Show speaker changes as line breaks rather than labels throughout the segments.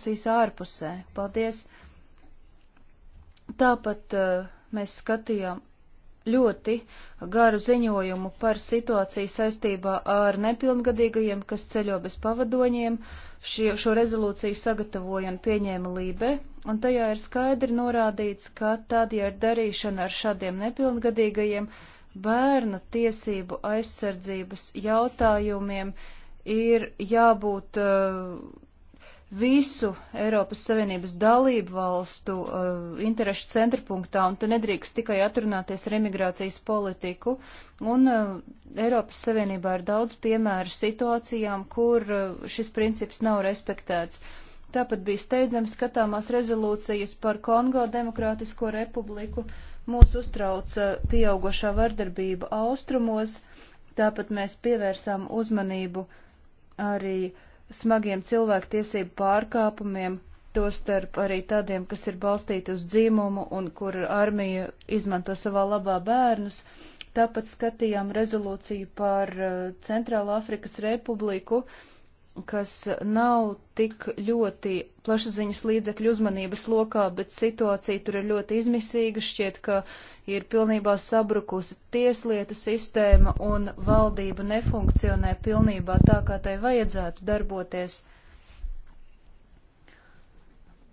diskusijas ārpusē. Paldies! Tāpat uh, mēs skatījām ļoti garu ziņojumu par situāciju saistībā ar nepilngadīgajiem, kas ceļo bez pavadoņiem. Šie, šo rezolūciju sagatavoja un pieņēma Lībe, un tajā ir skaidri norādīts, ka tad, ja ir darīšana ar šādiem nepilngadīgajiem, bērnu tiesību aizsardzības jautājumiem ir jābūt uh, visu Eiropas Savienības dalību valstu uh, interešu centrpunktā, un te nedrīkst tikai atrunāties ar imigrācijas politiku. Un uh, Eiropas Savienībā ir daudz piemēru situācijām, kur uh, šis princips nav respektēts. Tāpat bija steidzami skatāmās rezolūcijas par Kongo Demokrātisko republiku. Mūs uztrauca uh, pieaugošā vardarbība austrumos, tāpat mēs pievērsām uzmanību arī uh, smagiem cilvēktiesību pārkāpumiem, tostarp arī tādiem, kas ir balstīti uz dzimumu un kur armija izmanto savā labā bērnus. Tāpat skatījām rezolūciju par eh, Centrālā Afrikas Republiku, kas nav tik ļoti plašsaziņas līdzekļu uzmanības lokā, bet situācija tur ir ļoti izmisīga. Šķiet, ka uh, ir pilnībā sabrukusi tieslietu sistēma un valdība nefunkcionē pilnībā tā, kā tai vajadzētu darboties.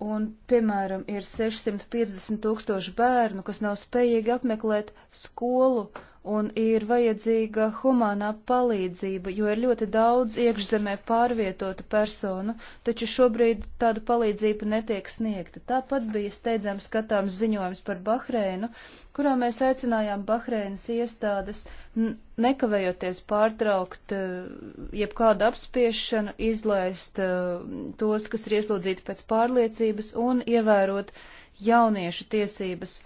Un, piemēram, ir 650 tūkstoši bērnu, kas nav spējīgi apmeklēt skolu, un ir vajadzīga humanā palīdzība, jo ir ļoti daudz iekšzemē pārvietotu personu, taču šobrīd tādu palīdzību netiek sniegta. Tāpat bija steidzams skatāms ziņojums par Bahreinu, kurā mēs aicinājām Bahreinas iestādes nekavējoties pārtraukt eh, jebkādu apspiešanu, izlaist eh, tos, kas ir ieslodzīti pēc pārliecības un ievērot jauniešu tiesības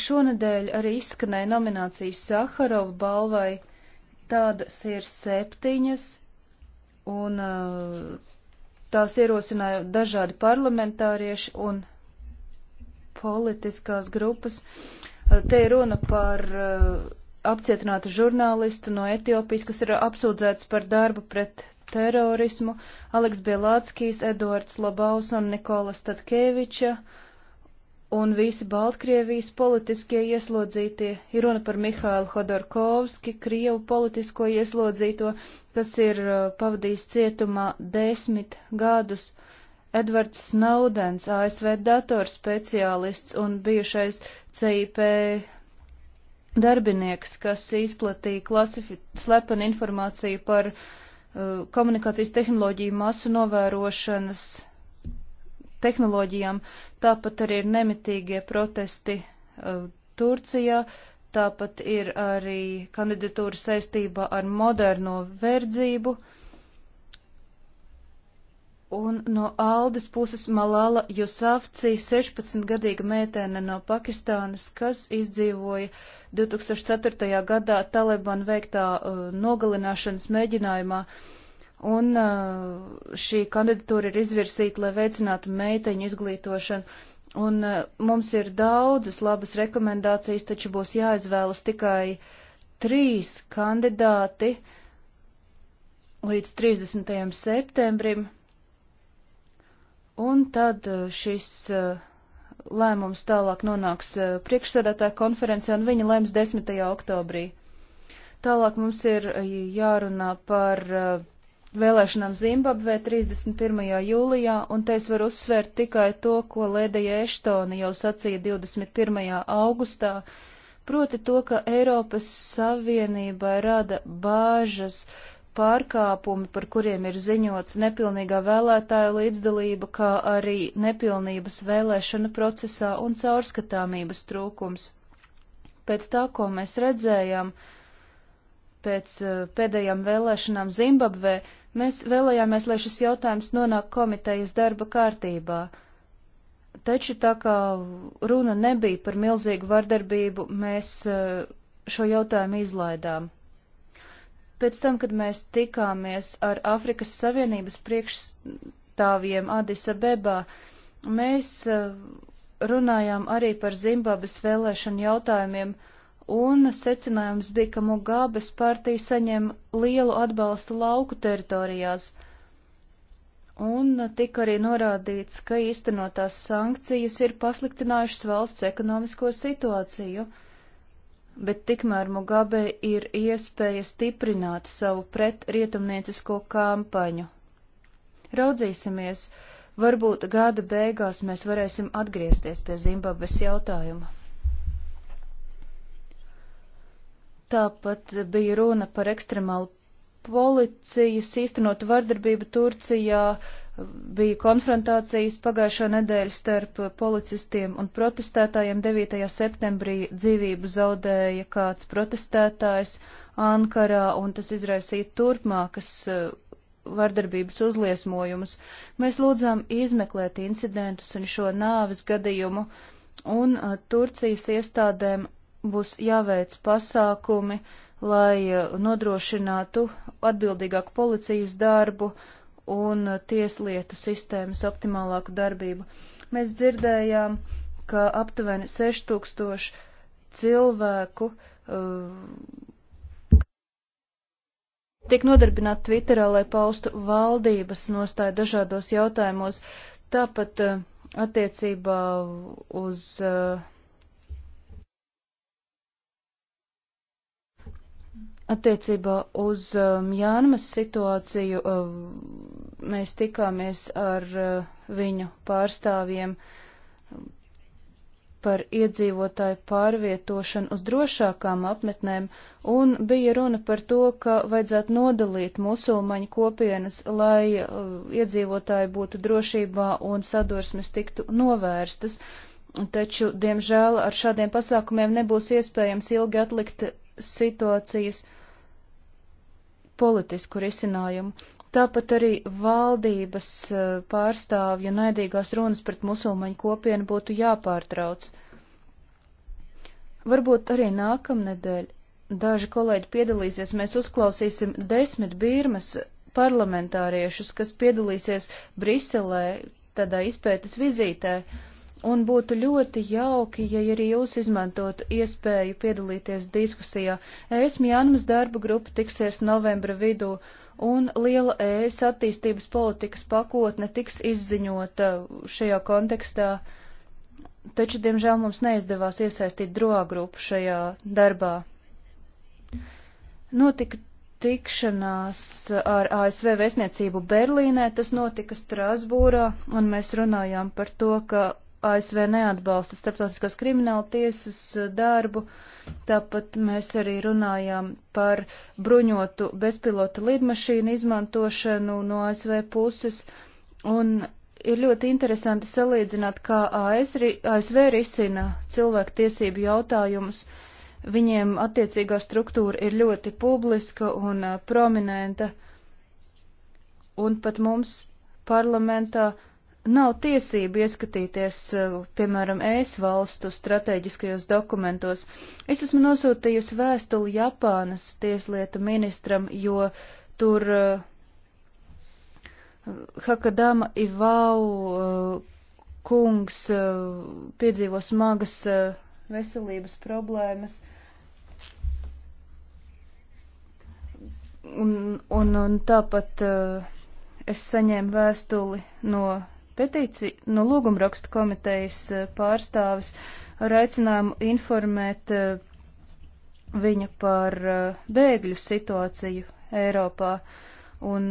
Šonadēļ arī izskanēja nominācijas Saharova balvai. Tādas ir septiņas, un uh, tās ierosināja dažādi parlamentārieši un politiskās grupas. Uh, te ir runa par uh, apcietinātu žurnālistu no Etiopijas, kas ir apsūdzēts par darbu pret terorismu, Aleks Bielāckijs, Eduards Labaus un Nikola Statkeviča. Uh, un visi Baltkrievijas politiskie ieslodzītie, ir runa par Mihālu Hodorkovski, Krievu politisko ieslodzīto, kas ir uh, pavadījis cietumā desmit gadus, Edvards Snowdens, ASV datorspeciālists un bijušais CIP darbinieks, kas izplatīja klasifi... slepenu informāciju par uh, komunikācijas tehnoloģiju masu novērošanas tehnoloģijām. Tāpat arī ir nemitīgie protesti uh, Turcijā, tāpat ir arī kandidatūra saistībā ar moderno verdzību. Un no Aldes puses Malala Jusafci, 16-gadīga meitene no Pakistānas, kas izdzīvoja 2004. gadā Taliban veiktā uh, nogalināšanas mēģinājumā. Uh, un uh, šī kandidatūra ir izvirsīta, lai veicinātu meiteņu izglītošanu. Un uh, mums ir daudzas labas rekomendācijas, taču būs jāizvēlas tikai trīs kandidāti līdz 30. septembrim, un tad uh, šis lēmums tālāk nonāks priekšsēdētāja konferencē, un viņa lems 10. oktobrī. Tālāk mums ir jārunā par vēlēšanām Zimbabvē 31. jūlijā, un te es varu uzsvērt tikai to, ko Lēdeja Eštona jau sacīja 21. augustā, proti to, ka Eiropas Savienībai rada bāžas pārkāpumi, par kuriem ir ziņots nepilnīgā vēlētāja līdzdalība, kā arī nepilnības vēlēšana procesā un caurskatāmības trūkums. Pēc tā, ko mēs redzējām, uh, pēc eh, pēdējām vēlēšanām Zimbabvē, mēs vēlējāmies, lai šis jautājums nonāk komitejas darba kārtībā. Taču tā kā runa nebija par milzīgu vardarbību, mēs eh, šo jautājumu izlaidām. Pēc tam, kad mēs tikāmies ar Afrikas Savienības priekšstāvjiem Adisa Bebā, mēs eh, runājām arī par Zimbabves vēlēšanu jautājumiem, uh, un secinājums bija, ka Mugabes partija saņem lielu atbalstu lauku teritorijās. Un tika arī norādīts, ka īstenotās sankcijas ir pasliktinājušas valsts ekonomisko situāciju, bet tikmēr Mugabe ir iespēja stiprināt savu pretrietumniecisko kampaņu. Raudzīsimies, varbūt gada beigās mēs varēsim atgriezties pie Zimbabves jautājuma. Tāpat bija runa par ekstremālu policijas īstenot vardarbību Turcijā, bija konfrontācijas pagājušo nedēļu starp policistiem un protestētājiem. 9. septembrī dzīvību zaudēja kāds protestētājs Ankarā, un tas izraisīja turpmākas uh, vardarbības uzliesmojumus. Mēs lūdzām izmeklēt incidentus un šo nāves gadījumu, un uh, Turcijas iestādēm būs jāveic pasākumi, lai uh, nodrošinātu atbildīgāku policijas darbu un uh, tieslietu sistēmas optimālāku darbību. Mēs dzirdējām, ka aptuveni 6000 cilvēku uh, tiek nodarbināti Twitterā, lai paustu valdības nostāju dažādos jautājumos, tāpat uh, attiecībā uz uh, Attiecībā uz um, Jānmas situāciju um, mēs tikāmies ar uh, viņu pārstāvjiem um, par iedzīvotāju pārvietošanu uz drošākām apmetnēm, un bija runa par to, ka vajadzētu nodalīt musulmaņu kopienas, lai uh, iedzīvotāji būtu drošībā un sadursmes tiktu novērstas. Taču, diemžēl, ar šādiem pasākumiem nebūs iespējams ilgi atlikt situācijas uh, politisku risinājumu. Tāpat arī valdības eh, pārstāvju naidīgās runas pret musulmaņu kopienu būtu jāpārtrauc. Varbūt arī nākamnedēļ daži kolēģi piedalīsies, mēs uzklausīsim desmit Birmas parlamentāriešus, kas piedalīsies Briselē, tādā izpētes vizītē. Uh, un būtu ļoti jauki, ja arī jūs izmantotu iespēju piedalīties diskusijā. ES Mjānmas darba grupa tiksies novembra vidū, un liela ES attīstības politikas pakotne tiks izziņota šajā kontekstā, taču, diemžēl, mums neizdevās iesaistīt droā grupu šajā darbā. Notika tikšanās ar ASV vēstniecību Berlīnē, tas notika Strasbūrā, un mēs runājām par to, ka ASV neatbalsta starptautiskās krimināla tiesas eh, darbu, tāpat mēs arī runājām par bruņotu bezpilota lidmašīnu izmantošanu no ASV puses, un ir ļoti interesanti salīdzināt, kā ASV risina cilvēku tiesību jautājumus. Viņiem attiecīgā struktūra ir ļoti publiska un eh, prominenta, un pat mums parlamentā uh, nav tiesība ieskatīties, eh, piemēram, ES valstu strateģiskajos dokumentos. Es esmu nosūtījusi vēstuli Japānas tieslietu ministram, jo tur uh, Hakadama Ivau uh, kungs uh, piedzīvo smagas veselības problēmas. Un, un, un tāpat uh, es saņēmu vēstuli no petici, no lūgumrakstu komitejas e, pārstāvis ar aicinājumu informēt e, viņu par e, bēgļu situāciju Eiropā, un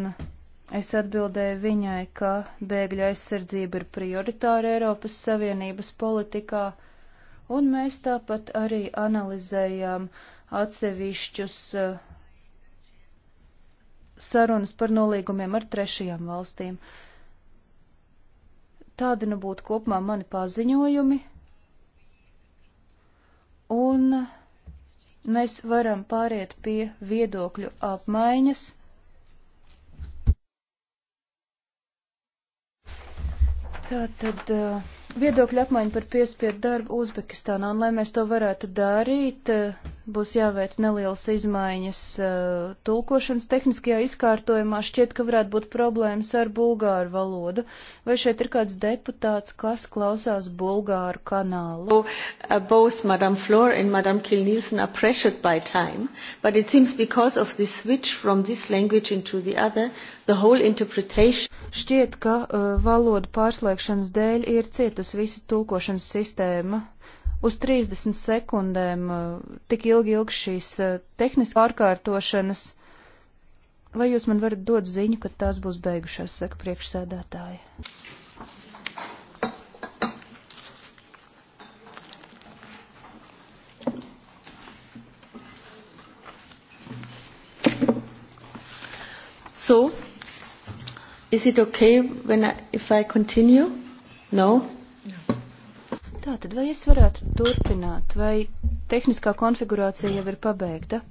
es atbildēju viņai, ka bēgļu aizsardzība ir prioritāra Eiropas Savienības politikā, un mēs tāpat arī analizējām atsevišķus sarunas par nolīgumiem ar trešajām valstīm. Uh, Tādi nu būtu kopumā mani paziņojumi. Un mēs varam pāriet pie viedokļu apmaiņas. Tātad uh, viedokļu apmaiņa par piespiedu darbu Uzbekistānā, un lai mēs to varētu darīt, uh, būs jāveic nelielas izmaiņas uh, tulkošanas tehniskajā izkārtojumā. Šķiet, ka varētu būt problēmas ar bulgāru valodu. Vai šeit ir kāds deputāts, kas klausās bulgāru kanālu? Uh,
both Madame Flor and Madame Kilnielsen are pressured by time, but it seems because of the switch from this language into the other, the whole interpretation. Šķiet,
ka uh, valodu pārslēgšanas dēļ ir cietusi visa tulkošanas sistēma uz 30 sekundēm uh, tik ilgi ilgs šīs uh, tehniskās pārkārtošanas. Vai jūs man varat dot ziņu, kad tās būs beigušās, saka priekšsēdētāji?
So, is it okay when I, if I continue? No? no.
Tātad, vai es varētu turpināt, vai tehniskā konfigurācija jau ir pabeigta?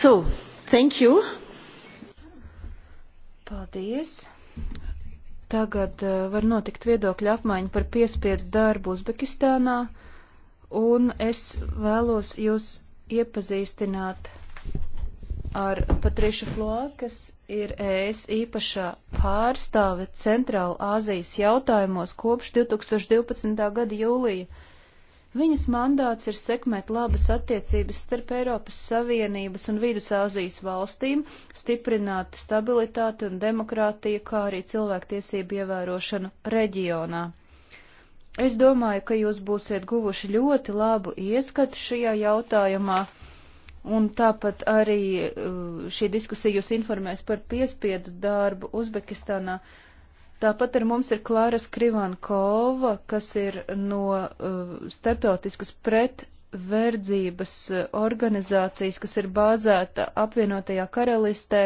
So, thank you. Paldies. Tagad eh, var notikt viedokļa apmaiņa par piespiedu darbu Uzbekistānā, un es vēlos jūs iepazīstināt ar Patrišu Floā, kas ir ES īpašā pārstāve Centrāla Āzijas jautājumos kopš 2012. gada jūlija. Viņas mandāts ir sekmēt labas attiecības starp Eiropas Savienības un Vidusāzijas valstīm, stiprināt stabilitāti un demokrātiju, kā arī cilvēktiesību ievērošanu reģionā. Es domāju, ka jūs būsiet guvuši ļoti labu ieskatu šajā jautājumā, un tāpat arī uh, šī diskusija jūs informēs par piespiedu darbu Uzbekistānā. Uh, Tāpat ar mums ir Klāra Skrivankova, kas ir no uh, starptautiskas pretverdzības uh, organizācijas, kas ir bāzēta apvienotajā karalistē.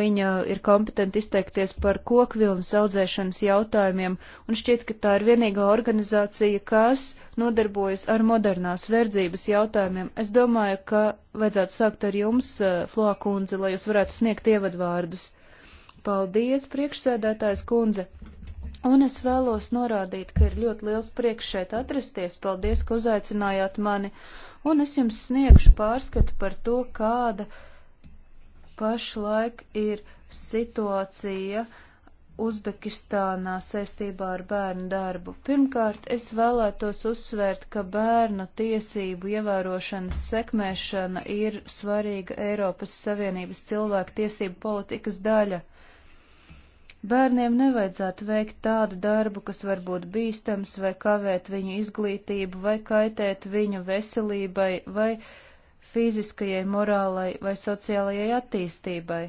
Viņa ir kompetenti izteikties par kokvilnas audzēšanas jautājumiem, un šķiet, ka tā ir vienīgā organizācija, kas nodarbojas ar modernās verdzības jautājumiem. Es domāju, ka vajadzētu sākt ar jums, uh, Flokundze, lai jūs varētu sniegt ievadvārdus. Paldies, priekšsēdētājs kundze! Un es vēlos norādīt, ka ir ļoti liels prieks šeit atrasties. Paldies, ka uzaicinājāt mani. Un es jums sniegšu pārskatu par to, kāda pašlaik ir situācija Uzbekistānā saistībā ar bērnu darbu. Pirmkārt, es vēlētos uzsvērt, ka bērnu tiesību ievērošanas sekmēšana ir svarīga Eiropas Savienības cilvēku tiesību politikas daļa. Bērniem nevajadzētu veikt tādu darbu, kas var būt bīstams vai kavēt viņu izglītību vai kaitēt viņu veselībai vai fiziskajai, morālai vai sociālajai attīstībai.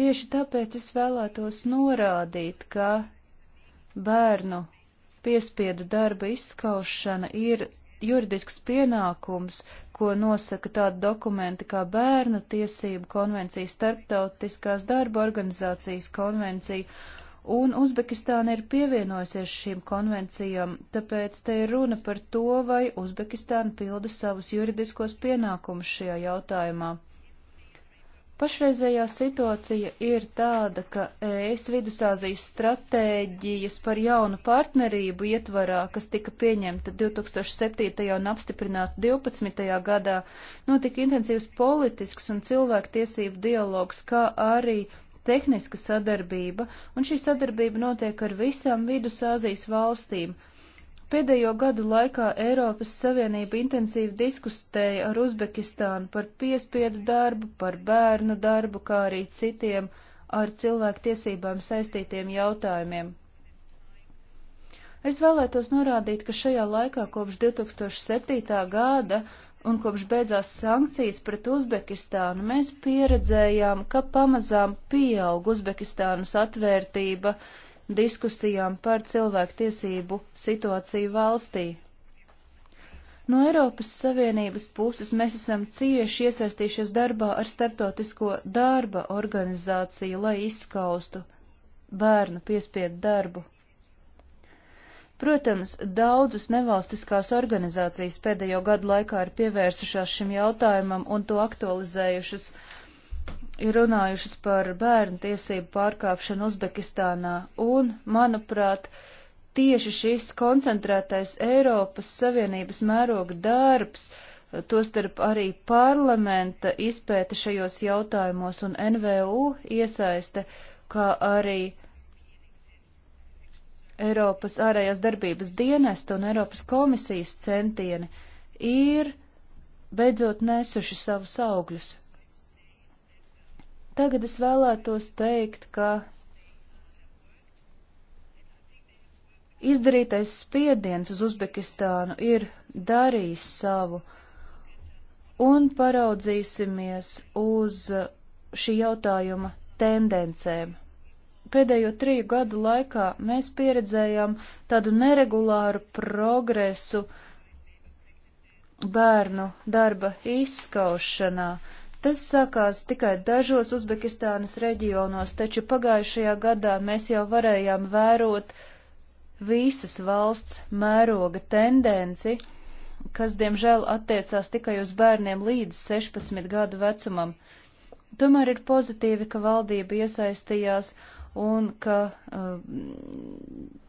Tieši tāpēc es vēlētos norādīt, ka bērnu piespiedu darba izskaušana ir juridisks pienākums, ko nosaka tādi dokumenti kā Bērnu tiesību konvencija, Starptautiskās darba organizācijas konvencija, un Uzbekistāna ir pievienojusies šīm konvencijām, tāpēc te ir runa par to, vai Uzbekistāna pilda savus juridiskos pienākumus šajā jautājumā. Pašreizējā situācija ir tāda, ka ES vidusāzijas stratēģijas par jaunu partnerību ietvarā, kas tika pieņemta 2007. un apstiprināta 12. gadā, notika intensīvs politisks un cilvēktiesību dialogs, kā arī tehniska sadarbība, un šī sadarbība notiek ar visām vidusāzijas valstīm Pēdējo gadu laikā Eiropas Savienība intensīvi diskutēja ar Uzbekistānu par piespiedu darbu, par bērnu darbu, kā arī citiem ar cilvēktiesībām saistītiem jautājumiem. Es vēlētos norādīt, ka šajā laikā kopš 2007. gada un kopš beidzās sankcijas pret Uzbekistānu, mēs pieredzējām, ka pamazām pieaug Uzbekistānas atvērtība diskusijām par cilvēktiesību situāciju valstī. No Eiropas Savienības puses mēs esam cieši iesaistījušies darbā ar starptautisko darba organizāciju, lai izskaustu bērnu piespiedu darbu. Protams, daudzas nevalstiskās organizācijas pēdējo gadu laikā ir pievērsušās šim jautājumam un to aktualizējušas ir runājušas par bērnu tiesību pārkāpšanu Uzbekistānā, un, manuprāt, tieši šis koncentrētais Eiropas Savienības mēroga darbs, tostarp arī parlamenta izpēta šajos jautājumos un NVU iesaiste, kā arī Eiropas ārējās darbības dienesta un Eiropas komisijas centieni, ir beidzot nesuši savus augļus. Tagad es vēlētos teikt, ka izdarītais spiediens uz Uzbekistānu ir darījis savu, un paraudzīsimies uz šī jautājuma tendencēm. Pēdējo triju gadu laikā mēs pieredzējām tādu neregulāru progresu bērnu darba izskaušanā, uh, Tas sākās tikai dažos Uzbekistānas reģionos, taču pagājušajā gadā mēs jau varējām vērot visas valsts mēroga tendenci, kas, diemžēl, attiecās tikai uz bērniem līdz 16 gadu vecumam. Tomēr ir pozitīvi, ka valdība iesaistījās un ka uh,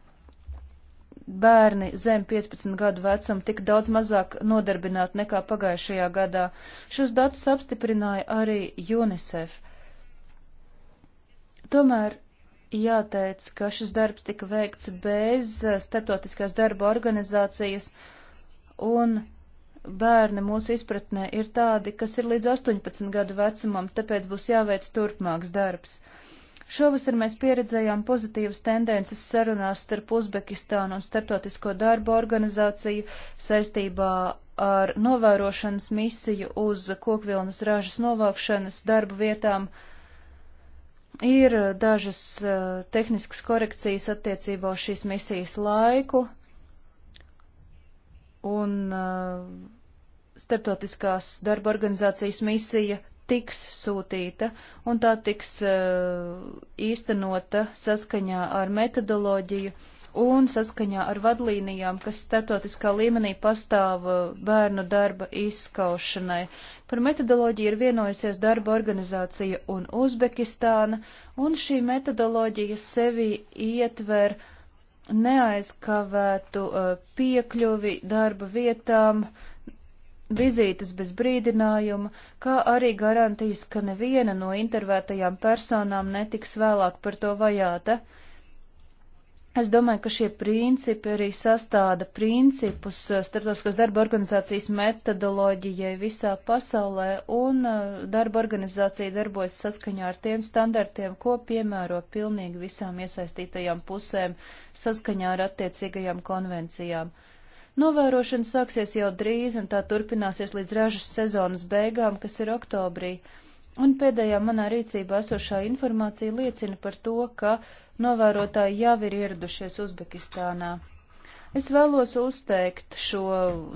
bērni zem 15 gadu vecuma tik daudz mazāk nodarbināti nekā pagājušajā gadā. Šos datus apstiprināja arī UNICEF. Tomēr jāteic, ka šis darbs tika veikts bez starptautiskās darba organizācijas, un bērni mūsu izpratnē ir tādi, kas ir līdz 18 gadu vecumam, tāpēc būs jāveic turpmāks darbs. Uh, Šovasar mēs pieredzējām pozitīvas tendences sarunās starp Uzbekistānu un Startautisko darbu organizāciju saistībā ar novērošanas misiju uz kokvilnas ražas novākšanas darba vietām. Ir dažas uh, tehniskas korekcijas attiecībā uz šīs misijas laiku, un uh, starptautiskās darba organizācijas misija tiks sūtīta un tā tiks uh, īstenota saskaņā ar metodoloģiju un saskaņā ar vadlīnijām, kas startotiskā līmenī pastāv eh, bērnu darba izskaušanai. Par metodoloģiju ir vienojusies darba organizācija un Uzbekistāna, un šī metodoloģija sevi ietver neaizkavētu uh, piekļuvi darba vietām, uh, vizītes bez brīdinājuma, kā arī garantijas, ka neviena no intervētajām personām netiks vēlāk par to vajāta. Es domāju, ka šie principi arī sastāda principus starptautiskās darba organizācijas metodoloģijai visā pasaulē, un uh, darba organizācija darbojas saskaņā ar tiem standartiem, ko piemēro pilnīgi visām iesaistītajām pusēm saskaņā ar attiecīgajām konvencijām. Uh, Novērošana sāksies jau drīz un tā turpināsies līdz ražas sezonas beigām, kas ir oktobrī. Un pēdējā manā rīcībā esošā informācija liecina par to, ka novērotāji jau ir ieradušies Uzbekistānā. Es vēlos uzteikt šo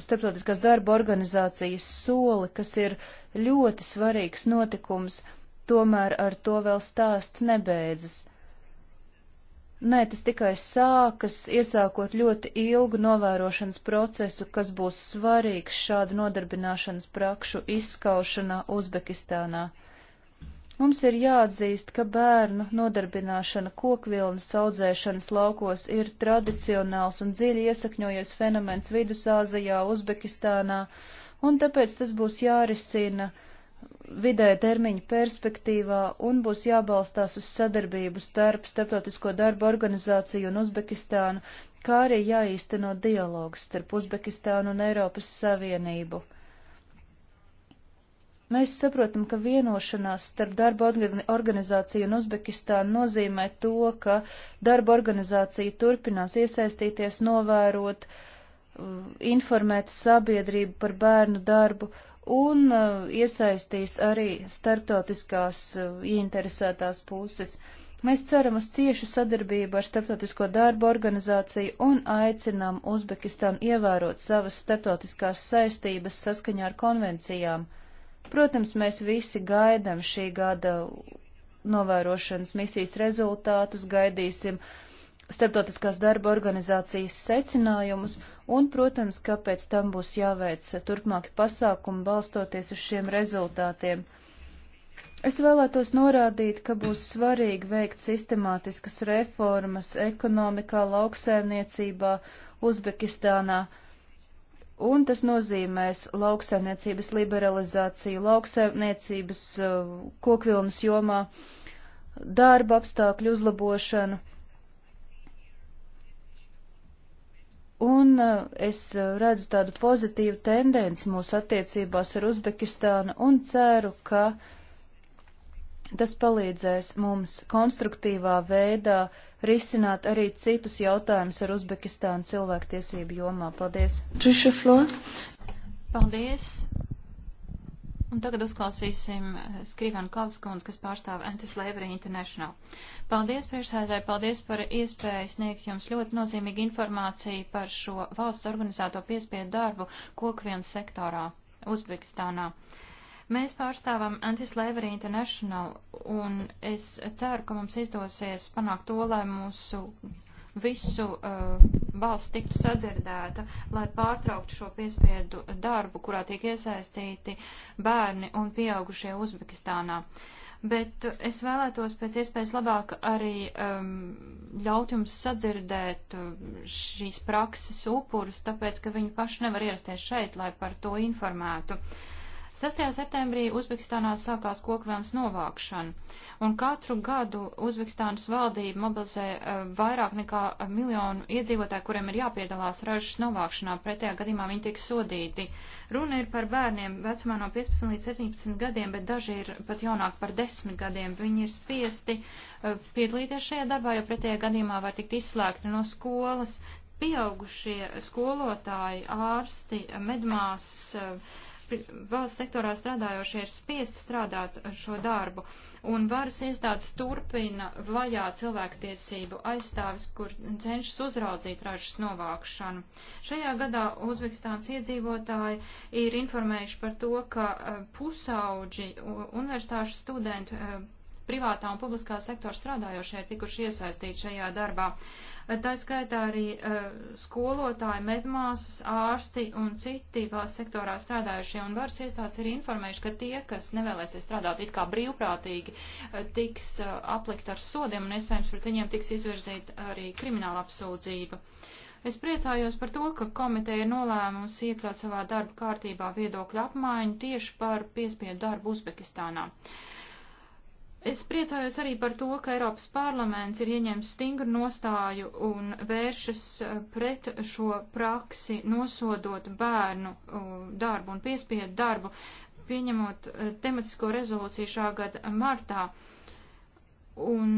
starptautiskās darba organizācijas soli, kas ir ļoti svarīgs notikums, tomēr ar to vēl stāsts nebeidzas. Nē, tas tikai sākas, iesākot ļoti ilgu novērošanas procesu, kas būs svarīgs šādu nodarbināšanas prakšu izskaušanā Uzbekistānā. Mums ir jāatzīst, ka bērnu nodarbināšana kokvilnas audzēšanas laukos ir tradicionāls un dziļi iesakņojies fenomens Vidusāzijā, Uzbekistānā, un tāpēc tas būs jārisina vidē termiņu perspektīvā un būs jābalstās uz sadarbību starp Starptautisko darbu organizāciju un Uzbekistānu, kā arī jāīsteno dialogs starp Uzbekistānu un Eiropas Savienību. Mēs saprotam, ka vienošanās starp darba organizāciju un Uzbekistānu nozīmē to, ka darba organizācija turpinās iesaistīties, novērot, informēt sabiedrību par bērnu darbu un uh, iesaistīs arī starptautiskās uh, ieinteresētās puses. Mēs ceram uz ciešu sadarbību ar Starptautisko darbu organizāciju un aicinām Uzbekistānu ievērot savas starptautiskās saistības saskaņā ar konvencijām. Protams, mēs visi gaidam šī gada novērošanas misijas rezultātus, gaidīsim uh, starptautiskās darba organizācijas secinājumus, un, protams, ka pēc tam būs jāveic turpmāki pasākumi balstoties uz šiem rezultātiem. Es vēlētos norādīt, ka būs svarīgi veikt sistemātiskas reformas ekonomikā, lauksēmniecībā, Uzbekistānā, un tas nozīmēs lauksēmniecības liberalizāciju, lauksēmniecības uh, kokvilnas jomā, darba apstākļu uzlabošanu Un eh, es eh, redzu tādu pozitīvu tendenci mūsu attiecībās ar Uzbekistānu un ceru, ka tas palīdzēs mums konstruktīvā veidā risināt arī citus jautājumus ar Uzbekistānu cilvēktiesību jomā. Paldies! Triša Flor!
Paldies! Un tagad uzklausīsim eh, Skrivanu Kavskundu, kas pārstāv Antislavery International. Paldies, priekšsēdētāji, paldies par iespēju sniegt jums ļoti nozīmīgu informāciju par šo valsts organizēto piespiedu darbu kokvienas sektorā Uzbekistānā. Mēs pārstāvam Antislavery International, un es ceru, ka mums izdosies panākt to, lai mūsu visu uh, valsts tiktu sadzirdēta, lai pārtrauktu šo piespiedu darbu, kurā tiek iesaistīti bērni un pieaugušie Uzbekistānā. Bet es vēlētos pēc iespējas labāk arī um, ļaut jums sadzirdēt uh, šīs prakses upurus, tāpēc, ka viņi paši nevar ierasties šeit, lai par to informētu. Uh, 6. septembrī Uzbekistānā sākās kokvēlns novākšana, un katru gadu Uzbekistānas valdība mobilizē e, vairāk nekā miljonu iedzīvotāju, kuriem ir jāpiedalās ražas novākšanā, pretējā gadījumā viņi tiek sodīti. Runa ir par bērniem vecumā no 15 līdz 17 gadiem, bet daži ir pat jaunāk par 10 gadiem. Viņi ir spiesti e, piedalīties šajā darbā, jo pretējā gadījumā var tikt izslēgti no skolas. Pieaugušie skolotāji, ārsti, medmāsas, e, valsts sektorā strādājošie ir spiest strādāt šo darbu, un varas iestādes turpina vajā cilvēktiesību aizstāvis, kur cenšas uzraudzīt ražas novākšanu. Šajā gadā Uzbekistāns iedzīvotāji ir informējuši par to, ka eh, pusauģi universitāšu studenti eh, privātā un publiskā sektora strādājošie ir tikuši iesaistīti šajā darbā. Tā skaitā arī uh, skolotāji, medmāsas, ārsti un citi valsts sektorā strādājušie un varas iestādes ir informējuši, ka tie, kas nevēlēsies strādāt it kā brīvprātīgi, uh, tiks uh, aplikt ar sodiem un iespējams pret viņiem tiks izvirzīt arī krimināla apsūdzība. Es priecājos par to, ka komiteja ir nolēmusi iekļaut savā darba kārtībā viedokļu apmaiņu tieši par piespiedu darbu Uzbekistānā. Uh, Es priecājos arī par to, ka Eiropas parlaments ir ieņēmis stingru nostāju un vēršas eh, pret šo praksi, nosodot bērnu eh, darbu un piespiedu darbu, pieņemot eh, tematisko rezolūciju šā gada martā un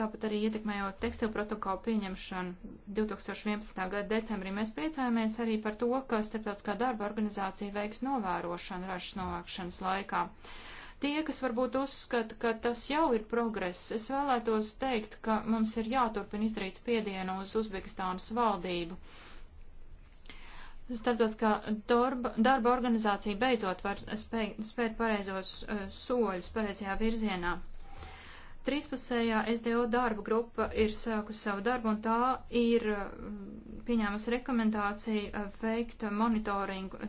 tāpat arī ietekmējot tekstilu protokolu pieņemšanu 2011. gada decembrī. Mēs priecājamies arī par to, ka Starptautiskā darba organizācija veiks novērošanu ražas novākšanas laikā. Uh, Tie, kas varbūt uzskata, ka tas jau ir progress, es vēlētos teikt, ka mums ir jāturpina izdarīt spiedienu uz Uzbekistānas valdību. Starptautiskā darba, darba organizācija beidzot var spēj, spērt pareizos uh, soļus pareizajā virzienā. Trīspusējā SDO darba grupa ir sākusi savu darbu un tā ir eh, pieņēmusi rekomendāciju eh, veikt monitoringu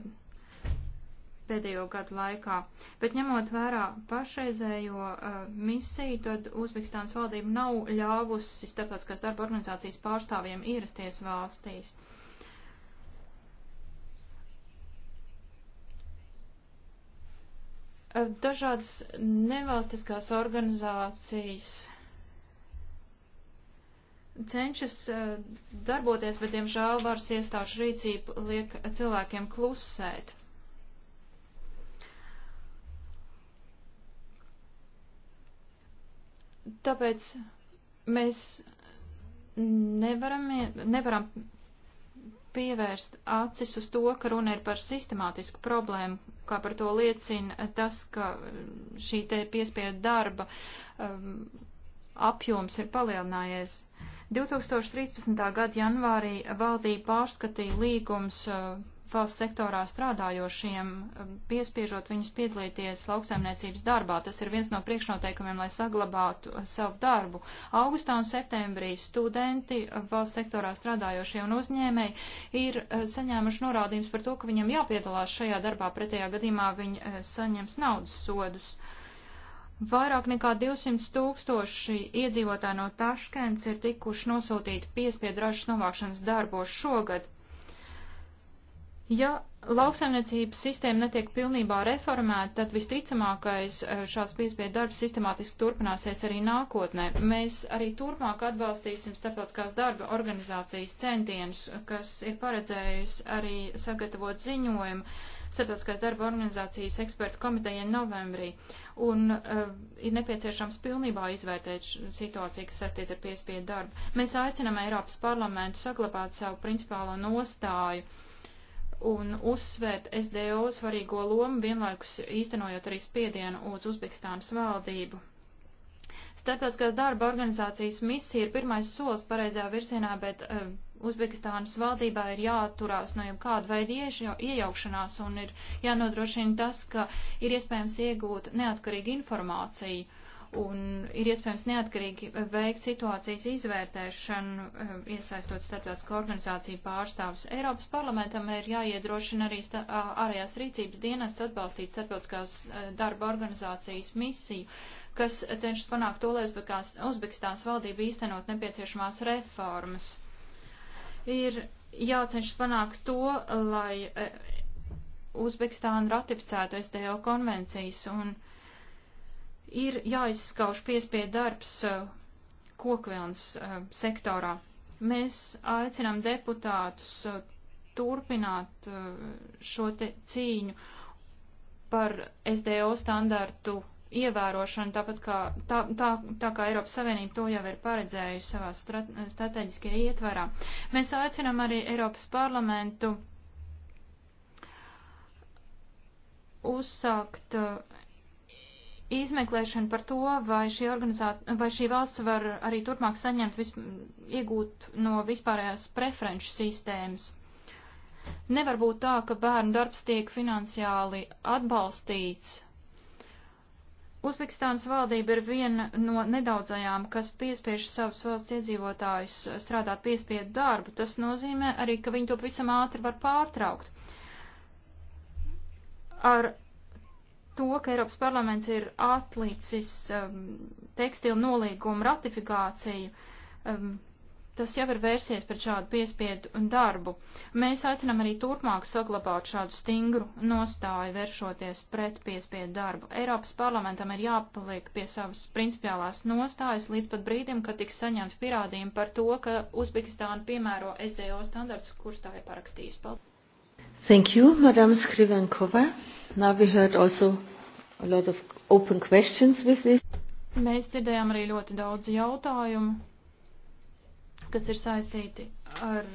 pēdējo gadu laikā. Bet ņemot vērā pašreizējo uh, misiju, tad Uzbekistānas valdība nav ļāvusi starptautiskās darba organizācijas pārstāvjiem ierasties valstīs. Uh, dažādas nevalstiskās organizācijas cenšas uh, darboties, bet, diemžēl, varas iestāžu rīcība liek cilvēkiem klusēt. Tāpēc mēs nevaram, nevaram pievērst acis uz to, ka runa ir par sistemātisku problēmu, kā par to liecina tas, ka šī te piespiedu darba um, apjoms ir palielinājies. 2013. gada janvārī valdība pārskatīja līgums uh, valsts sektorā strādājošiem, um, piespiežot viņus piedalīties lauksaimniecības darbā. Tas ir viens no priekšnoteikumiem, lai saglabātu uh, savu darbu. Augustā un septembrī studenti, uh, valsts sektorā strādājošie un uzņēmēji ir uh, saņēmuši norādījums par to, ka viņam jāpiedalās šajā darbā, pretējā gadījumā viņi saņems naudas sodus. Vairāk nekā 200 tūkstoši iedzīvotāji no Taškens ir tikuši nosūtīti piespiedu ražas novākšanas darbos šogad. Ja lauksaimniecības sistēma netiek pilnībā reformēta, tad visticamākais eh, šāds piespiedu darbs sistemātiski turpināsies arī nākotnē. Mēs arī turpmāk atbalstīsim starptautiskās darba organizācijas centienus, kas ir paredzējusi arī sagatavot ziņojumu starptautiskās darba organizācijas ekspertu komitejai novembrī. Un uh, ir nepieciešams pilnībā izvērtēt situāciju, kas saistīta ar piespiedu darbu. Mēs aicinām Eiropas parlamentu saglabāt savu principālo nostāju un uzsvērt SDO svarīgo lomu, vienlaikus īstenojot arī spiedienu uz Uzbekistānas valdību. Starptautiskās darba organizācijas misija ir pirmais solis pareizajā virzienā, bet uh, Uzbekistānas valdībā ir jāatturās no jebkāda veida iejaukšanās un ir jānodrošina tas, ka ir iespējams iegūt neatkarīgu informāciju un ir iespējams neatkarīgi veikt situācijas izvērtēšanu, eh, iesaistot starptautisko organizāciju pārstāvus. Eiropas parlamentam ir jāiedrošina arī ārējās rīcības dienests atbalstīt starptautiskās eh, darba organizācijas misiju, kas cenšas panākt to, lai Uzbekistāns valdība īstenot nepieciešamās reformas. Ir jācenšas panākt to, lai eh, Uzbekistāna ratificētu SDO konvencijas un Ir jāizskauž piespiedu darbs uh, kokvilnas uh, sektorā. Mēs aicinām deputātus uh, turpināt šo te cīņu par SDO standartu ievērošanu, tāpat kā, tā, tā, tā kā Eiropas Savienība to jau ir paredzējusi savā strat, strateģiskajā ietvarā. Mēs aicinām arī Eiropas parlamentu uzsākt izmeklēšana par to, vai šī, vai šī valsts var arī turpmāk saņemt, vis, iegūt no vispārējās preferenču sistēmas. Nevar būt tā, ka bērnu darbs tiek finansiāli atbalstīts. Uzbekistānas valdība ir viena no nedaudzajām, kas piespiež savus valsts iedzīvotājus strādāt piespiedu darbu. Tas nozīmē arī, ka viņi to pavisam ātri var pārtraukt. Ar to, ka Eiropas parlaments ir atlicis um, tekstilu nolīgumu ratifikāciju. Um, tas jau ir vērsies pret šādu piespiedu un darbu. Mēs aicinām arī turpmāk saglabāt šādu stingru nostāju vēršoties pret piespiedu darbu. Eiropas parlamentam ir jāpaliek pie savas principiālās nostājas līdz pat brīdim, kad tiks saņemti pierādījumi par to, ka Uzbekistāna piemēro SDO standarts, kurus tā ir parakstījusi. Paldies!
Thank you, Madam Skrivankova. Now we heard also a lot of open questions with this.
Mēs dzirdējām arī ļoti daudz jautājumu, kas ir saistīti ar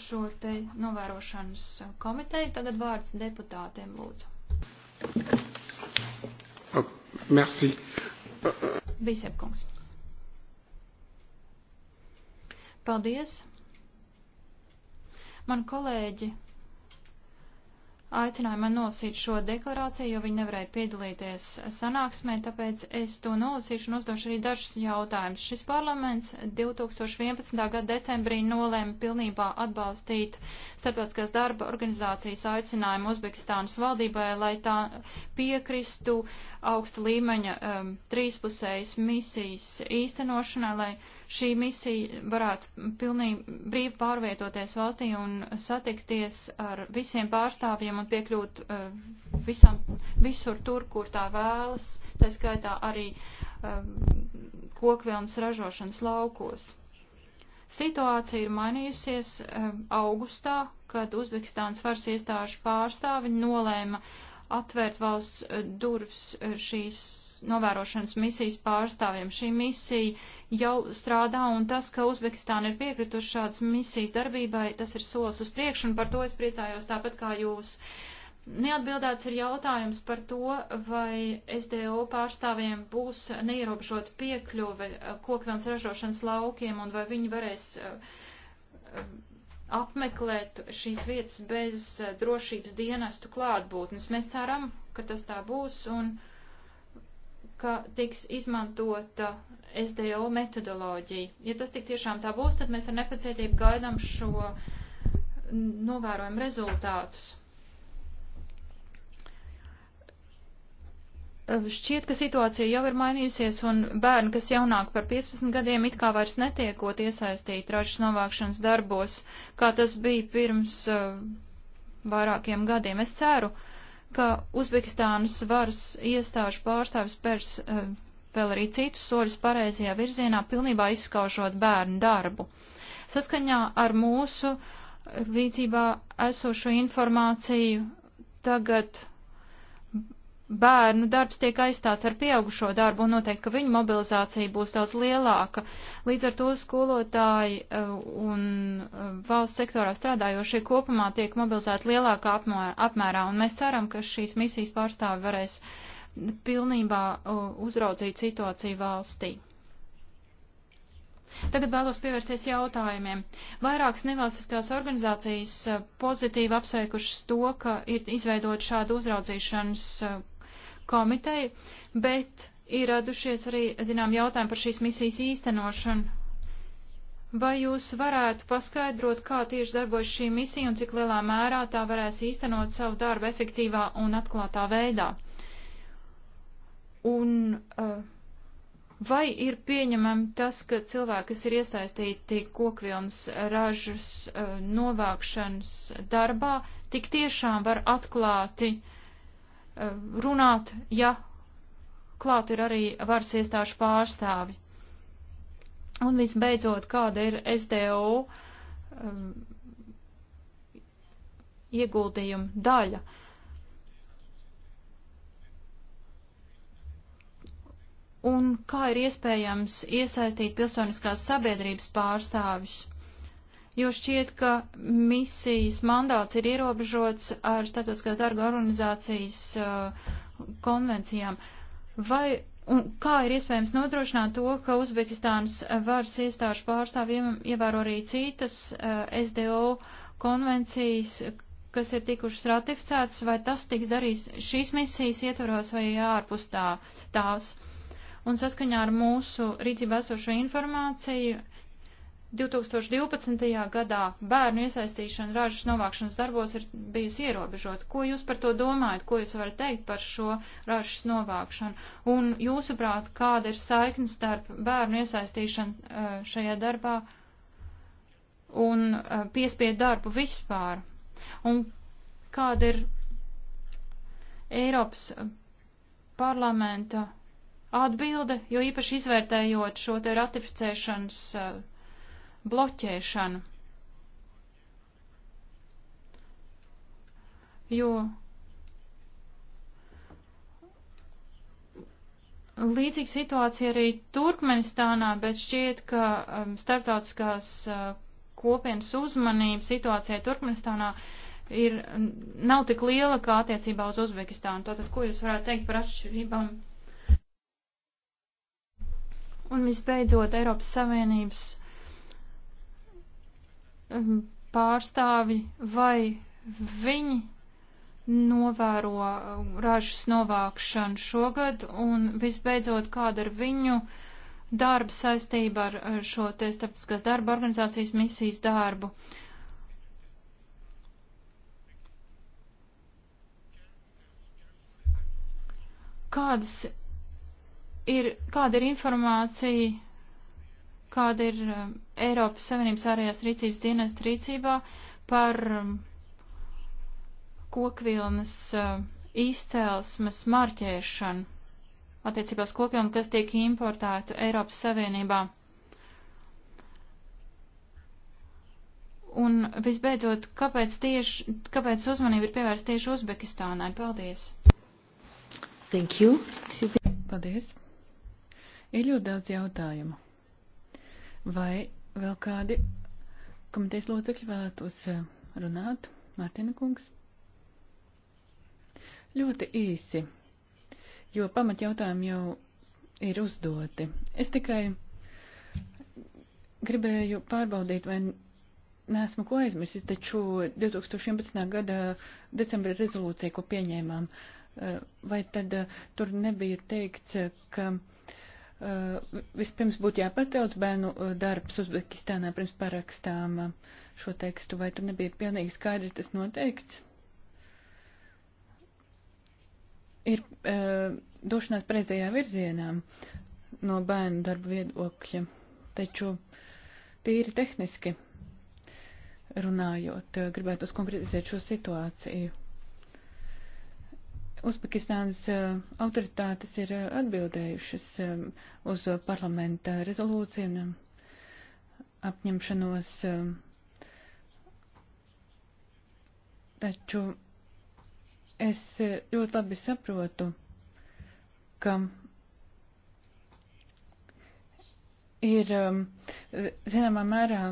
šo te novērošanas komiteju. Tagad vārds deputātiem lūdzu.
Oh, merci.
Bisepkungs. Paldies. Man kolēģi aicināja man nolasīt šo deklarāciju, jo viņi nevarēja piedalīties sanāksmē, tāpēc es to nolasīšu un uzdošu arī dažus jautājumus. Šis parlaments 2011. gada decembrī nolēma pilnībā atbalstīt starptautiskās darba organizācijas aicinājumu Uzbekistānas valdībai, lai tā piekristu augsta līmeņa um, trīspusējas misijas īstenošanai, lai šī misija varētu pilnīgi brīvi pārvietoties valstī un satikties ar visiem pārstāvjiem un piekļūt uh, visam, visur tur, kur tā vēlas, tā skaitā arī uh, kokvilnas ražošanas laukos. Situācija ir mainījusies uh, augustā, kad Uzbekistānas varas iestāžu pārstāvi nolēma atvērt valsts durvis šīs novērošanas misijas pārstāvjiem. Šī misija jau strādā, un tas, ka Uzbekistāna ir piekrituši šādas misijas darbībai, tas ir solis uz priekšu, un par to es priecājos tāpat kā jūs. Neatbildēts ir jautājums par to, vai SDO pārstāvjiem būs neierobežot piekļuve eh, kokvilnas ražošanas laukiem, un vai viņi varēs eh, eh, apmeklēt šīs vietas bez drošības dienestu klātbūtnes. Mēs ceram, ka tas tā būs, un ka tiks izmantota SDO metodoloģija. Ja tas tik tiešām tā būs, tad mēs ar nepacietību gaidām šo novērojumu rezultātus. Ehm, šķiet, ka situācija jau ir mainījusies un bērni, kas jaunāk par 15 gadiem, it kā vairs netiekot iesaistīti ražas novākšanas darbos, kā tas bija pirms uh, vairākiem gadiem. Es ceru, uh, ka Uzbekistānas varas iestāžu pārstāvis pērs eh, vēl arī citus soļus pareizajā virzienā, pilnībā izskaužot bērnu darbu. Saskaņā ar mūsu rīcībā esošo informāciju tagad bērnu darbs tiek aizstāts ar pieaugušo darbu un noteikti, ka viņu mobilizācija būs daudz lielāka. Līdz ar to skolotāji uh, un uh, valsts sektorā strādājošie kopumā tiek mobilizēti lielākā apmērā, un mēs ceram, ka šīs misijas pārstāvi varēs pilnībā uh, uzraudzīt situāciju valstī. Tagad vēlos pievērsties jautājumiem. Vairākas nevalstiskās organizācijas pozitīvi apsveikušas to, ka ir izveidot šādu uzraudzīšanas komiteju, bet ir radušies arī, zinām, jautājumi par šīs misijas īstenošanu. Vai jūs varētu paskaidrot, kā tieši darbojas šī misija un cik lielā mērā tā varēs īstenot savu darbu efektīvā un atklātā veidā?
Un uh,
vai ir pieņemami tas, ka cilvēki, kas ir iesaistīti kokvilnas ražas uh, novākšanas darbā, tik tiešām var atklāti uh, Eh, runāt, ja klāt ir arī varas iestāžu pārstāvi. Un visbeidzot, kāda ir SDO um, eh, ieguldījuma daļa. Un kā ir iespējams iesaistīt pilsoniskās sabiedrības pārstāvjus? jo šķiet, ka misijas mandāts ir ierobežots ar starptautiskās darba organizācijas uh, konvencijām. Vai un kā ir iespējams nodrošināt to, ka Uzbekistānas varas iestāžu pārstāvji ievēro arī citas uh, SDO konvencijas, kas ir tikušas ratificētas, vai tas tiks darīts šīs misijas ietvaros vai ārpus tā, tās? Un saskaņā ar mūsu rīcībā esošo informāciju 2012. gadā bērnu iesaistīšana ražas novākšanas darbos ir bijusi ierobežota. Ko jūs par to domājat? Ko jūs varat teikt par šo ražas novākšanu? Un jūsuprāt, kāda ir saikne starp bērnu iesaistīšanu eh, šajā darbā un eh, piespiedu darbu vispār? Un kāda ir Eiropas parlamenta atbilde, jo īpaši izvērtējot šo te ratificēšanas uh, bloķēšanu. Jo līdzīga situācija arī Turkmenistānā, bet šķiet, ka um, starptautiskās uh, kopienas uzmanība situācijai Turkmenistānā ir, nav tik liela kā attiecībā uz Uzbekistānu. Tātad, ko jūs varētu teikt par atšķirībām? Un visbeidzot, Eiropas Savienības Um, pārstāvji, vai viņi novēro um, ražas novākšanu šogad, un visbeidzot, kāda ir viņu darba saistība ar šo te starptautiskās darba organizācijas misijas darbu. Kādas ir, kāda ir informācija kāda ir um, Eiropas Savienības ārējās rīcības dienas rīcībā par um, kokvilnas uh, izcelsmes marķēšanu attiecībā uz kokiem, kas tiek importēta Eiropas Savienībā. Un visbeidzot, kāpēc, tieši, kāpēc uzmanība ir pievērsta tieši Uzbekistānai? Paldies!
Thank you. Paldies! Ir ļoti daudz jautājumu. Vai vēl kādi komitejas locekļi vēlētos eh, runāt? Mārtiņa kungs. Ļoti īsi, jo pamat jautājumi jau ir uzdoti. Es tikai gribēju pārbaudīt, vai neesmu ko aizmirsis, taču 2011. gada decembra rezolūcija, ko pieņēmām, eh, vai tad eh, tur nebija teikts, ka uh, Uh, vispirms būtu jāpateic bērnu uh, darbs Uzbekistānā pirms parakstām uh, šo tekstu, vai tur nebija pilnīgi skaidrs tas noteikts? Ir uh, došanās pareizajā virzienā no bērnu darba viedokļa, taču tīri tehniski runājot, gribētu uzkonkretizēt šo situāciju. Uzbekistānas eh, autoritātes ir eh, atbildējušas eh, uz parlamenta rezolūciju un apņemšanos, taču es ļoti labi saprotu, ka ir zināmā mērā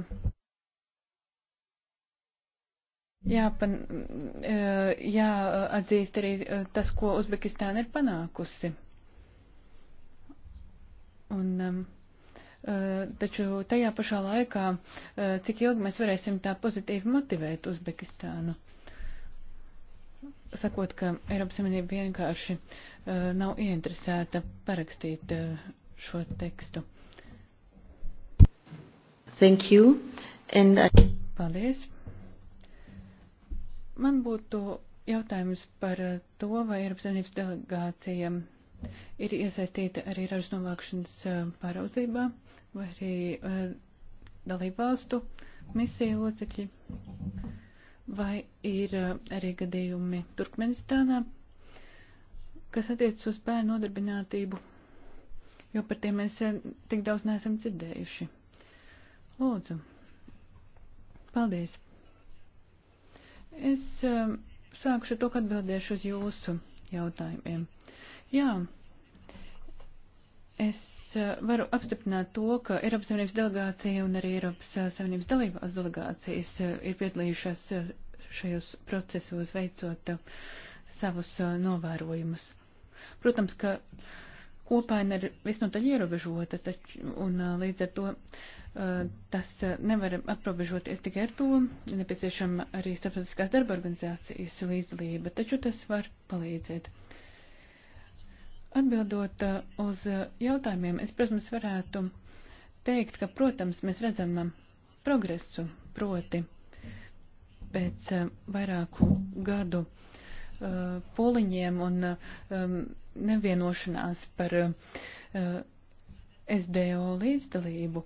Jāpan, eh, jāatzīst arī eh, tas, ko Uzbekistāna ir panākusi. Un, um, taču tajā pašā laikā, cik ilgi mēs varēsim tā pozitīvi motivēt Uzbekistānu? Sakot, ka Eiropas Savienība vienkārši nav ieinteresēta parakstīt šo tekstu. Thank you. And I... Paldies. Man būtu jautājums par eh, to, vai Eiropas Savienības delegācija ir iesaistīta arī ražas novākšanas eh, pāraudzībā, vai arī eh, dalību valstu misiju locekļi, vai ir arī gadījumi Turkmenistānā, kas attiecas uz bērnu nodarbinātību, jo par tiem mēs tik daudz neesam dzirdējuši. Lūdzu. Paldies. Es um, sākušu to, ka atbildēšu uz jūsu jautājumiem. Jā, es uh, varu apstiprināt to, ka Eiropas Savienības delegācija un arī Eiropas uh, Savienības dalībās delegācijas uh, ir piedalījušās šajos procesos, veicot savus novērojumus. Protams, ka kopaina ir visnotaļ ierobežota, taču, un līdz ar to Eh, tas eh, nevar aprobežoties tikai ar to, nepieciešama arī starptautiskās darba organizācijas līdzdalība, taču tas var palīdzēt. Atbildot eh, uz jautājumiem, es, protams, varētu teikt, ka, protams, mēs redzam progresu proti pēc vairāku gadu poliņiem un nevienošanās par SDO līdzdalību.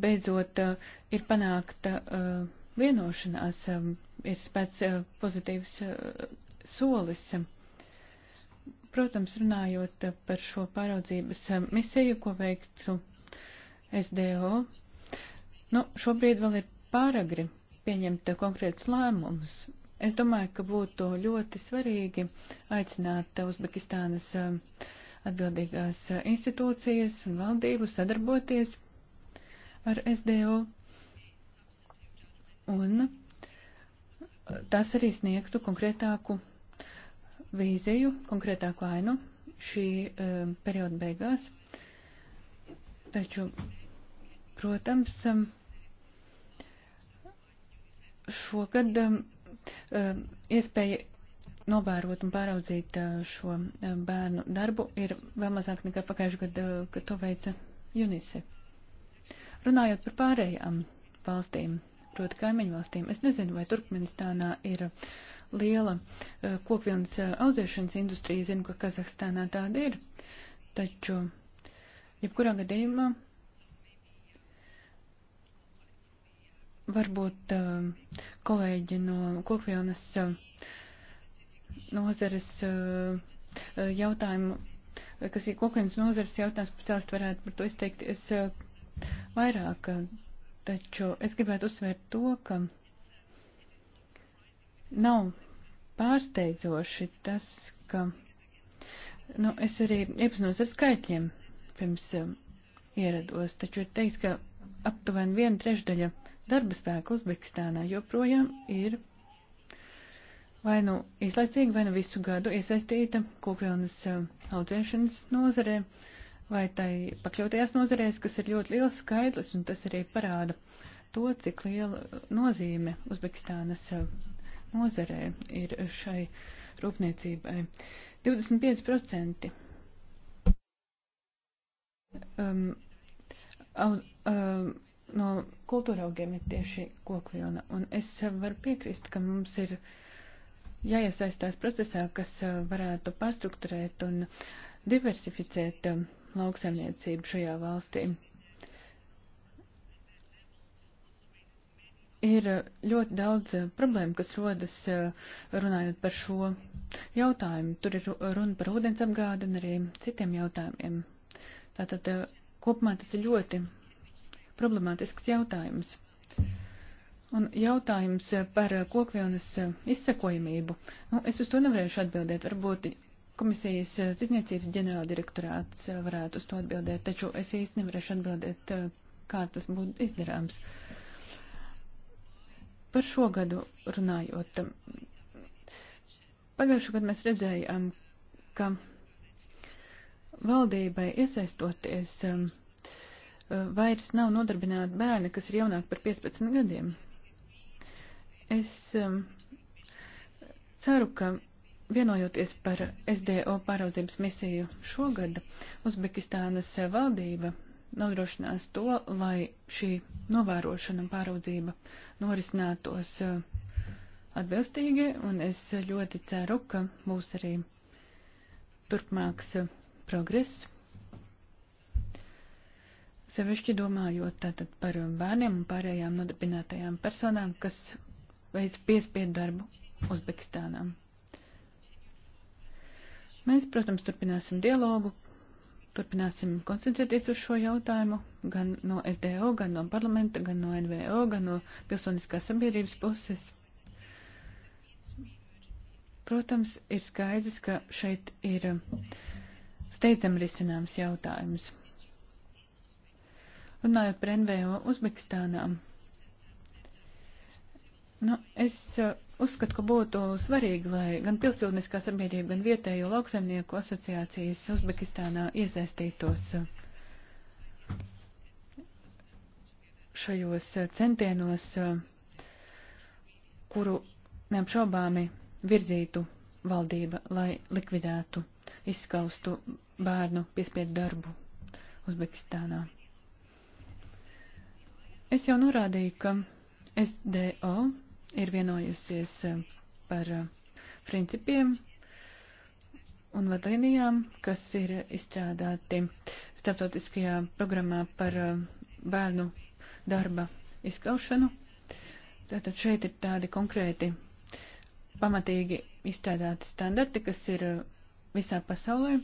Beidzot, eh, ir panākta eh, vienošanās, eh, ir spēc pozitīvs solis. Protams, runājot par šo pāraudzības misiju, ko veiktu SDO, nu, šobrīd vēl ir pāragri pieņemt konkrētus lēmumus. Es domāju, ka būtu ļoti svarīgi aicināt Uzbekistānas uh, atbildīgās institūcijas un valdību sadarboties ar SDO. Un tas arī sniegtu konkrētāku vīziju, konkrētāku ainu šī um, perioda beigās. Taču, protams, um, šogad um, um iespēja novērot un pāraudzīt šo bērnu darbu ir vēl mazāk nekā pagājušajā gadā, kad to veica UNICEF. Runājot par pārējām valstīm, proti kaimiņu valstīm, es nezinu, vai Turkmenistānā ir liela kokvilnas audzēšanas industrija, zinu, ka Kazahstānā tāda ir, taču jebkurā gadījumā varbūt kolēģi no kokvilnas nozares eh, eh, jautājumu, kas ir kokainas nozares jautājums, speciālisti varētu par to izteikties eh, vairāk. Taču es gribētu uzsvērt to, ka nav pārsteidzoši tas, ka nu, es arī iepazinos ar skaitļiem pirms um, ierados, taču ir teiks, ka aptuveni viena trešdaļa darba spēka Uzbekistānā joprojām ir vai nu īslaicīgi, vai nu visu gadu iesaistīta kopilnas eh, audzēšanas nozarē, vai tai pakļautajās nozarēs, kas ir ļoti liels skaidrs, un tas arī parāda to, cik liela nozīme Uzbekistānas eh, nozarē ir šai rūpniecībai. 25% um, au, um, no kultūra augiem ir tieši kokvilna, un es varu piekrist, ka mums ir uh, jāiesaistās procesā, kas eh, varētu pastrukturēt un diversificēt eh, lauksaimniecību šajā valstī. Ir eh, ļoti daudz problēmu, kas rodas runājot par šo jautājumu. Tur ir runa par ūdens apgādi un arī citiem jautājumiem. Tātad kopumā tas ir ļoti problemātisks jautājums. Un jautājums eh, par eh, kokvilnas eh, izsekojamību. Nu, es uz to nevarēšu atbildēt. Varbūt komisijas tirdzniecības ģenerāldirektorāts varētu uz to atbildēt, taču es īsti nevarēšu atbildēt, kā tas būtu izdarāms. Par šo gadu runājot. Pagājušajā gadā mēs redzējām, ka valdībai iesaistoties vairs nav nodarbināti bērni, kas ir jaunāki par 15 gadiem. Es um, ceru, ka vienojoties par SDO pāraudzības misiju šogad, Uzbekistānas valdība nodrošinās to, lai šī novērošana un pāraudzība norisinātos uh, atbilstīgi, un es ļoti ceru, ka būs arī turpmāks uh, progress. Sevišķi domājot tātad par bērniem un pārējām nodarbinātajām personām, kas veic piespiedu darbu Uzbekistānām. Mēs, protams, turpināsim dialogu, turpināsim koncentrēties uz šo jautājumu gan no SDO, gan no parlamenta, gan no NVO, gan no pilsoniskās sabiedrības puses. Protams, ir skaidrs, ka šeit ir steidzam risināms jautājums. Runājot par NVO Uzbekistānām, Nu, es uh, uzskatu, ka būtu svarīgi, lai gan pilsoniskā sabiedrība, gan vietējo lauksaimnieku asociācijas Uzbekistānā iesaistītos uh, šajos uh, centienos, kuru neapšaubāmi virzītu valdība, lai likvidētu, izskaustu bērnu piespiedu darbu Uzbekistānā. Es jau norādīju, ka SDO ir vienojusies eh, par eh, principiem un vadlīnijām, kas ir izstrādāti starptautiskajā programmā par eh, bērnu darba izskaušanu. Tātad šeit ir tādi konkrēti pamatīgi izstrādāti standarti, kas ir visā pasaulē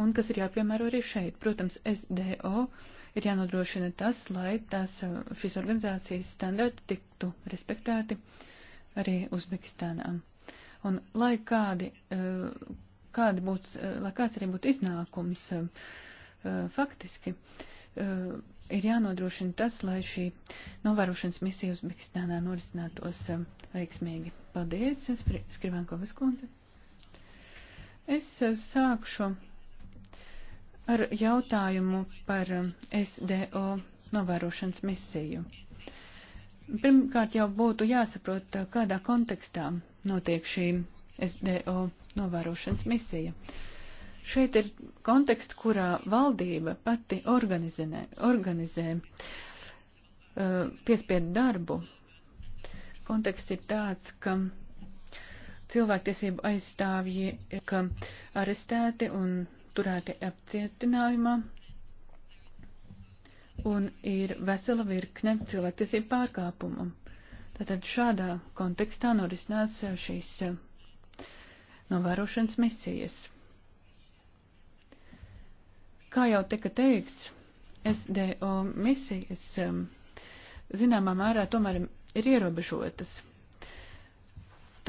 un kas ir jāpiemēro arī šeit. Protams, SDO ir jānodrošina tas, lai tās, eh, šīs organizācijas standarti tiktu respektēti arī Uzbekistānā. Un lai kādi, eh, kādi būtu, eh, lai kāds arī būtu iznākums faktiski, ir jānodrošina tas, lai šī novērošanas misija Uzbekistānā norisinātos veiksmīgi. Paldies, Skrivankovas kundze. Es sākšu ar jautājumu par um, SDO novērošanas misiju. Pirmkārt jau būtu jāsaprot, uh, kādā kontekstā notiek šī SDO novērošanas misija. Šeit ir konteksts, kurā valdība pati organizē, organizē uh, piespiedu darbu. Konteksts ir tāds, ka cilvēktiesību aizstāvji ir arestēti un turēti apcietinājumā, un ir vesela virkne cilvēktiesību pārkāpumu. Tātad šādā kontekstā norisinās šīs eh, novērošanas misijas. Kā jau tika teikts, SDO misijas eh, zināmā mērā tomēr ir ierobežotas.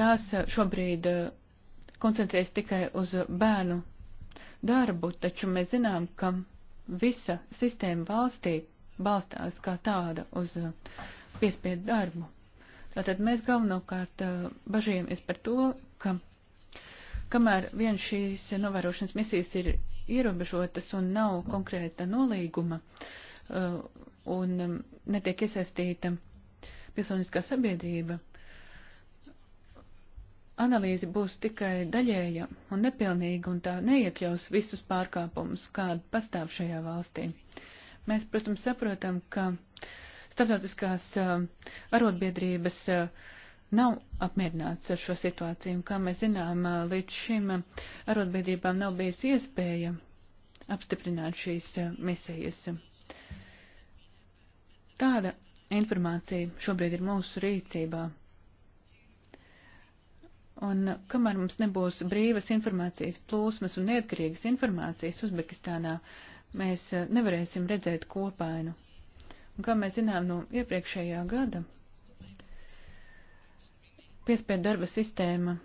Tās eh, šobrīd koncentrējas tikai uz bērnu darbu, taču mēs zinām, ka visa sistēma valstī balstās kā tāda uz uh, piespiedu darbu. Tātad mēs galvenokārt uh, bažījamies par to, ka kamēr vien šīs novērošanas misijas ir ierobežotas un nav konkrēta nolīguma uh, un um, netiek iesaistīta pilsoniskā sabiedrība, analīze būs tikai daļēja un nepilnīga un tā neiekļaus visus pārkāpumus, kādi pastāv šajā valstī. Mēs, protams, saprotam, ka starptautiskās arotbiedrības nav apmierināts ar šo situāciju, un kā mēs zinām, līdz šim arotbiedrībām nav bijusi iespēja apstiprināt šīs misijas. Tāda informācija šobrīd ir mūsu rīcībā. Un kamēr mums nebūs brīvas informācijas plūsmas un neatkarīgas informācijas Uzbekistānā, mēs eh, nevarēsim redzēt kopainu. Un kā mēs zinām no iepriekšējā gada, piespiedu darba sistēma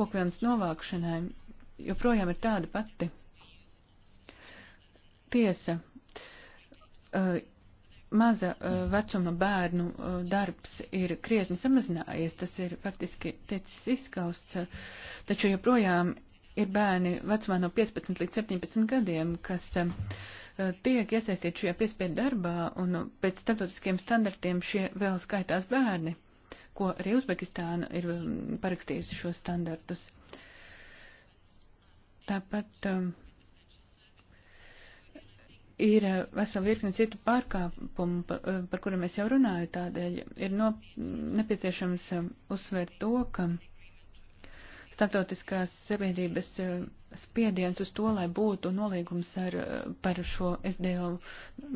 kokvilnas novākšanai joprojām ir tāda pati. Tiesa, eh, maza eh, vecuma bērnu eh, darbs ir krietni samazinājies, tas ir faktiski ticis izskausts, eh, taču joprojām ir bērni vecumā no 15 līdz 17 gadiem, kas tiek iesaistīti šajā piespiedu darbā, un pēc starptautiskiem standartiem šie vēl skaitās bērni, ko arī Uzbekistāna ir mm, parakstījusi šos standartus. Tāpat um, ir vesela eh, virkne citu pārkāpumu, eh, par, par kuriem es jau runāju, tādēļ ir no, nepieciešams eh, uzsvērt to, ka starptautiskās sabiedrības spiediens uz to, lai būtu nolīgums ar, par šo SDO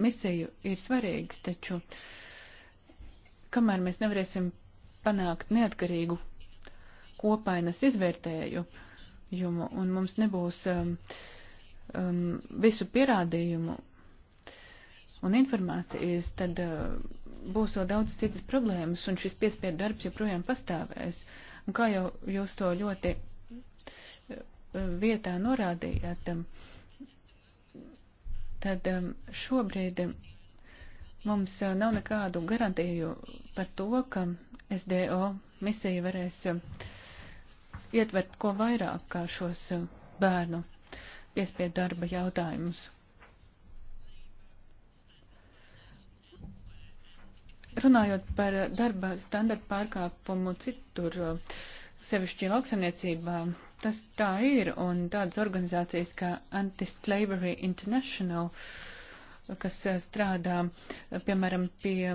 misiju, ir svarīgs, taču kamēr mēs nevarēsim panākt neatkarīgu kopainas izvērtējumu, un mums nebūs um, um, visu pierādījumu, un informācijas, tad uh, būs vēl daudz citas problēmas, un šis piespiedu darbs joprojām pastāvēs. Un kā jau jūs to ļoti eh, vietā norādījāt, eh, tad šobrīd mums nav nekādu garantiju par to, ka SDO misija varēs ietvert ko vairāk kā šos bērnu piespiedu darba jautājumus. Runājot par darba standartu pārkāpumu citur, sevišķi lauksaimniecībā, tas tā ir, un tādas organizācijas kā Anti-Slavery International, kas strādā, piemēram, pie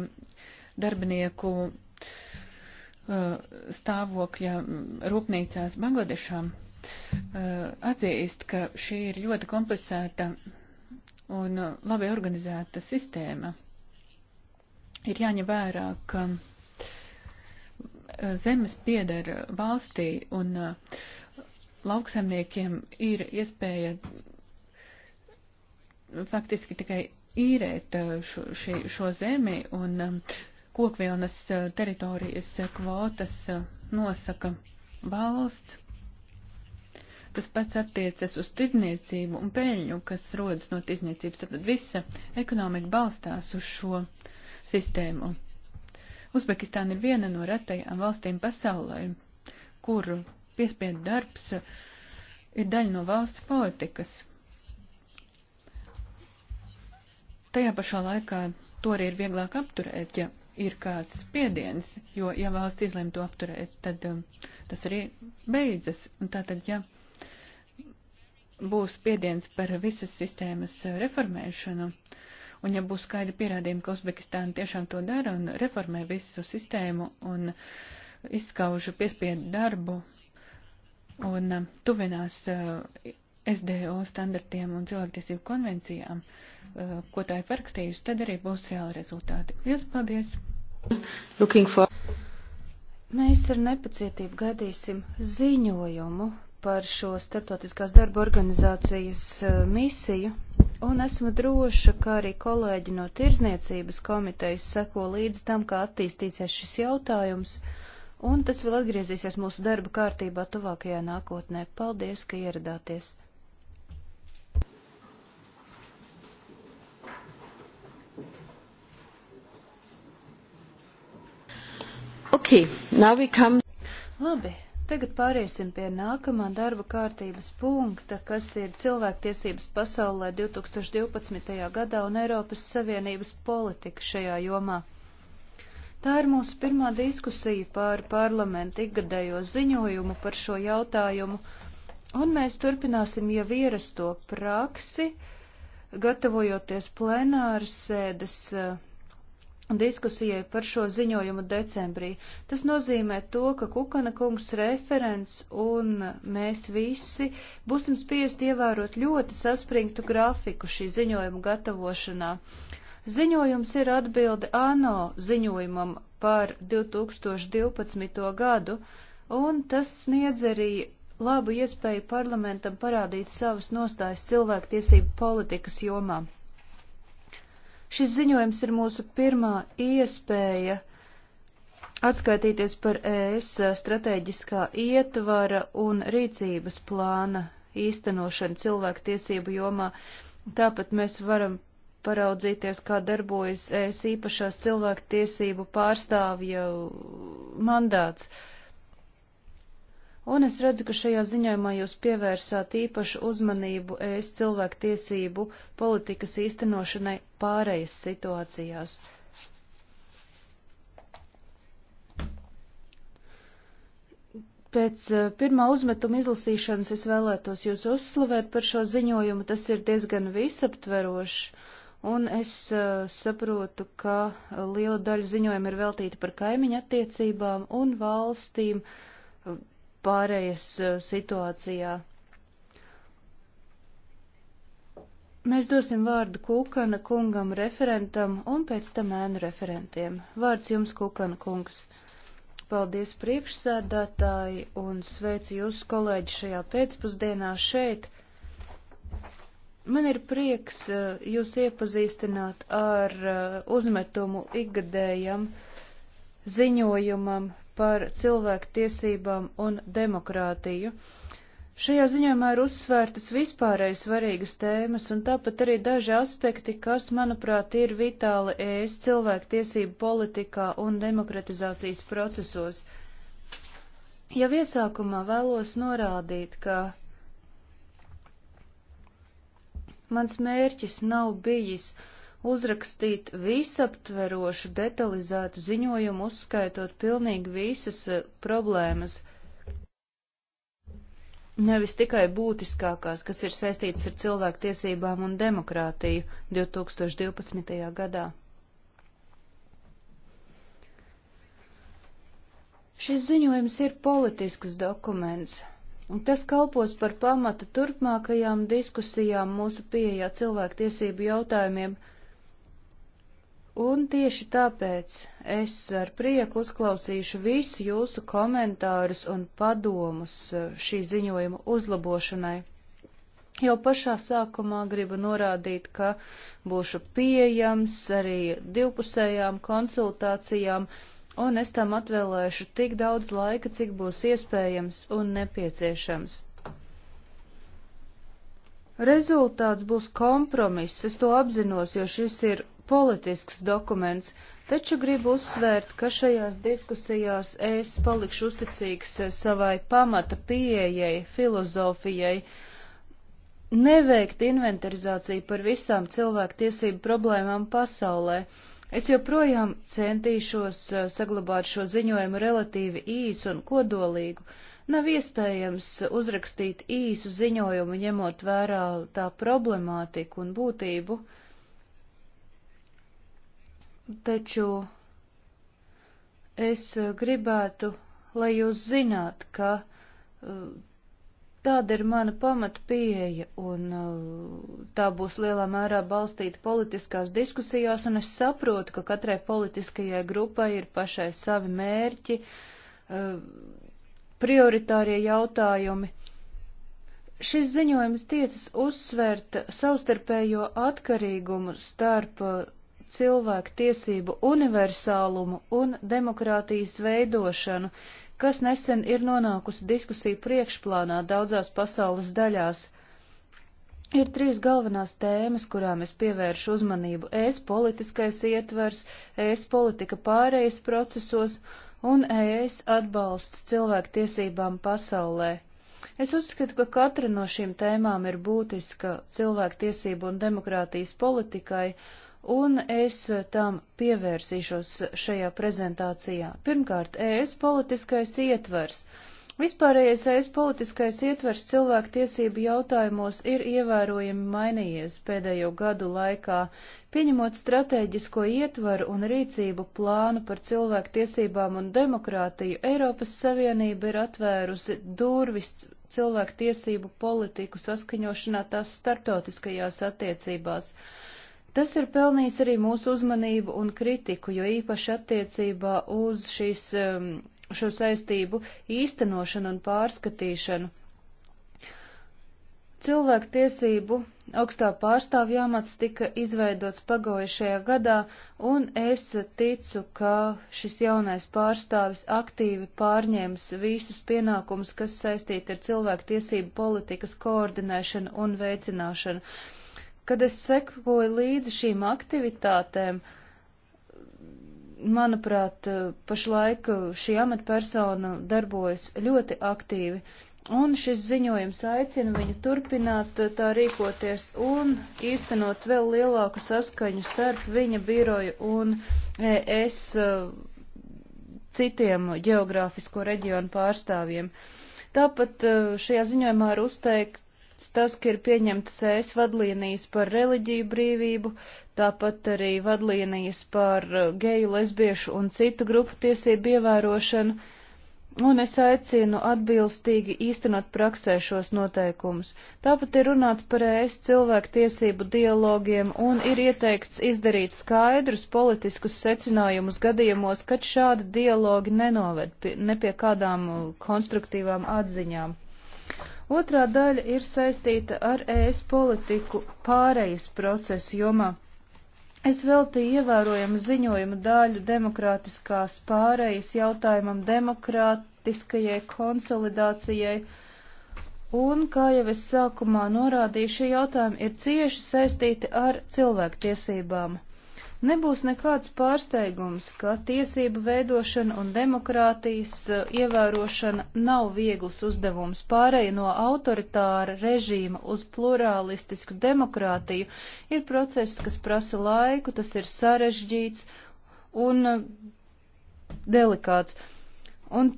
darbinieku uh, stāvokļa rūpnīcās Bangladešā, uh, atzīst, ka šī ir ļoti komplicēta un labi organizēta sistēma ir jāņem vērā, ka eh, zemes pieder valstī un eh, lauksaimniekiem ir iespēja faktiski tikai īrēt eh, šo, šo, šo zemi un kokvilnas teritorijas kvotas nosaka valsts. Tas pats attiecas uz tirdzniecību un peļņu, kas rodas no tirdzniecības. Tad visa ekonomika balstās uz šo uh, sistēmu. Uzbekistāna ir viena no retajām valstīm pasaulē, kur piespiedu darbs ir daļa no valsts politikas. Tajā pašā laikā to arī ir vieglāk apturēt, ja ir kāds spiediens, jo, ja valsts izlem to apturēt, tad um, tas arī beidzas. Un tātad, ja būs spiediens par visas sistēmas uh, reformēšanu, uh, Un ja būs skaidri pierādījumi, ka Uzbekistāna tiešām to dara un reformē visu sistēmu un izskauž piespiedu darbu un uh, tuvinās uh, SDO standartiem un cilvēktiesību konvencijām, uh, ko tā ir parakstījusi, tad arī būs reāli rezultāti. Lielas paldies! For...
Mēs ar nepacietību gaidīsim ziņojumu par šo starptautiskās darba organizācijas misiju un esmu droša, ka arī kolēģi no Tirzniecības komitejas seko līdz tam, kā attīstīsies šis jautājums, un tas vēl atgriezīsies mūsu darba kārtībā tuvākajā nākotnē. Paldies, ka ieradāties! Okay, now we come. Labi, Tagad pāriesim pie nākamā darba kārtības punkta, kas ir cilvēktiesības pasaulē 2012. gadā un Eiropas Savienības politika šajā jomā. Tā ir mūsu pirmā diskusija pār parlamentu ikgadējo ziņojumu par šo jautājumu, un mēs turpināsim jau ierasto praksi, gatavojoties plenāras sēdes uh, diskusijai par šo ziņojumu decembrī. Tas nozīmē to, ka Kukana kungs referents un mēs visi būsim spiest ievērot ļoti saspringtu grafiku šī ziņojuma gatavošanā. Ziņojums ir atbilde ANO ziņojumam par 2012. gadu, un tas sniedz arī labu iespēju parlamentam parādīt savas nostājas cilvēktiesību politikas jomām. Šis ziņojums ir mūsu pirmā iespēja atskaitīties par ES stratēģiskā ietvara un rīcības plāna īstenošanu cilvēku tiesību jomā. Tāpat mēs varam paraudzīties, kā darbojas ES īpašās cilvēku tiesību pārstāvja mandāts. Uh, Un es redzu, ka šajā ziņojumā jūs pievērsāt īpašu uzmanību ēst cilvēku tiesību politikas īstenošanai pārējas situācijās. Pēc eh, pirmā uzmetuma izlasīšanas es vēlētos jūs uzslavēt par šo ziņojumu, tas ir diezgan visaptverošs, un es eh, saprotu, ka eh, liela daļa ziņojuma ir veltīta par kaimiņu attiecībām un valstīm, uh, pārējas eh, situācijā. Mēs dosim vārdu Kūkana kungam referentam un pēc tam ēnu referentiem. Vārds jums, Kūkana kungs. Paldies priekšsēdētāji un sveicu jūs kolēģi šajā pēcpusdienā šeit. Man ir prieks eh, jūs iepazīstināt ar eh, uzmetumu ikgadējam ziņojumam par cilvēku tiesībām un demokrātiju. Šajā ziņojumā ir uzsvērtas vispārēji svarīgas tēmas un tāpat arī daži aspekti, kas, manuprāt, ir vitāli ēs cilvēku tiesību politikā un demokratizācijas procesos. Jau iesākumā vēlos norādīt, ka mans mērķis nav bijis uh, uzrakstīt visaptverošu detalizētu ziņojumu, uzskaitot pilnīgi visas eh, problēmas, nevis tikai būtiskākās, kas ir saistītas ar cilvēku tiesībām un demokrātiju 2012. gadā. Šis ziņojums ir politisks dokuments, un tas kalpos par pamatu turpmākajām diskusijām mūsu pieejā cilvēktiesību jautājumiem, Un tieši tāpēc es ar prieku uzklausīšu visu jūsu komentārus un padomus eh, šī ziņojuma uzlabošanai. Jau pašā sākumā gribu norādīt, ka būšu pieejams arī divpusējām konsultācijām, un es tam atvēlēšu tik daudz laika, cik būs iespējams un nepieciešams. Rezultāts būs kompromiss, es to apzinos, jo šis ir politisks dokuments, taču gribu uzsvērt, ka šajās diskusijās es palikšu uzticīgs eh, savai pamata pieejai, filozofijai, neveikt inventarizāciju par visām cilvēku tiesību problēmām pasaulē. Es joprojām centīšos eh, saglabāt šo ziņojumu relatīvi īsu un kodolīgu. Nav iespējams uzrakstīt īsu ziņojumu, ņemot vērā tā problemātiku un būtību. Uh, taču es eh, gribētu, lai jūs zināt, ka eh, tāda ir mana pamata pieeja, un eh, tā būs lielā mērā balstīta politiskās diskusijās, un es saprotu, ka katrai politiskajai grupai ir pašai savi mērķi, prioritārie jautājumi. Šis ziņojums tiecas uzsvērt savstarpējo atkarīgumu starp cilvēku tiesību universālumu un demokrātijas veidošanu, kas nesen ir nonākusi diskusiju priekšplānā daudzās pasaules daļās. Ir trīs galvenās tēmas, kurām es pievēršu uzmanību - ēs politiskais ietvers, ēs politika pārējais procesos un ēs atbalsts cilvēktiesībām pasaulē. Es uzskatu, ka katra no šīm tēmām ir būtiska cilvēktiesību un demokrātijas politikai, un es tam pievērsīšos šajā prezentācijā. Pirmkārt, ES politiskais ietvers. Vispārējais ES politiskais ietvers cilvēku tiesību jautājumos ir ievērojami mainījies pēdējo gadu laikā, pieņemot strateģisko ietvaru un rīcību plānu par cilvēku tiesībām un demokrātiju, Eiropas Savienība ir atvērusi durvis cilvēku tiesību politiku saskaņošanā tās starptautiskajās attiecībās. Tas ir pelnījis arī mūsu uzmanību un kritiku, jo īpaši attiecībā uz šīs, um, šo saistību īstenošanu un pārskatīšanu. Cilvēku tiesību augstā pārstāvjāmats tika izveidots pagojušajā gadā, un es ticu, ka šis jaunais pārstāvis aktīvi pārņems visus pienākumus, kas saistīti ar cilvēku tiesību politikas koordinēšanu un veicināšanu. Kad es sekoju līdzi šīm aktivitātēm, manuprāt, pašlaik šī amatpersona darbojas ļoti aktīvi, un šis ziņojums aicina viņu turpināt tā rīkoties un īstenot vēl lielāku saskaņu starp viņa biroju un es uh, citiem geogrāfisko reģionu pārstāvjiem. Tāpat uh, šajā ziņojumā ir uzteikt tas, ka ir pieņemtas ES vadlīnijas par reliģiju brīvību, tāpat arī vadlīnijas par uh, geju, lesbiešu un citu grupu tiesību ievērošanu, un es aicinu atbilstīgi īstenot praksē šos noteikumus. Tāpat ir runāts par ES cilvēku tiesību dialogiem un ir ieteikts izdarīt skaidrus politiskus secinājumus gadījumos, kad šādi dialogi nenoved pie, ne pie kādām uh, konstruktīvām atziņām. Otrā daļa ir saistīta ar ES politiku pārejas procesu jomā. Es veltīju ievērojumu ziņojumu daļu demokrātiskās pārejas jautājumam demokrātiskajai konsolidācijai, un, kā jau es sākumā norādīju, šie jautājumi ir cieši saistīti ar cilvēktiesībām. Nebūs nekāds pārsteigums, ka tiesību veidošana un demokrātijas eh, ievērošana nav viegls uzdevums. Pārēja no autoritāra režīma uz plurālistisku demokrātiju ir process, kas prasa laiku, tas ir sarežģīts un eh, delikāts. Un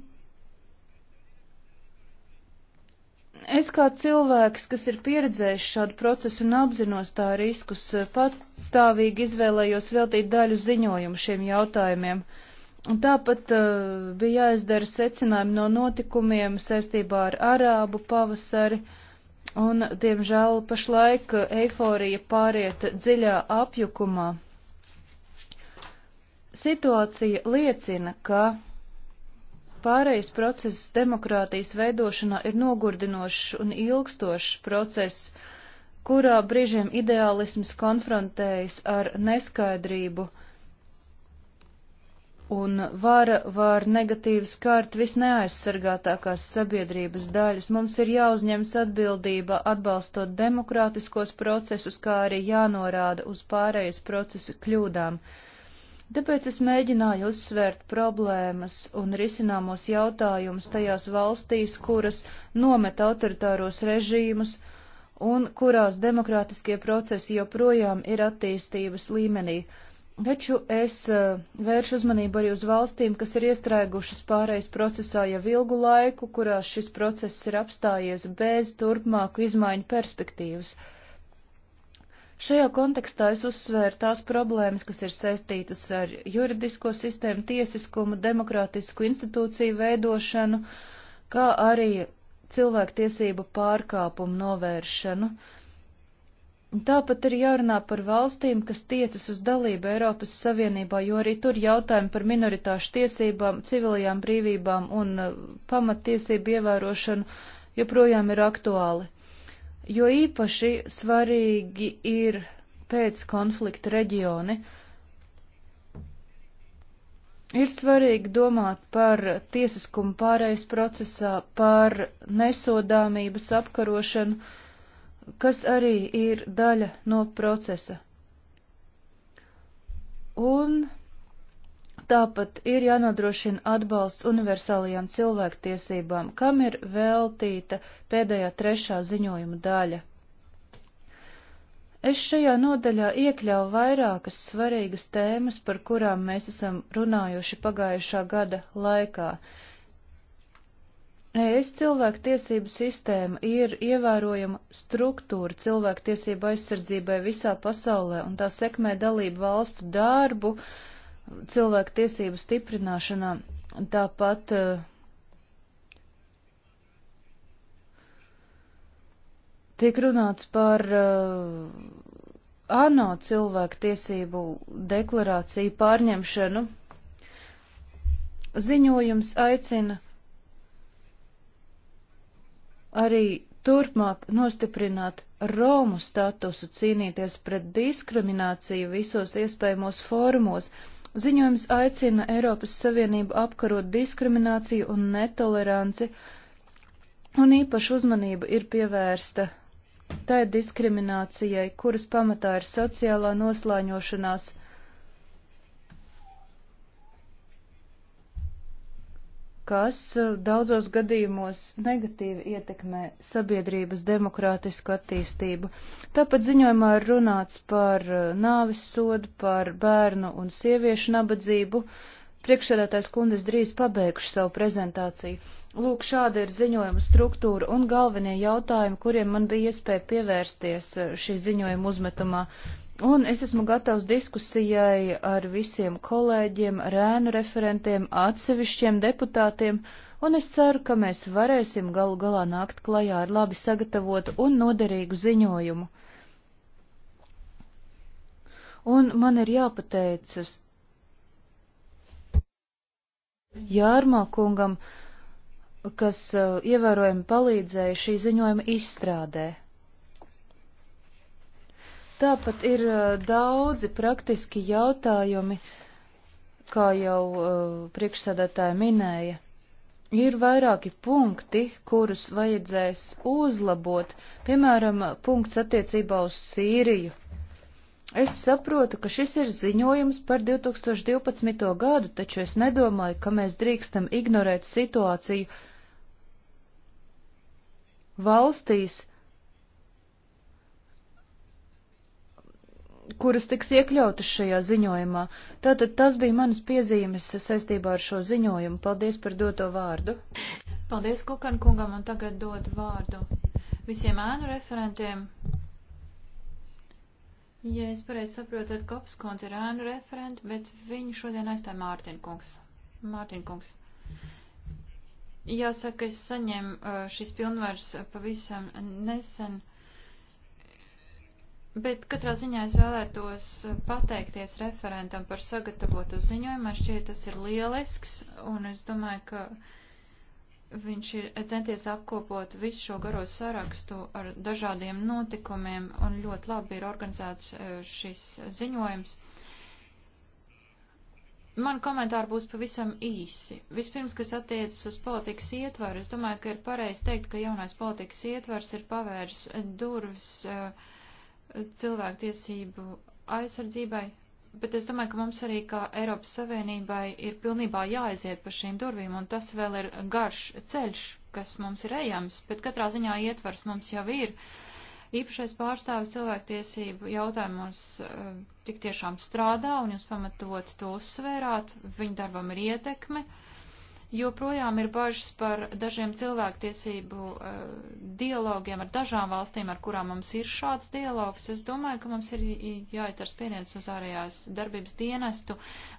Es kā cilvēks, kas ir pieredzējis šādu procesu un apzinos tā riskus, eh, patstāvīgi izvēlējos veltīt daļu ziņojumu šiem jautājumiem. Un tāpat uh, bija jāizdara secinājumi no notikumiem saistībā ar arābu pavasari, un, diemžēl, pašlaik eh, eiforija pāriet dziļā apjukumā. Situācija liecina, ka Pārējais process demokrātijas veidošanā ir nogurdinošs un ilgstošs process, kurā brīžiem ideālisms konfrontējas ar neskaidrību, un vara var negatīvi skārt visneaizsargātākās sabiedrības daļas. Mums ir jāuzņems atbildība atbalstot demokrātiskos procesus, kā arī jānorāda uz pārējais procesa kļūdām. Tāpēc es mēģināju uzsvērt problēmas un risināmos jautājumus tajās valstīs, kuras nomet autoritāros režīmus un kurās demokrātiskie procesi joprojām ir attīstības līmenī. Taču es uh, vēršu uzmanību arī uz valstīm, kas ir iestrēgušas pārējais procesā jau ilgu laiku, kurās šis process ir apstājies bez turpmāku izmaiņu perspektīvas. Uh, Šajā kontekstā es uzsvēru tās problēmas, kas ir saistītas ar juridisko sistēmu, tiesiskumu, demokrātisku institūciju veidošanu, kā arī cilvēktiesību pārkāpumu novēršanu. Tāpat ir jārunā par valstīm, kas tiecas uz dalību Eiropas Savienībā, jo arī tur jautājumi par minoritāšu tiesībām, civilajām brīvībām un eh, pamattiesību ievērošanu joprojām ir aktuāli jo īpaši svarīgi ir pēc konflikta reģioni. Ir svarīgi domāt par tiesiskumu pārējais procesā, par nesodāmības apkarošanu, kas arī ir daļa no procesa. Un Tāpat ir jānodrošina atbalsts universālajām cilvēktiesībām, kam ir veltīta pēdējā trešā ziņojuma daļa. Es šajā nodaļā iekļauju vairākas svarīgas tēmas, par kurām mēs esam runājuši pagājušā gada laikā. ES cilvēktiesību sistēma ir ievērojama struktūra cilvēktiesību aizsardzībai visā pasaulē, un tā sekmē dalību valstu darbu, uh, cilvēku tiesību stiprināšanā, tāpat eh, tiek runāts par eh, ANO cilvēku tiesību deklarāciju pārņemšanu. Ziņojums aicina arī turpmāk nostiprināt Romu statusu, cīnīties pret diskrimināciju visos iespējamos formos, Ziņojums aicina Eiropas Savienību apkarot diskrimināciju un netoleranci, un īpaši uzmanība ir pievērsta tai diskriminācijai, kuras pamatā ir sociālā noslāņošanās, kas eh, daudzos gadījumos negatīvi ietekmē sabiedrības demokrātisku attīstību. Tāpat ziņojumā ir runāts par eh, nāvis sodu, par bērnu un sieviešu nabadzību. Priekšsēdētājs kundes drīz pabeigšu savu prezentāciju. Lūk, šāda ir ziņojuma struktūra un galvenie jautājumi, kuriem man bija iespēja pievērsties eh, šī ziņojuma uzmetumā. Un es esmu gatavs diskusijai ar visiem kolēģiem, rēnu referentiem, atsevišķiem deputātiem, un es ceru, ka mēs varēsim galu galā nākt klajā ar labi sagatavotu un noderīgu ziņojumu. Un man ir jāpateicas Jārmā kungam, kas uh, ievērojami palīdzēja šī ziņojuma izstrādē. Tāpat ir daudzi praktiski jautājumi, kā jau uh, priekšsādātāja minēja. Ir vairāki punkti, kurus vajadzēs uzlabot, piemēram, punkts attiecībā uz Sīriju. Es saprotu, ka šis ir ziņojums par 2012. gadu, taču es nedomāju, ka mēs drīkstam ignorēt situāciju valstīs, uh, kuras tiks iekļautas šajā ziņojumā. Tātad tas bija manas piezīmes saistībā ar šo ziņojumu. Paldies par doto vārdu.
Paldies Kukan kungam un tagad dod vārdu visiem ēnu referentiem. Ja es pareizi saprotu, tad Kopskons ir ēnu referenti, bet viņu šodien aizstāja Mārtiņa kungs. Mārtiņa kungs. Jāsaka, es saņēmu uh, šīs pilnvaras pavisam nesen, Bet katrā ziņā es vēlētos eh, pateikties referentam par sagatavotu ziņojumu. Man šķiet, tas ir lielisks, un es domāju, ka viņš ir eh, centies apkopot visu šo garo sarakstu ar dažādiem notikumiem, un ļoti labi ir organizēts eh, šis ziņojums. Man komentāri būs pavisam īsi. Vispirms, kas attiecas uz politikas ietvaru, es domāju, ka ir pareizi teikt, ka jaunais politikas ietvars ir pavērs durvis. Uh, cilvēktiesību aizsardzībai, bet es domāju, ka mums arī kā Eiropas Savienībai ir pilnībā jāaiziet pa šīm durvīm, un tas vēl ir garš ceļš, kas mums ir ejams, bet katrā ziņā ietvars mums jau ir. Īpašais pārstāvis cilvēktiesību jautājumos uh, tik tiešām strādā, un jūs pamatot to uzsvērāt, viņa darbam ir ietekme. Uh, joprojām ir bažas par dažiem cilvēktiesību uh, dialogiem ar dažām valstīm, ar kurām mums ir šāds dialogs. Es domāju, ka mums ir jāizdara spiediens uz ārējās darbības dienestu,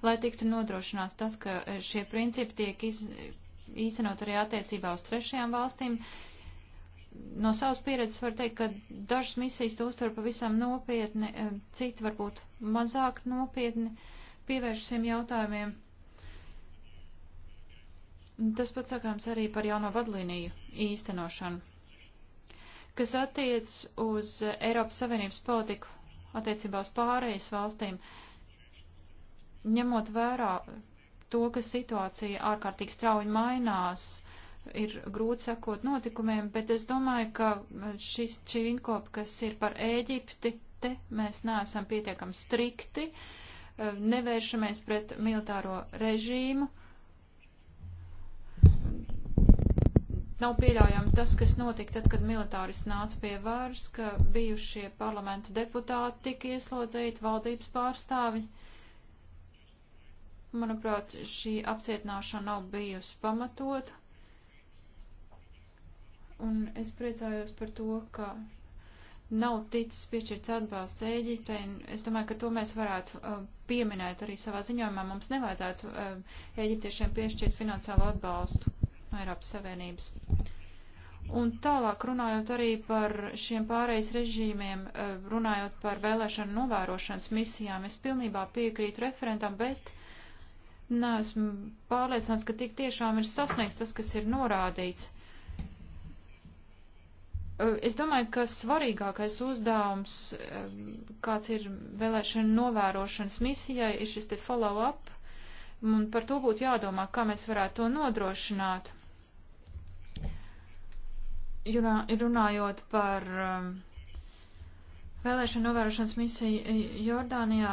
lai tiktu nodrošināts tas, ka eh, šie principi tiek iz, īstenot arī attiecībā uz trešajām valstīm. No savas pieredzes var teikt, ka dažas misijas to uztver pavisam nopietni, eh, citi varbūt mazāk nopietni pievērš šiem jautājumiem. Tas pats sakāms arī par jauno vadlīniju īstenošanu, kas attiec uz Eiropas Savienības politiku attiecībā uz pārējais valstīm, ņemot vērā to, ka situācija ārkārtīgi strauji mainās, ir grūti sakot notikumiem, bet es domāju, ka šis čīnkopa, kas ir par Ēģipti, te mēs neesam pietiekami strikti, nevēršamies pret militāro režīmu, Nav pieļaujami tas, kas notika tad, kad militāristi nāca pie varas, ka bijušie parlamenta deputāti tika ieslodzīti, valdības pārstāvi. Manuprāt, šī apcietināšana nav bijusi pamatota. Un es priecājos par to, ka nav ticis piešķirts atbalsts Ēģiptei. Es domāju, ka to mēs varētu uh, pieminēt arī savā ziņojumā. Mums nevajadzētu uh, Ēģiptiešiem piešķirt finansiālu atbalstu no Eiropas Savienības. Un tālāk runājot arī par šiem pārejas režīmiem, eh, runājot par vēlēšanu novērošanas misijām, es pilnībā piekrītu referentam, bet neesmu pārliecināts, ka tik tiešām ir sasniegts tas, kas ir norādīts. Eh, es domāju, ka svarīgākais uzdevums, eh, kāds ir vēlēšana novērošanas misijai, ir šis te follow-up, un par to būtu jādomā, kā mēs varētu to nodrošināt runājot par um, vēlēšanu novērošanas misiju e, Jordānijā.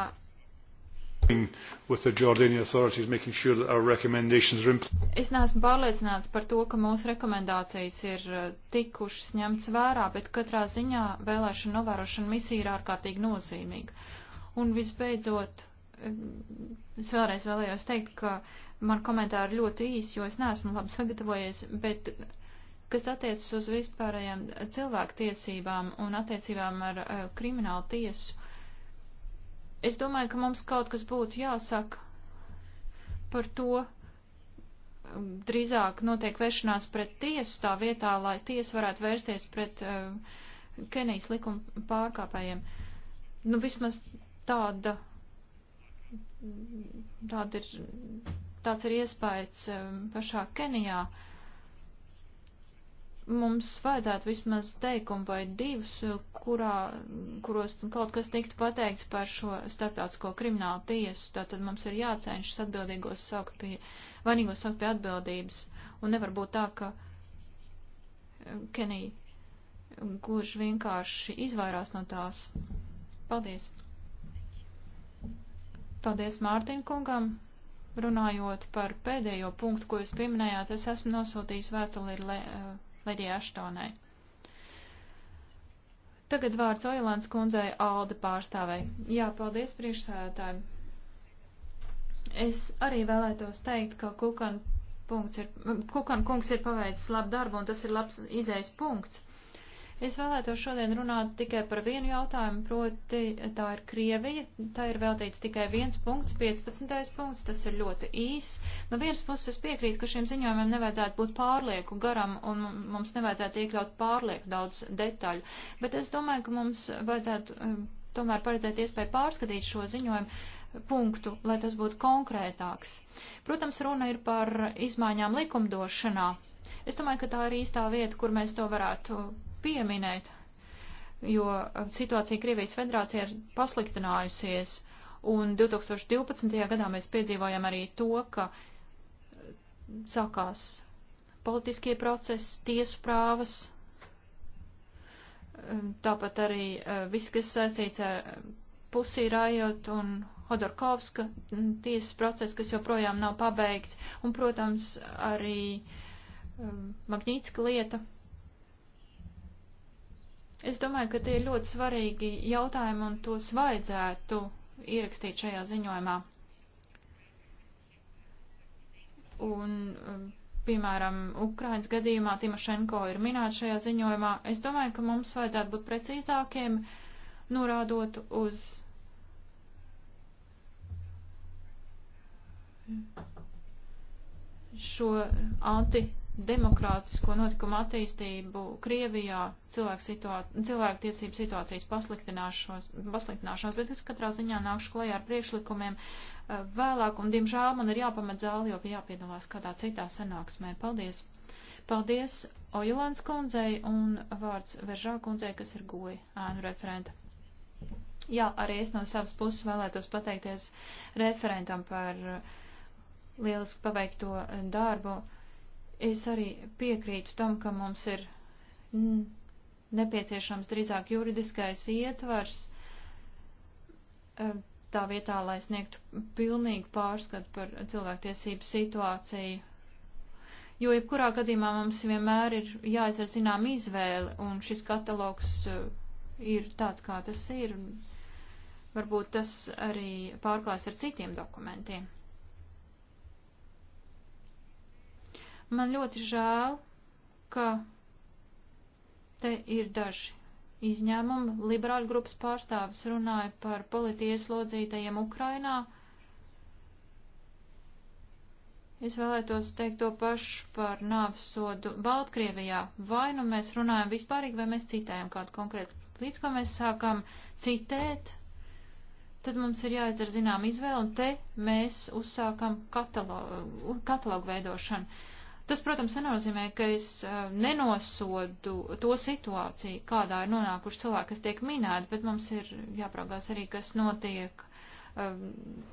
Es
neesmu pārliecināts par to, ka mūsu rekomendācijas ir e, tikušas ņemts vērā, bet katrā ziņā vēlēšana novērošana misija ir ārkārtīgi nozīmīga. Un visbeidzot, e, es vēlreiz vēlējos teikt, ka man komentāri ļoti īsi, jo es neesmu labi sagatavojies, bet kas attiecas uz vispārējām cilvēktiesībām un attiecībām ar uh, kriminālu tiesu, es domāju, ka mums kaut kas būtu jāsaka par to, um, drīzāk notiek vēršanās pret tiesu tā vietā, lai tiesa varētu vērsties pret uh, Kenijas likuma pārkāpējiem. Nu, vismaz tāda, tāda ir, tāds ir iespējas um, pašā Kenijā. Uh, mums vajadzētu vismaz teikumu vai divus, kurā, kuros kaut kas tiktu pateikts par šo starptautisko kriminālu tiesu. Tātad mums ir jācenšas atbildīgos saukt pie, vainīgos saukt pie atbildības. Un nevar būt tā, ka eh, Kenija gluži vienkārši izvairās no tās. Paldies. Paldies Mārtiņ kungam. Runājot par pēdējo punktu, ko jūs pieminējāt, es esmu nosūtījis vēstuli ir. Le, uh, Lidijai Aštonai. Tagad vārds Oilāns kundzei Alde pārstāvei. Jā, paldies priekšsēdētājiem. Es arī vēlētos teikt, ka Kukan, ir, Kukan kungs ir paveicis labu darbu un tas ir labs izējas punkts. Es vēlētos šodien runāt tikai par vienu jautājumu, proti tā ir Krievija. Tā ir veltīts tikai viens punkts, 15. punkts, tas ir ļoti īs. No vienas puses es piekrītu, ka šiem ziņojumiem nevajadzētu būt pārlieku garam un mums nevajadzētu iekļaut pārlieku daudz detaļu, bet es domāju, ka mums vajadzētu tomēr paredzēt iespēju pārskatīt šo ziņojumu punktu, lai tas būtu konkrētāks. Protams, runa ir par izmaiņām likumdošanā. Es domāju, ka tā ir īstā vieta, kur mēs to varētu pieminēt, jo situācija Krievijas federācijā ir pasliktinājusies, un 2012. gadā mēs piedzīvojam arī to, ka sākās politiskie procesi, tiesu prāvas, tāpat arī e, viss, kas saistīts ar pusī rajot un Hodorkovska tiesas process, kas joprojām nav pabeigts, un, protams, arī Magnītska lieta. Es domāju, ka tie ir ļoti svarīgi jautājumi un tos vajadzētu ierakstīt šajā ziņojumā. Un, um, piemēram, Ukrainas gadījumā Timošenko ir minēts šajā ziņojumā. Es domāju, ka mums vajadzētu būt precīzākiem, norādot uz šo anti demokrātisko notikumu attīstību Krievijā, cilvēku, situāci cilvēku tiesību situācijas pasliktināšanos, pasliktināšanos, bet es katrā ziņā nākšu klajā ar priekšlikumiem eh, vēlāk, un diemžēl man ir jāpamet zāli, jo jāpiedalās kādā citā sanāksmē. Paldies! Paldies Ojulāns kundzei un vārds Veržā kundzei, kas ir goja ēnu referenta. Jā, arī es no savas puses vēlētos pateikties referentam par eh, lieliski paveikto darbu Es arī piekrītu tam, ka mums ir nepieciešams drīzāk juridiskais ietvars, eh, tā vietā, lai sniegtu pilnīgu pārskatu par cilvēktiesību situāciju. Jo jebkurā gadījumā mums vienmēr ir jāizdara zinām izvēle, un šis katalogs eh, ir tāds, kā tas ir. Varbūt tas arī pārklās ar citiem dokumentiem. Man ļoti žēl, ka te ir daži izņēmumi. Liberāļu grupas pārstāvis runāja par politieslodzītajiem Ukrainā. Es vēlētos teikt to pašu par nāves sodu Baltkrievijā. Vai nu mēs runājam vispārīgi, vai mēs citējam kādu konkrētu. Līdz ko mēs sākam citēt, tad mums ir jāizdara zinām izvēle, un te mēs uzsākam katalogu, katalogu veidošanu. Tas, protams, nenozīmē, ka es nenosodu to situāciju, kādā ir nonākuši cilvēki, kas tiek minēti, bet mums ir jāpraugās arī, kas notiek,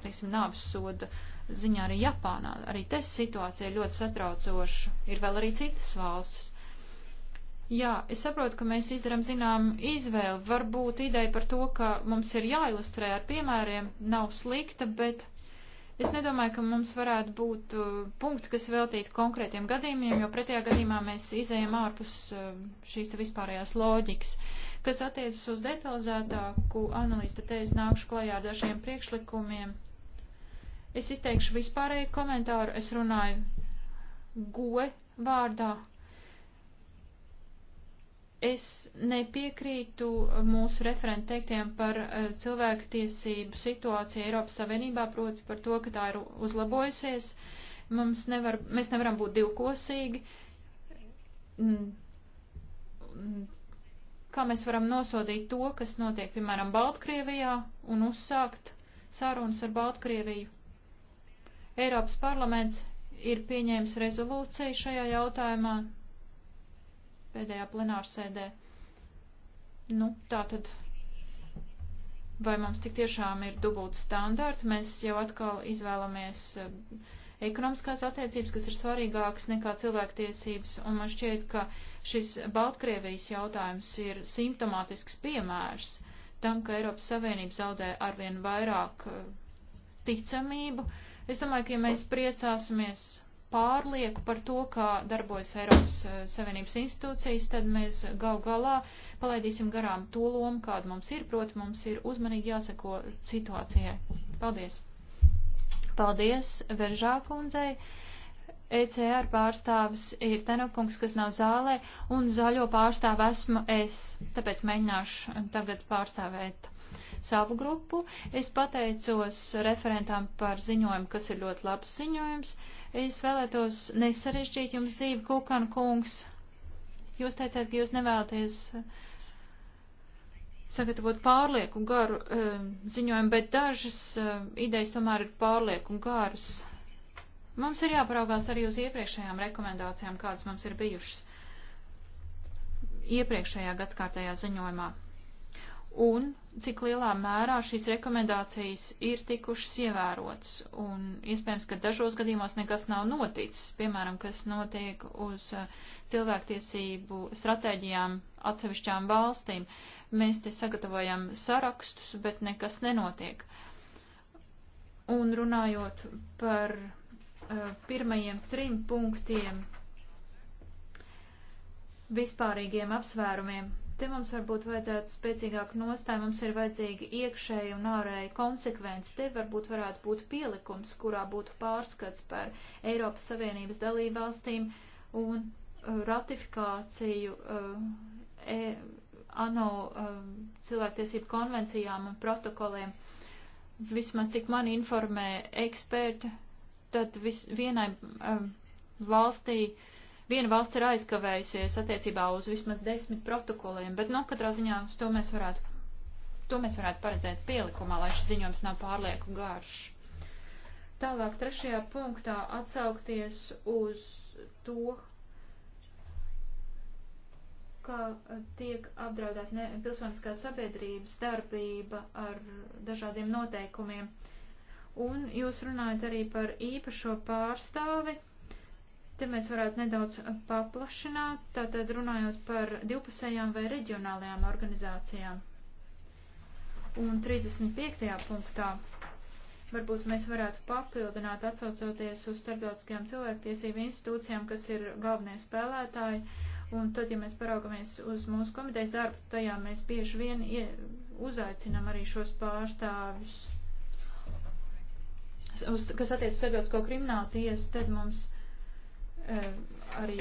teiksim, nāves soda ziņā arī Japānā. Arī te situācija ir ļoti satraucoša. Ir vēl arī citas valstis. Jā, es saprotu, ka mēs izdarām zinām izvēli. Varbūt ideja par to, ka mums ir jāilustrē ar piemēriem, nav slikta, bet Es nedomāju, ka mums varētu būt uh, punkti, kas veltīti konkrētiem gadījumiem, jo pretējā gadījumā mēs izējām ārpus uh, šīs te vispārējās loģikas. Kas attiecas uz detalizētāku analīzi, tad es nākušu klajā ar dažiem priekšlikumiem. Es izteikšu vispārēju komentāru, es runāju goe vārdā, Es nepiekrītu mūsu referentu teiktiem par e, cilvēku tiesību situāciju Eiropas Savienībā, proti par to, ka tā ir uzlabojusies. Mums nevar, mēs nevaram būt divkosīgi. Mm. Mm. Kā mēs varam nosodīt to, kas notiek, piemēram, Baltkrievijā un uzsākt sarunas ar Baltkrieviju? Eiropas parlaments ir pieņēmis rezolūciju šajā jautājumā, pēdējā plenārsēdē. Nu, tā tad, vai mums tik tiešām ir dubult standārti, mēs jau atkal izvēlamies eh, ekonomiskās attiecības, kas ir svarīgākas nekā cilvēktiesības, un man šķiet, ka šis Baltkrievijas jautājums ir simptomātisks piemērs tam, ka Eiropas Savienība zaudē arvien vairāk eh, ticamību. Es domāju, ka ja mēs priecāsimies pārlieku par to, kā darbojas Eiropas eh, Savienības institūcijas, tad mēs gau galā palaidīsim garām to lomu, kādu mums ir, proti mums ir uzmanīgi jāsako situācijai. Paldies! Paldies, Veržā kundzei! ECR pārstāvis ir Tenokungs, kas nav zālē, un zaļo pārstāvu esmu es, tāpēc mēģināšu tagad pārstāvēt savu grupu. Es pateicos referentam par ziņojumu, kas ir ļoti labs ziņojums. Uh, Es vēlētos nesarežģīt jums dzīvi, Kukan kungs. Jūs teicāt, ka jūs nevēlaties eh, sagatavot pārlieku garu e, ziņojumu, bet dažas e, idejas tomēr ir pārlieku garas. Mums ir jāparaugās arī uz iepriekšējām rekomendācijām, kādas mums ir bijušas iepriekšējā gadskārtajā ziņojumā. Un cik lielā mērā šīs rekomendācijas ir tikušas ievērotas, un iespējams, ka dažos gadījumos nekas nav noticis, piemēram, kas notiek uz uh, cilvēktiesību stratēģijām atsevišķām valstīm. Mēs te sagatavojam sarakstus, bet nekas nenotiek. Un runājot par uh, pirmajiem trim punktiem, vispārīgiem apsvērumiem, te mums varbūt vajadzētu spēcīgāk nostāju, mums ir vajadzīga iekšēja un ārēja konsekvence. Te varbūt varētu būt pielikums, kurā būtu pārskats par Eiropas Savienības dalībvalstīm un uh, ratifikāciju uh, e, ANO uh, cilvēktiesību konvencijām un protokoliem. Vismaz cik man informē eksperti, tad vis, vienai um, valstī uh, viena valsts ir aizkavējusies attiecībā uz vismaz desmit protokoliem, bet, nu, katrā ziņā to mēs varētu, to mēs varētu paredzēt pielikumā, lai šis ziņojums nav pārlieku garš. Tālāk trešajā punktā atsaukties uz to, ka tiek apdraudēta pilsoniskā sabiedrības darbība ar dažādiem noteikumiem. Un jūs runājat arī par īpašo pārstāvi, Te mēs varētu nedaudz paplašināt, tātad runājot par divpusējām vai reģionālajām organizācijām. Un 35. punktā varbūt mēs varētu papildināt atsaucoties uz starptautiskajām cilvēktiesību institūcijām, kas ir galvenie spēlētāji. Un tad, ja mēs paraugamies uz mūsu komitejas darbu, tajā mēs bieži vien uzaicinam arī šos pārstāvjus. Uz, kas attiec uz starptautisko kriminālu tiesu, tad mums arī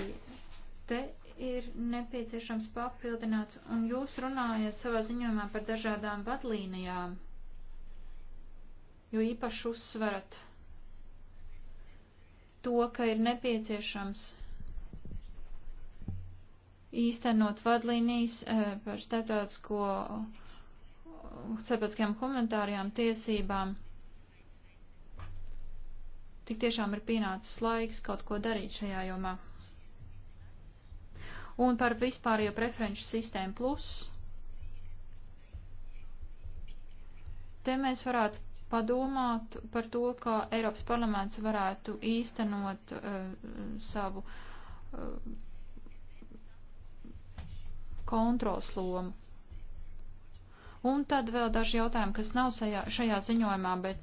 te ir nepieciešams papildināts, un jūs runājat savā ziņojumā par dažādām vadlīnijām, jo īpaši uzsverat to, ka ir nepieciešams īstenot vadlīnijas eh, par starptautisko starptautiskajām humanitārajām tiesībām tik tiešām ir pienācis laiks kaut ko darīt šajā jomā. Un par vispārējo preferenču sistēmu plus. Te mēs varētu padomāt par to, kā Eiropas parlaments varētu īstenot uh, savu uh, kontrols lomu. Un tad vēl daži jautājumi, kas nav šajā, šajā ziņojumā, bet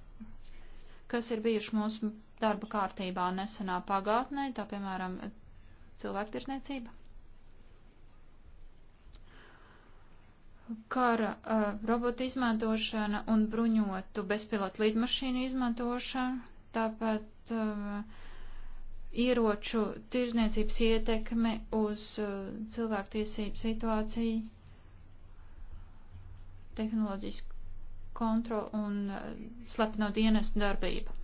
kas ir bijuši mūsu darba kārtībā nesenā pagātnē, tā piemēram cilvēktirzniecība. Kara uh, robotu izmantošana un bruņotu bezpilotu lidmašīnu izmantošana, tāpat uh, ieroču tirzniecības ietekme uz uh, cilvēktiesību situāciju, tehnoloģisku kontrolu un uh, slepno dienestu darbību.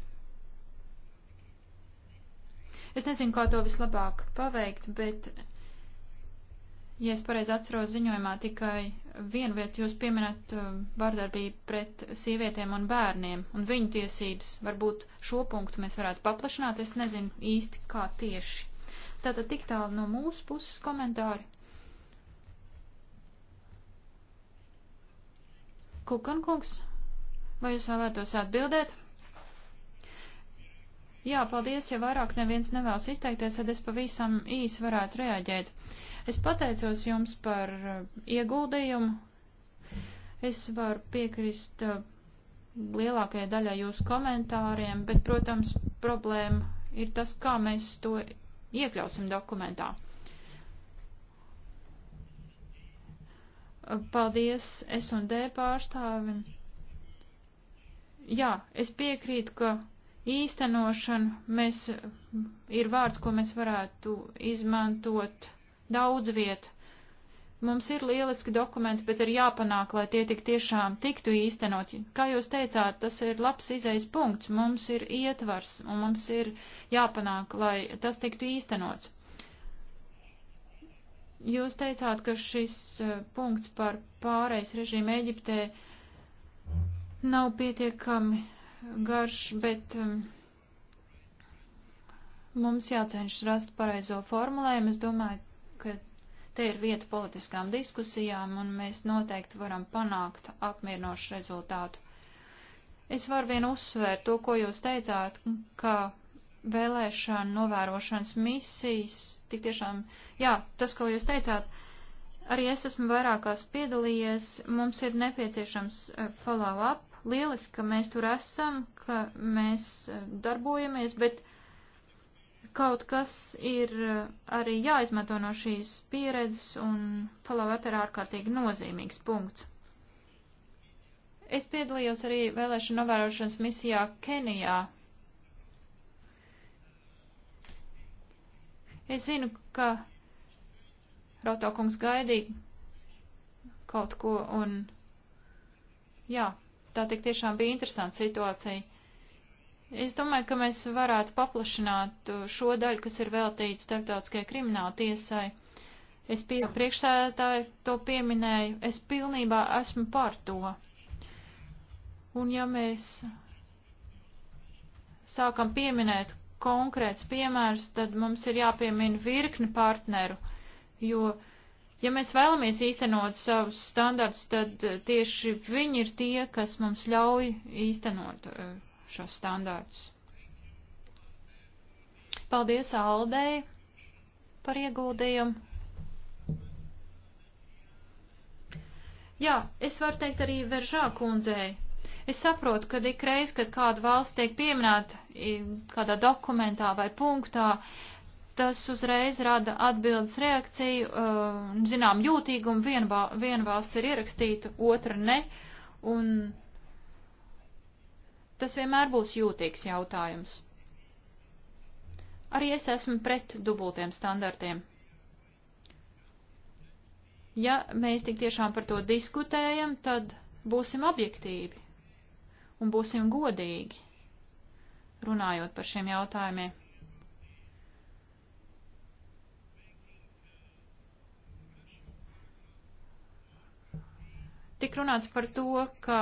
Es nezinu, kā to vislabāk paveikt, bet, ja es pareizi atceros ziņojumā, tikai vienu vietu jūs pieminat uh, vardarbību pret sievietēm un bērniem un viņu tiesības. Varbūt šo punktu mēs varētu paplašināt, es nezinu īsti, kā tieši. Tātad tik tālu no mūsu puses komentāri. Kukankungs, vai jūs vēlētos atbildēt? Jā, paldies, ja vairāk neviens nevēlas izteikties, tad es pavisam īsi varētu reaģēt. Es pateicos jums par uh, ieguldījumu. Es varu piekrist uh, lielākajai daļai jūsu komentāriem, bet, protams, problēma ir tas, kā mēs to iekļausim dokumentā. Uh, paldies S&D pārstāvim. Jā, es piekrītu, ka īstenošanu mēs, ir vārds, ko mēs varētu izmantot daudz viet. Mums ir lieliski dokumenti, bet ir jāpanāk, lai tie tik tiešām tiktu īstenot. Kā jūs teicāt, tas ir labs izejas punkts, mums ir ietvars un mums ir jāpanāk, lai tas tiktu īstenots. Jūs teicāt, ka šis eh, punkts par pārejas režīmu Eģiptē nav pietiekami garš, bet um, mums jācenšas rast pareizo formulējumu. Es domāju, ka te ir vieta politiskām diskusijām, un mēs noteikti varam panākt apmierinošu rezultātu. Es varu vien uzsvērt to, ko jūs teicāt, ka vēlēšana novērošanas misijas, tik tiešām, jā, tas, ko jūs teicāt, arī es esmu vairākās piedalījies, mums ir nepieciešams eh, follow-up, Lieliski, ka mēs tur esam, ka mēs eh, darbojamies, bet kaut kas ir eh, arī jāizmanto no šīs pieredzes, un Palavep ir ārkārtīgi nozīmīgs punkts. Es piedalījos arī vēlēšana novērošanas misijā Kenijā. Es zinu, ka Rotokungs gaidīja kaut ko, un jā, tā tik tiešām bija interesanta situācija. Es domāju, ka mēs varētu paplašināt šo daļu, kas ir veltīta starptautiskajai krimināla tiesai. Es pie priekšsēdētāju to pieminēju, es pilnībā esmu par to. Un ja mēs sākam pieminēt konkrēts piemērs, tad mums ir jāpiemina virkni partneru, jo uh, Ja mēs vēlamies īstenot savus standartus, tad eh, tieši viņi ir tie, kas mums ļauj īstenot eh, šos standartus. Paldies Aldei par ieguldījumu. Jā, es varu teikt arī Veržā kundzei. Es saprotu, ka ikreiz, kad kāda valsts tiek pieminēta kādā dokumentā vai punktā, uh, tas uzreiz rada atbildes reakciju, uh, zinām, jūtīgumu, viena, viena valsts ir ierakstīta, otra ne, un tas vienmēr būs jūtīgs jautājums. Arī es esmu pret dubultiem standartiem. Ja mēs tik tiešām par to diskutējam, tad būsim objektīvi un būsim godīgi runājot par šiem jautājumiem. Tik runāts par to, ka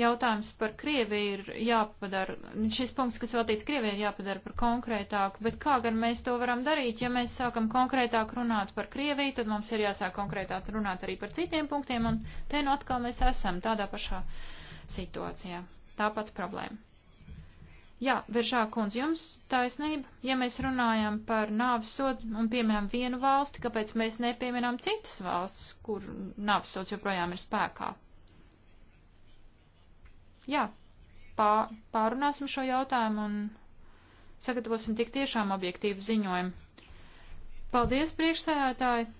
jautājums par Krieviju ir jāpadara, šis punkts, kas veltīts Krievijai, ir jāpadara par konkrētāku, bet kā gan mēs to varam darīt? Ja mēs sākam konkrētāk runāt par Krieviju, tad mums ir jāsāk konkrētāk runāt arī par citiem punktiem, un te nu atkal mēs esam tādā pašā situācijā. Tāpat problēma. Jā, Viržā kundze, jums taisnība, ja mēs runājam par nāvis sodu un pieminam vienu valsti, kāpēc mēs nepieminam citas valsts, kur nāvis sods joprojām ir spēkā? Jā, pā, pārunāsim šo jautājumu un sagatavosim tik tiešām objektīvu ziņojumu. Paldies, priekšsēdētāji!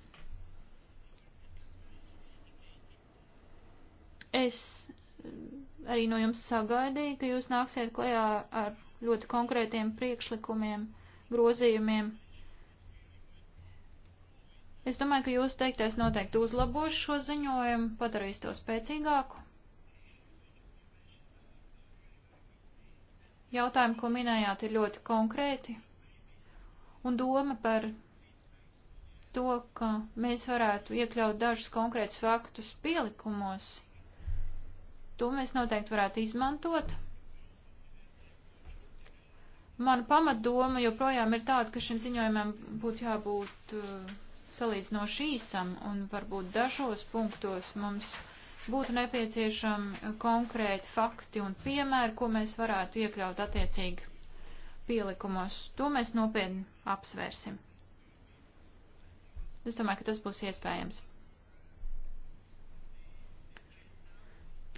Es arī no jums sagaidīju, ka jūs nāksiet klajā ar ļoti konkrētiem priekšlikumiem, grozījumiem. Es domāju, ka jūs teiktais noteikti uzlabos šo ziņojumu, padarīs to spēcīgāku. Jautājumi, ko minējāt, ir ļoti konkrēti, un doma par to, ka mēs varētu iekļaut dažus konkrētus faktus pielikumos To mēs noteikti varētu izmantot. Mana pamatdoma joprojām ir tāda, ka šim ziņojumam būtu jābūt uh, salīdzinoši īsam un varbūt dažos punktos mums būtu nepieciešami konkrēti fakti un piemēri, ko mēs varētu iekļaut attiecīgi pielikumos. To mēs nopietni apsvērsim. Es domāju, ka tas būs iespējams.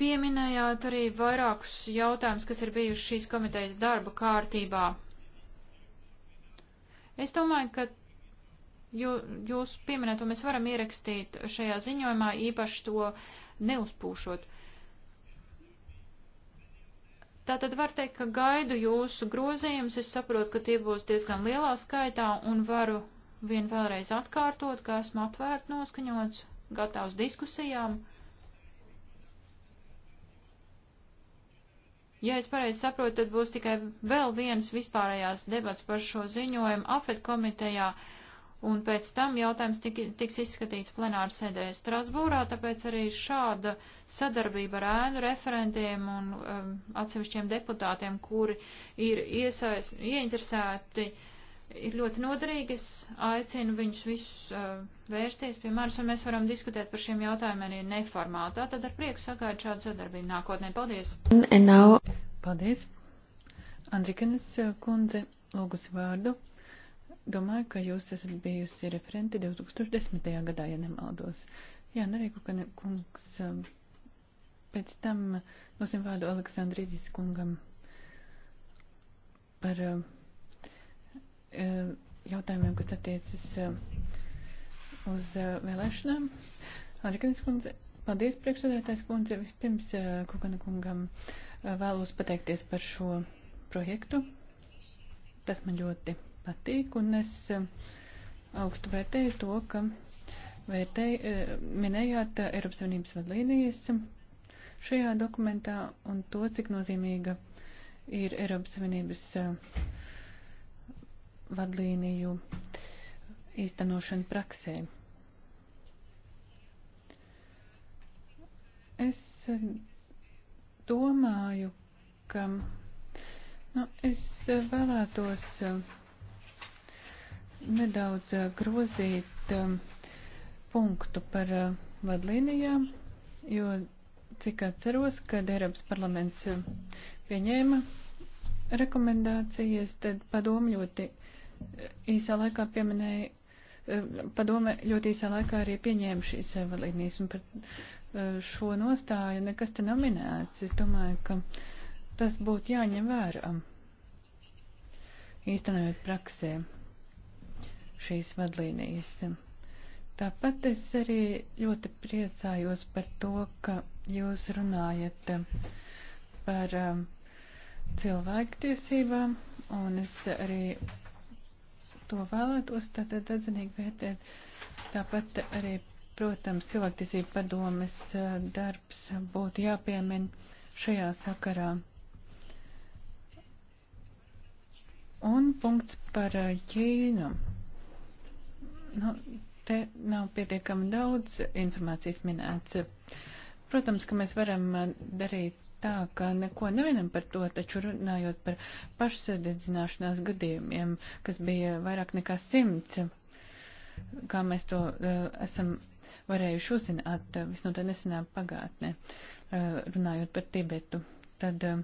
Pieminējāt arī vairākus jautājumus, kas ir bijuši šīs komitejas darba kārtībā. Es domāju, ka jū, jūs pieminēto mēs varam ierakstīt šajā ziņojumā, īpaši to neuzpūšot. Tātad var teikt, ka gaidu jūsu grozījumus, es saprotu, ka tie būs diezgan lielā skaitā un varu vien vēlreiz atkārtot, ka esmu atvērt noskaņots, gatavs diskusijām. Ja es pareizi saprotu, tad būs tikai vēl viens vispārējās debats par šo ziņojumu AFET komitejā, un pēc tam jautājums tik, tiks izskatīts plenāru sēdē Strasbūrā, tāpēc arī šāda sadarbība ar ēnu referentiem un um, atsevišķiem deputātiem, kuri ir iesaist, ieinteresēti uh, ir ļoti noderīgi. Es aicinu viņus visus uh, vērsties pie manis, un mēs varam diskutēt par šiem jautājumiem arī neformātā. Tad ar prieku sagaidu šādu sadarbību nākotnē. Paldies!
Now... Paldies! Andrikenes uh, kundze, lūgusi vārdu. Domāju, ka jūs esat bijusi referenti 2010. gadā, ja nemaldos. Jā, Narīku nu, kungs, um, pēc tam nosim uh, vārdu Aleksandrītis kungam par uh, Eh, jautājumiem, kas attiecas eh, uz eh, vēlēšanām. Arkanis kundze, paldies priekšsēdētājs kundze. Vispirms Kukana kungam vēlos pateikties par šo projektu. Tas man ļoti patīk un es augstu vērtēju to, ka vērtēju, minējāt Eiropas Savienības vadlīnijas šajā dokumentā un to, cik nozīmīga ir Eiropas Savienības uh, vadlīniju īstenošanu praksē. Es eh, domāju, ka nu, es eh, vēlētos eh, nedaudz grozīt punktu par vadlīnijām, jo cik atceros, kad Eiropas parlaments pieņēma rekomendācijas, tad padomu ļoti īsā laikā pieminēja, eh, padome ļoti īsā laikā arī pieņēma šīs vadlīnijas, un par eh, šo nostāju nekas te nav minēts. Es domāju, ka tas būtu jāņem vērā, īstenojot praksē šīs vadlīnijas. Tāpat es arī ļoti priecājos par to, ka jūs runājat eh, par cilvēktiesībām, un es arī to vēlētos, tad atzinīgi vērtēt. Tāpat arī, protams, cilvēktiesība padomes eh, darbs būtu jāpiemin šajā sakarā. Un punkts par eh, Ķīnu. Nu, te nav pietiekami daudz informācijas minēts. Protams, ka mēs varam eh, darīt tā, ka neko nevienam par to, taču runājot par pašsadedzināšanās gadījumiem, kas bija vairāk nekā simts, kā mēs to uh, esam varējuši uzzināt uh, visnotaļ nesenā pagātnē, uh, runājot par Tibetu, tad uh,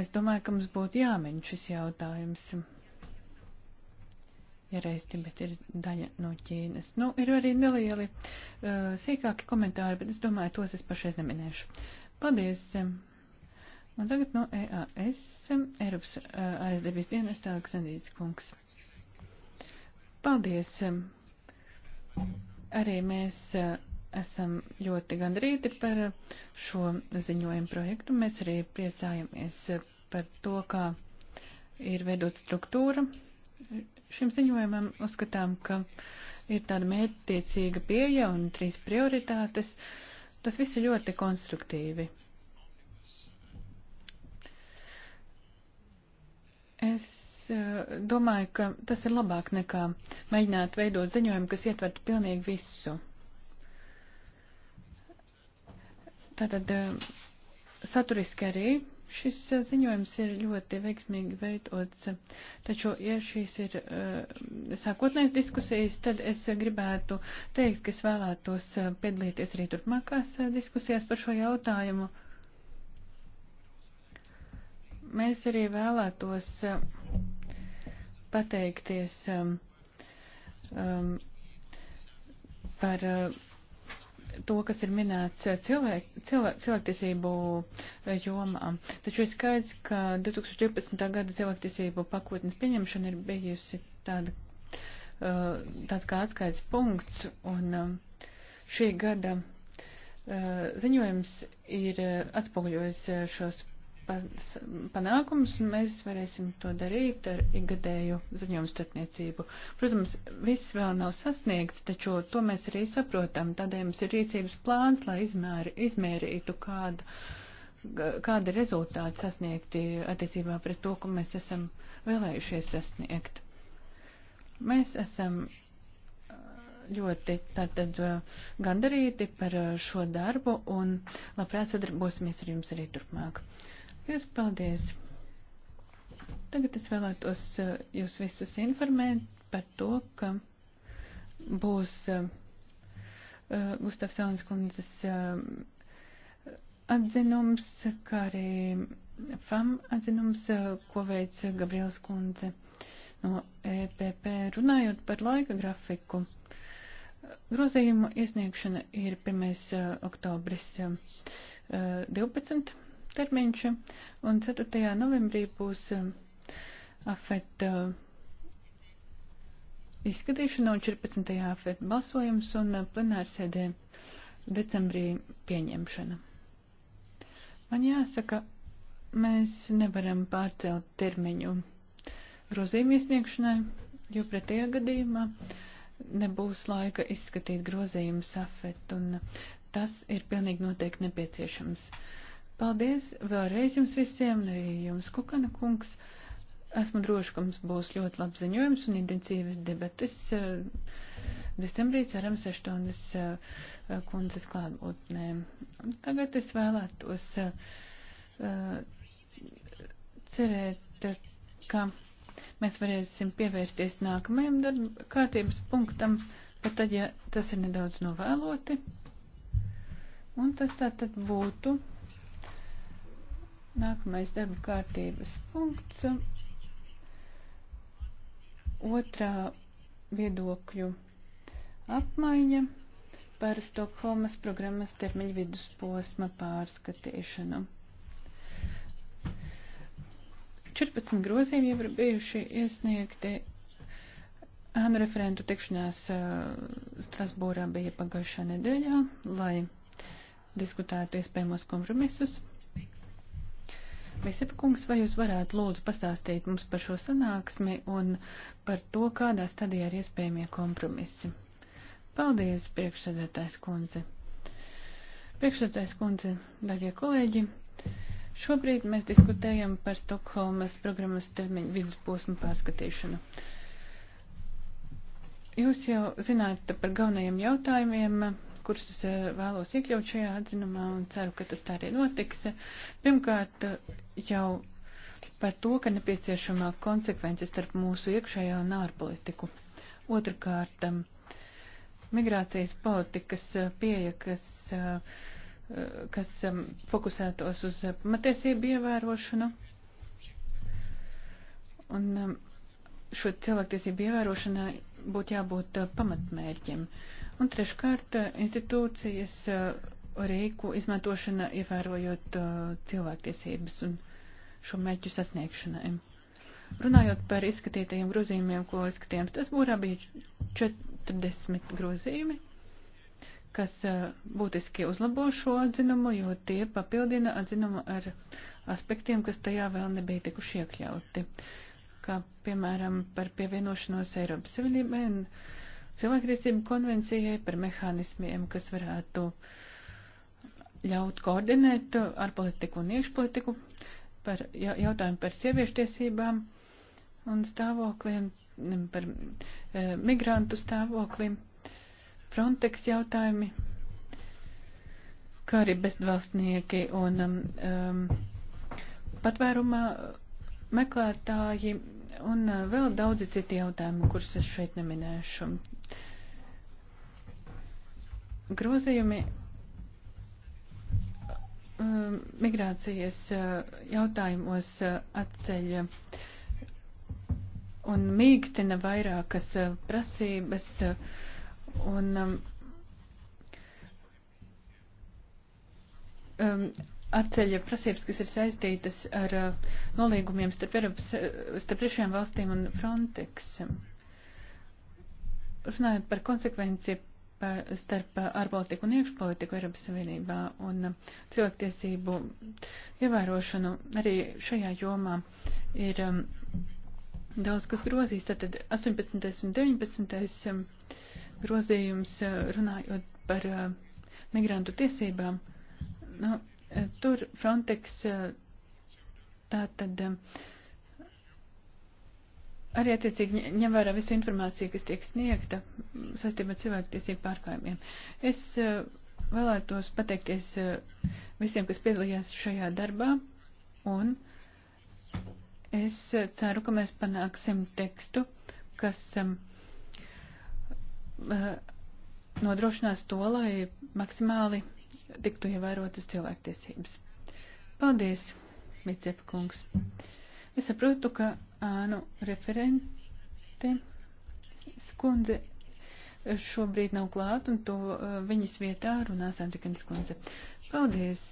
es domāju, ka mums būtu jāmeņ šis jautājums. Ja reiz Tibet ir daļa no Ķīnas. Nu, ir arī nelieli uh, sīkāki komentāri, bet es domāju, tos es pašais neminēšu. Uh, Paldies! Un tagad no EAS, Eiropas ārēsdarbības uh, dienas tālāk Sandīts kungs. Paldies! Arī mēs uh, esam ļoti gandrīti par šo ziņojumu projektu. Mēs arī priecājamies par to, kā ir veidot struktūra. Šim ziņojumam uzskatām, ka ir tāda mērķtiecīga pieeja un trīs prioritātes. Uh, Tas viss ir ļoti konstruktīvi. Es eh, domāju, ka tas ir labāk nekā mēģināt veidot ziņojumu, kas ietvertu pilnīgi visu. Tātad eh, saturiski arī Šis eh, ziņojums ir ļoti veiksmīgi veidots, taču, ja šīs ir eh, sākotnējas diskusijas, tad es gribētu teikt, ka es vēlētos eh, piedalīties arī turpmākās diskusijās par šo jautājumu. Mēs arī vēlētos pateikties um, par. Uh, to, kas ir minēts cilvēk, cilvēk, cilvēktiesību eh, jomā. Taču ir skaidrs, ka 2012. gada cilvēktiesību pakotnes pieņemšana ir bijusi tāda, eh, tāds kā atskaits punkts, un eh, šī gada ziņojums ir atspoguļojis šos panākumus, un mēs varēsim to darīt ar ikgadēju ziņojumu starpniecību. Protams, viss vēl nav sasniegts, taču to mēs arī saprotam. Tādēļ mums ir rīcības plāns, lai izmēri, izmērītu, kāda, kāda rezultāti sasniegti attiecībā pret to, ko mēs esam vēlējušies sasniegt. Mēs esam uh, ļoti tātad uh, gandarīti par uh, šo darbu un labprāt sadarbosimies ar jums arī turpmāk. Jūs paldies! Tagad es vēlētos eh, jūs visus informēt par to, ka būs eh, eh, Gustavsons kundzes atzinums, kā arī FAM atzinums, ko veic Gabriels kundze no EPP. Runājot par laika grafiku, grozījuma iesniegšana ir 1. oktobris 12 termiņš, un 4. novembrī būs um, afet uh, izskatīšana un 14. afet balsojums un uh, plenārsēdē decembrī pieņemšana. Man jāsaka, mēs nevaram pārcelt termiņu grozījumu iesniegšanai, jo pretējā gadījumā nebūs laika izskatīt grozījumu safet, un tas ir pilnīgi noteikti nepieciešams. Uh, Paldies vēlreiz jums visiem, arī jums, Kukana kungs. Esmu droši, ka mums būs ļoti labs ziņojums un intensīvas debates. Eh, decembrī cerams aštuonas eh, kundzes klātbūtnē. Tagad es vēlētos eh, cerēt, ka mēs varēsim pievērsties nākamajam darba kārtības punktam, pat tad, ja tas ir nedaudz novēloti. Un tas tā tad būtu. Nākamais darba kārtības punkts. Otrā viedokļu apmaiņa par Stokholmas programmas termiņu vidusposma pārskatīšanu. 14 grozījumi jau ir bijuši iesniegti. Ānu referentu tikšanās Strasbūrā bija pagājušā nedēļā, lai diskutētu iespējamos kompromisus. Visipa kungs, vai jūs varētu lūdzu pastāstīt mums par šo sanāksmi un par to, kādā stadijā ir iespējamie kompromisi? Paldies, priekšsēdētājs kundze. Priekšsēdētājs kundze, darbie kolēģi, šobrīd mēs diskutējam par Stokholmas programmas termiņu vidusposmu pārskatīšanu. Jūs jau zināt par galvenajiem jautājumiem, kurus es eh, vēlos iekļaut šajā atzinumā un ceru, ka tas tā arī notiks. Pirmkārt, eh, jau par to, ka nepieciešamā konsekvences starp mūsu iekšējā un ārpolitiku. Otrakārt, migrācijas politikas eh, pieeja, kas, kas fokusētos uz pamatiesību ievērošanu. Un šo cilvēktiesību ievērošanai būtu jābūt pamatmērķiem. Uh, Un treškārt, eh, institūcijas eh, rīku izmantošana ievērojot eh, cilvēktiesības un šo mērķu sasniegšanai. Runājot par izskatītajiem grozījumiem, ko izskatījām, tas būrā bija 40 grozījumi, kas būtiski uzlabo šo atzinumu, jo tie papildina atzinumu ar aspektiem, kas tajā vēl nebija tikuši iekļauti, kā piemēram par pievienošanos Eiropas Savienībai un cilvēktiesību konvencijai, par mehānismiem, kas varētu ļaut koordinēt ārpolitiku un iekšpolitiku, par jautājumu par sieviešu tiesībām un stāvokliem, mm, par e, migrantu stāvokliem, Frontex jautājumi, kā arī bezvalstnieki un um, mm, e, patvērumā meklētāji un e, vēl daudzi citi jautājumi, kurus es šeit neminēšu. Grozījumi um, migrācijas uh, jautājumos uh, atceļ un mīkstina vairākas uh, prasības un um, um, atceļ prasības, kas ir saistītas ar nolīgumiem starp, Eiropas, starp trešajām valstīm un Frontex. Runājot par konsekvenci starp ārpolitiku un iekšpolitiku Eiropas Savienībā un cilvēktiesību ievērošanu arī šajā jomā ir um, daudz kas grozīs. Tātad 18. un 19. Um, grozījums uh, runājot par uh, migrantu tiesībām. Nu, uh, tur Frontex uh, tātad. Uh, Arī attiecīgi ņem vērā visu informāciju, kas tiek sniegta saistībā ar cilvēktiesību pārkājumiem. Es e, vēlētos pateikties e, visiem, kas piedalījās šajā darbā, un es e, ceru, ka mēs panāksim tekstu, kas nodrošinās to, lai maksimāli tiktu ievērotas cilvēktiesības. Paldies, Micep kungs! Es saprotu, ka ānu referente skundze šobrīd nav klāt, un to viņas vietā runās Antikens kundze. Paldies,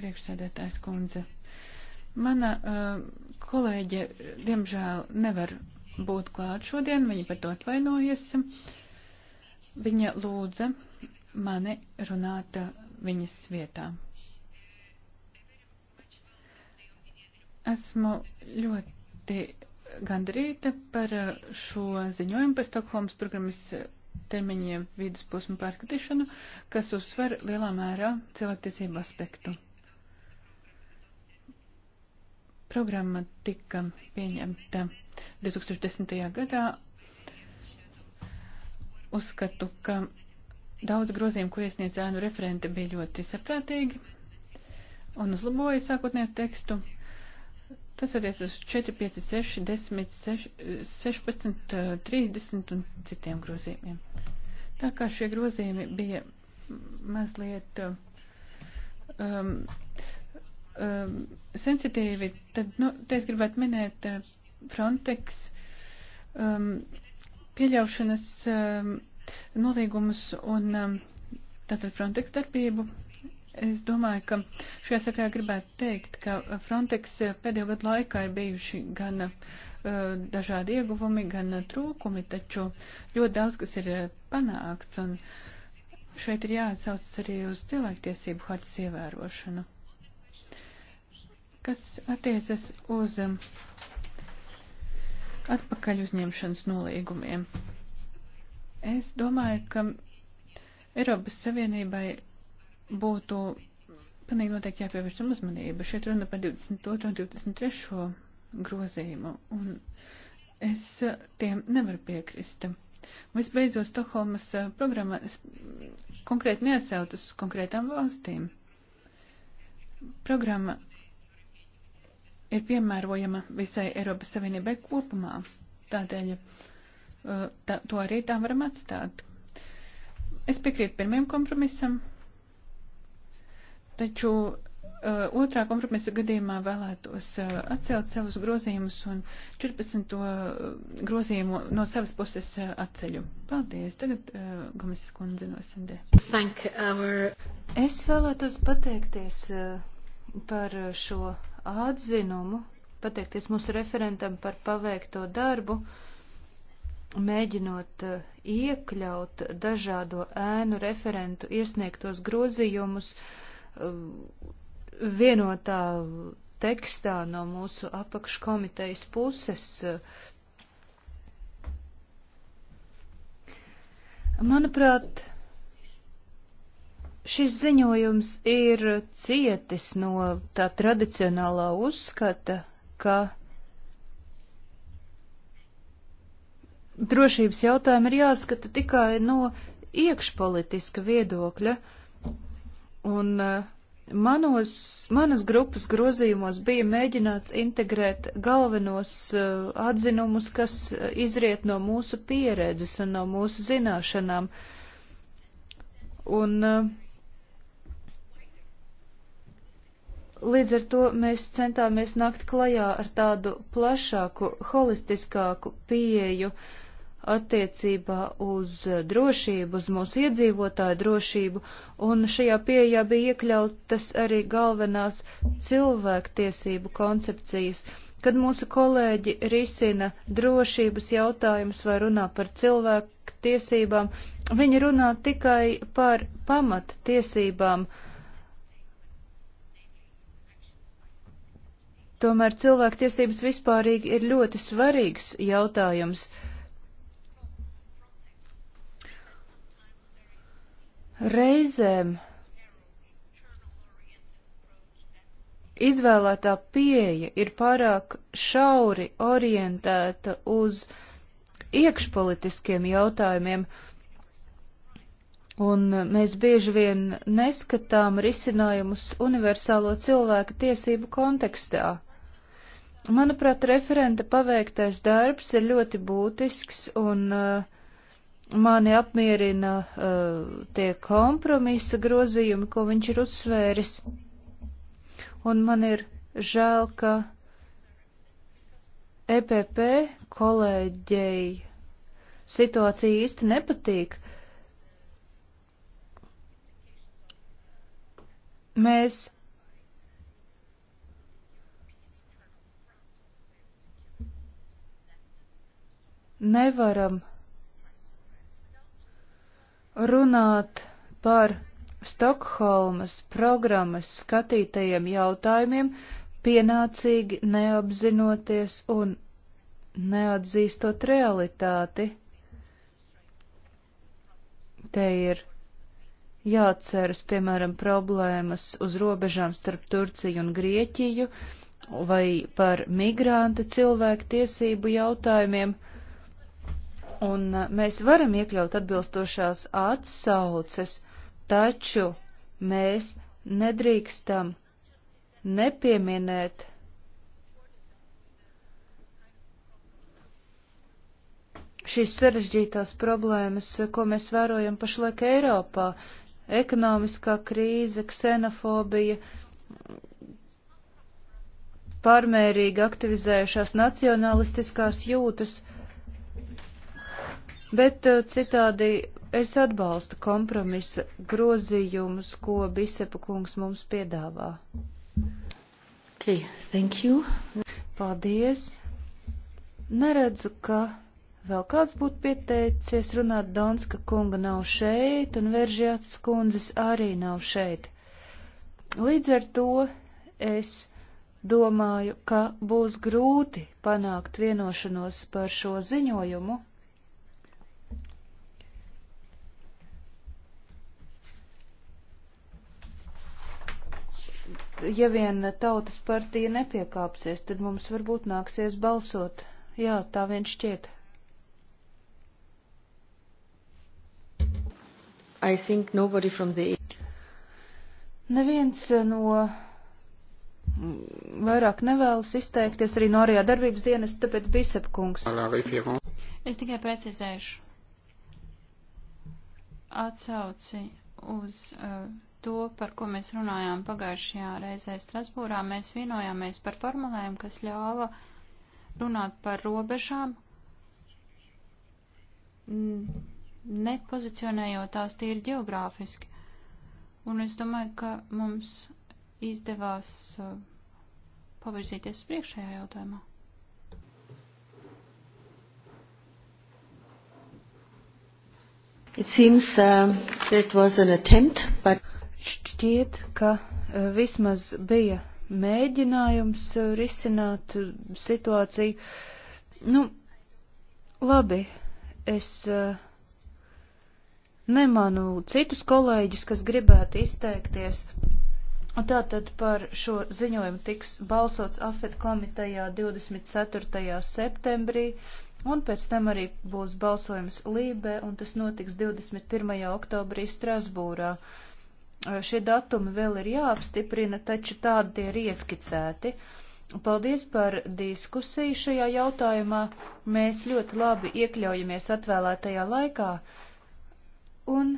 priekšsēdētājs kundze. Mana uh, kolēģe, diemžēl, nevar būt klāt šodien, viņa par to atvainojas. Viņa lūdza mani runāt viņas vietā. Esmu ļoti gandrīta par šo ziņojumu par Stokholmas programmas termiņiem vidusposmu pārskatīšanu, kas uzsver lielā mērā cilvēktiesību aspektu. Programma tika pieņemta 2010. gadā. Uzskatu, ka daudz grozījumu, ko iesniedz ēnu referente, bija ļoti saprātīgi un uzlaboja sākotnēju tekstu. Tas attiecas uz 4, 5, 6, 10, 6, 16, 30 un citiem grozījumiem. Tā kā šie grozījumi bija mazliet eh, um, um, sensitīvi, tad, nu, te es gribētu minēt eh, Frontex um, pieļaušanas um, nolīgumus un um, tātad Frontex darbību Es domāju, ka šajā sakarā gribētu teikt, ka Frontex pēdējo gadu laikā ir bijuši gan uh, dažādi ieguvumi, gan uh, trūkumi, taču ļoti daudz, kas ir uh, panākts, un šeit ir jāatsaucas arī uz cilvēktiesību hartas ievērošanu. Kas attiecas uz um, atpakaļ uzņemšanas nolīgumiem. Es domāju, ka Eiropas Savienībai būtu pilnīgi noteikti jāpievērš tam uzmanība. Šeit runa par 22. un 23. grozījumu, un es tiem nevaru piekrist. Visbeidzot, Stokholmas eh, programma konkrēti neatsautas uz konkrētām valstīm. Programma ir piemērojama visai Eiropas Savienībai kopumā, tādēļ eh, tā, to arī tā varam atstāt. Es piekrītu pirmajam kompromisam, Taču eh, otrā kompromisa gadījumā vēlētos eh, atcelt savus grozījumus un 14. Eh, grozījumu no savas puses atceļu. Paldies. Tagad Gomes skundze no SND. Our... Es vēlētos
pateikties par šo atzinumu, pateikties mūsu referentam par paveikto darbu, mēģinot iekļaut dažādo ēnu referentu iesniegtos grozījumus. Uh, vienotā tekstā no mūsu apakškomitejas puses. Manuprāt, šis ziņojums ir cietis no tā tradicionālā uzskata, ka drošības jautājumi ir jāskata tikai no iekšpolitiska viedokļa. Uh, Un eh, manos, manas grupas grozījumos bija mēģināts integrēt galvenos eh, atzinumus, kas eh, izriet no mūsu pieredzes un no mūsu zināšanām. Un uh, Līdz ar to mēs centāmies nākt klajā ar tādu plašāku, holistiskāku pieeju, attiecībā uz drošību, uz mūsu iedzīvotāju drošību, un šajā pieejā bija iekļautas arī galvenās cilvēktiesību koncepcijas. Kad mūsu kolēģi risina drošības jautājumus vai runā par cilvēku tiesībām, viņi runā tikai par pamat tiesībām. Tomēr cilvēktiesības vispārīgi ir ļoti svarīgs jautājums. Uh, Reizēm izvēlētā pieeja ir pārāk šauri orientēta uz iekšpolitiskiem jautājumiem, un mēs bieži vien neskatām risinājumus universālo cilvēku tiesību kontekstā. Manuprāt, referenta paveiktais darbs ir ļoti būtisks un uh, mani apmierina uh, tie kompromisa grozījumi, ko viņš ir uzsvēris. Un man ir žēl, ka EPP kolēģei situācija īsti nepatīk. Mēs nevaram runāt par Stokholmas programmas skatītajiem jautājumiem, pienācīgi neapzinoties un neatzīstot realitāti. Te ir jāatceras, piemēram, problēmas uz robežām starp Turciju un Grieķiju vai par migrantu cilvēku tiesību jautājumiem un uh, mēs varam iekļaut atbilstošās atsauces, taču mēs nedrīkstam nepieminēt šīs sarežģītās problēmas, uh, ko mēs vērojam pašlaik Eiropā - ekonomiskā krīze, ksenofobija, pārmērīgi aktivizējušās nacionalistiskās jūtas. Bet eh, citādi es atbalstu kompromisa grozījumus, ko Bisepa kungs mums piedāvā. Okay, thank you. Paldies. Neredzu, ka vēl kāds būtu pieteicies runāt. Donska kunga nav šeit, un Veržjāts kundzes arī nav šeit. Līdz ar to es domāju, ka būs grūti panākt vienošanos par šo ziņojumu. ja vien tautas partija nepiekāpsies, tad mums varbūt nāksies balsot. Jā, tā vien šķiet.
I think nobody from the.
Neviens eh, no mm, vairāk nevēlas izteikties arī no ārējā darbības dienas, tāpēc Bisepkungs. Es tikai precizēšu
atsauci uz. Uh, to, par ko mēs runājām pagājušajā reizē Strasbūrā, mēs vienojāmies par formulēm, kas ļāva runāt par robežām, nepozicionējot tās tīri geogrāfiski. Un es domāju, ka mums izdevās uh, pavirzīties priekšējā jautājumā.
It seems uh, that was an attempt, but Šķiet, ka e, vismaz bija mēģinājums e, risināt e, situāciju. Nu, labi, es nemanu citus kolēģus, kas gribētu izteikties. Tātad par šo ziņojumu tiks balsots AFET komitejā 24. septembrī, un pēc tam arī būs balsojums Lībē, un tas notiks 21. oktobrī Strasbūrā. Uh, Šie datumi vēl ir jāapstiprina, taču tādi tie ir ieskicēti. Paldies par diskusiju šajā jautājumā. Mēs ļoti labi iekļaujamies atvēlētajā laikā. Un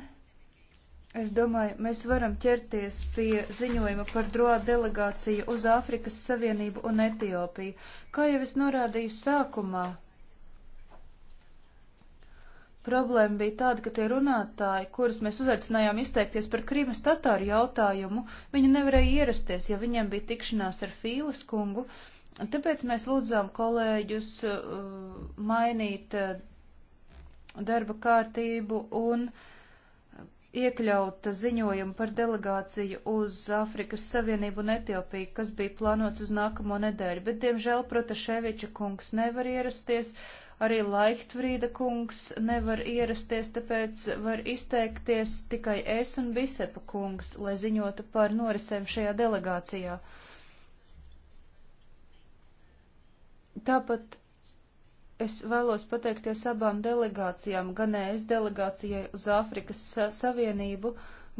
es domāju, mēs varam ķerties pie ziņojuma par droā delegāciju uz Āfrikas Savienību un Etiopiju. Kā jau es norādīju sākumā, Problēma bija tāda, ka tie runātāji, kurus mēs uzaicinājām izteikties par Krīmas tatāru jautājumu, viņi nevarēja ierasties, jo viņiem bija tikšanās ar Fīles kungu, tāpēc mēs lūdzām kolēģus uh, mainīt uh, darba kārtību un iekļaut ziņojumu par delegāciju uz Āfrikas Savienību un Etiopiju, kas bija plānots uz nākamo nedēļu, bet, diemžēl, Protaševiča kungs nevar ierasties, uh, Arī Laiktvrīda kungs nevar ierasties, tāpēc var izteikties tikai es un Bisepa kungs, lai ziņotu par norisēm šajā delegācijā. Tāpat es vēlos pateikties abām delegācijām, gan ES delegācijai uz Āfrikas Savienību,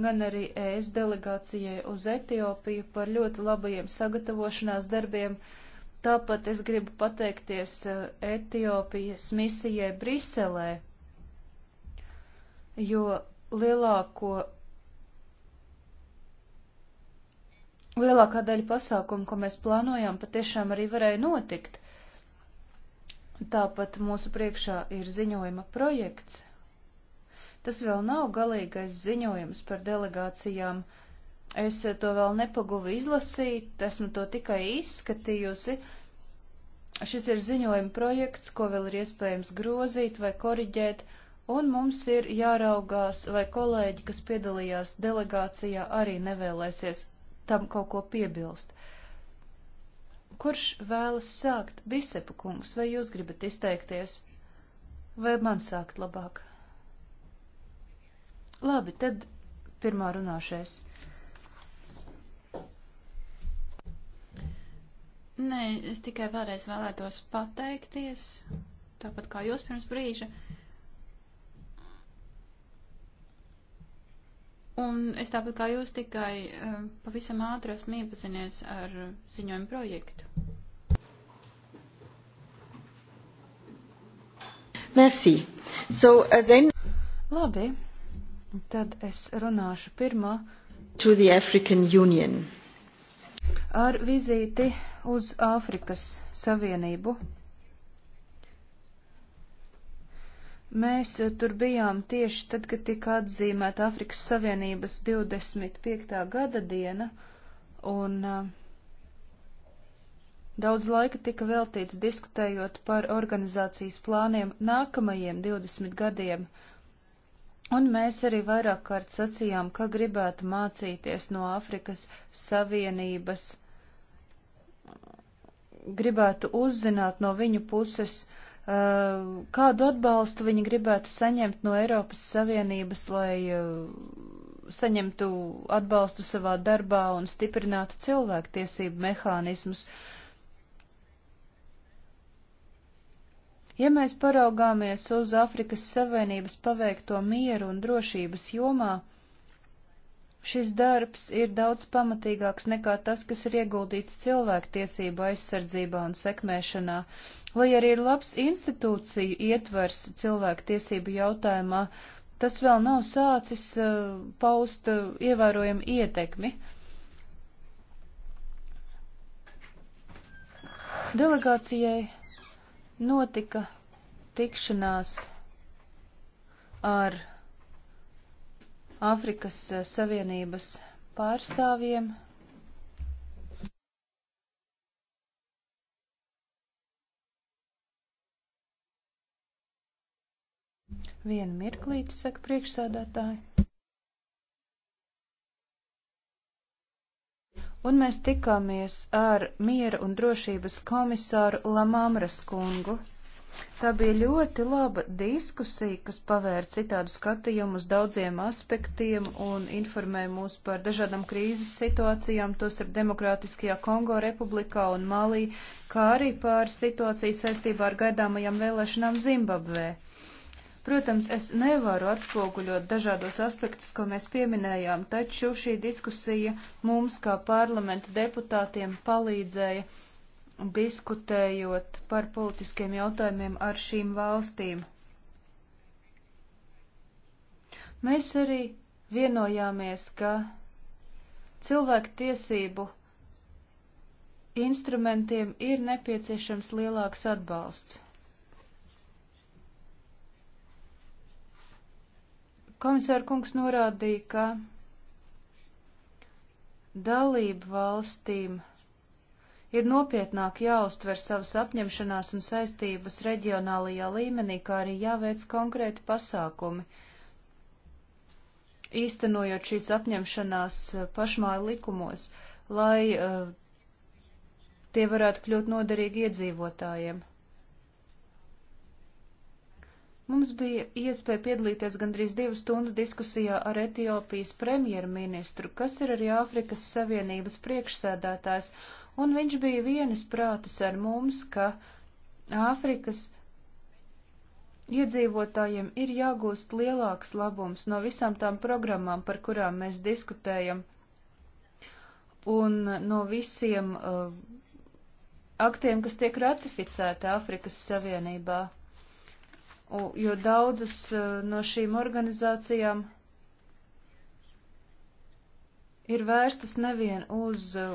gan arī ES delegācijai uz Etiopiju par ļoti labajiem sagatavošanās darbiem, uh, Tāpat es gribu pateikties eh, Etiopijas misijai Briselē, jo lielāko, lielākā daļa pasākumu, ko mēs plānojām, patiešām arī varēja notikt. Tāpat mūsu priekšā ir ziņojuma projekts. Tas vēl nav galīgais ziņojums par delegācijām uh, Es to vēl nepaguvu izlasīt, esmu to tikai izskatījusi. Šis ir ziņojuma projekts, ko vēl ir iespējams grozīt vai koriģēt, un mums ir jāraugās, vai kolēģi, kas piedalījās delegācijā, arī nevēlēsies tam kaut ko piebilst. Kurš vēlas sākt? Bisepa kungs, vai jūs gribat izteikties? Vai man sākt labāk? Labi, tad pirmā runāšais.
Nē, es tikai vēlreiz vēlētos pateikties, tāpat kā jūs pirms brīža. Un es tāpat kā jūs tikai eh, pavisam ātri esmu iepazinies ar ziņojumu projektu.
Merci.
So, uh, then... Labi, tad es runāšu pirmā.
To the African Union
ar vizīti uz Āfrikas Savienību. Mēs eh, tur bijām tieši tad, kad tika atzīmēta Āfrikas Savienības 25. gada diena, un eh, daudz laika tika veltīts diskutējot par organizācijas plāniem nākamajiem 20 gadiem. Uh, Un mēs arī vairāk kārt sacījām, ka gribētu mācīties no Āfrikas Savienības, gribētu uzzināt no viņu puses, kādu atbalstu viņi gribētu saņemt no Eiropas Savienības, lai saņemtu atbalstu savā darbā un stiprinātu cilvēktiesību mehānismus. Uh, Ja mēs paraugāmies uz Afrikas Savienības paveikto mieru un drošības jomā, šis darbs ir daudz pamatīgāks nekā tas, kas ir ieguldīts cilvēktiesību aizsardzībā un sekmēšanā, lai arī ir labs institūciju ietvers cilvēktiesību jautājumā, tas vēl nav sācis uh, paust uh, ievērojumu ietekmi. Delegācijai Notika tikšanās ar Āfrikas Savienības pārstāvjiem. Vienu mirklīti, saka priekšsādātāji. un mēs tikāmies ar miera un drošības komisāru Lamamras kungu. Tā bija ļoti laba diskusija, kas pavēra citādu skatījumu uz daudziem aspektiem un informēja mūs par dažādām krīzes situācijām, tos ar Demokrātiskajā Kongo republikā un Malī, kā arī par situāciju saistībā ar gaidāmajām vēlēšanām Zimbabvē. Protams, es nevaru atspoguļot dažādos aspektus, ko mēs pieminējām, taču šī diskusija mums kā parlamenta deputātiem palīdzēja diskutējot par politiskiem jautājumiem ar šīm valstīm. Mēs arī vienojāmies, ka cilvēku tiesību instrumentiem ir nepieciešams lielāks atbalsts. Komisāra kungs norādīja, ka dalību valstīm ir nopietnāk jāuztver savas apņemšanās un saistības reģionālajā līmenī, kā arī jāveic konkrēti pasākumi, īstenojot šīs apņemšanās eh, pašmāju likumos, lai uh, tie varētu kļūt noderīgi iedzīvotājiem. Mums bija iespēja piedalīties gandrīz divu stundu diskusijā ar Etiopijas premjerministru, kas ir arī Āfrikas Savienības priekšsēdētājs, un viņš bija vienas prātas ar mums, ka Āfrikas iedzīvotājiem ir jāgūst lielāks labums no visām tām programmām, par kurām mēs diskutējam, un no visiem uh, aktiem, kas tiek ratificēti Āfrikas Savienībā jo daudzas e, no šīm organizācijām ir vērstas nevien uz e,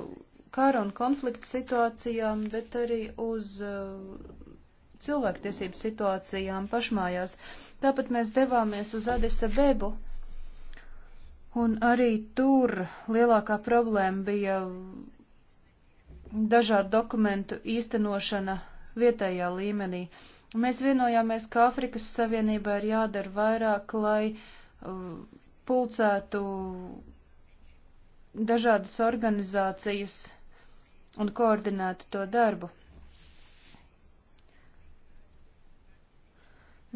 kara un konflikta situācijām, bet arī uz e, cilvēktiesību situācijām pašmājās. Tāpat mēs devāmies uz Adisa Bebu, un arī tur lielākā problēma bija dažādu dokumentu īstenošana vietējā līmenī. Uh, Mēs vienojāmies, ka Afrikas Savienībā ir jādara vairāk, lai uh, pulcētu dažādas organizācijas un koordinētu to darbu.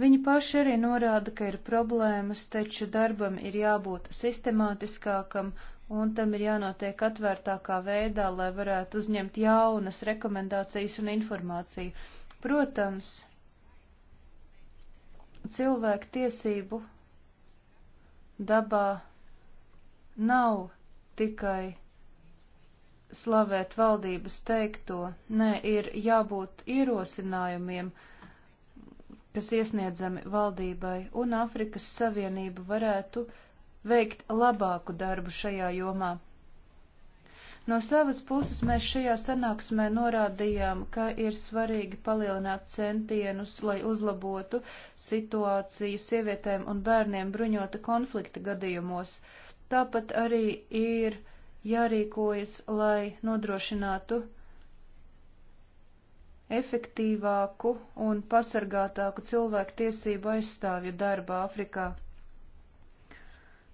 Viņi paši arī norāda, ka ir problēmas, taču darbam ir jābūt sistemātiskākam un tam ir jānotiek atvērtākā veidā, lai varētu uzņemt jaunas rekomendācijas un informāciju. Protams, cilvēku tiesību dabā nav tikai slavēt valdības teikto, nē, ir jābūt ierosinājumiem, kas iesniedzami valdībai, un Afrikas Savienība varētu veikt labāku darbu šajā jomā. No savas puses mēs šajā sanāksmē norādījām, ka ir svarīgi palielināt centienus, lai uzlabotu situāciju sievietēm un bērniem bruņota konflikta gadījumos. Tāpat arī ir jārīkojas, lai nodrošinātu efektīvāku un pasargātāku cilvēku tiesību aizstāvju darbu Āfrikā.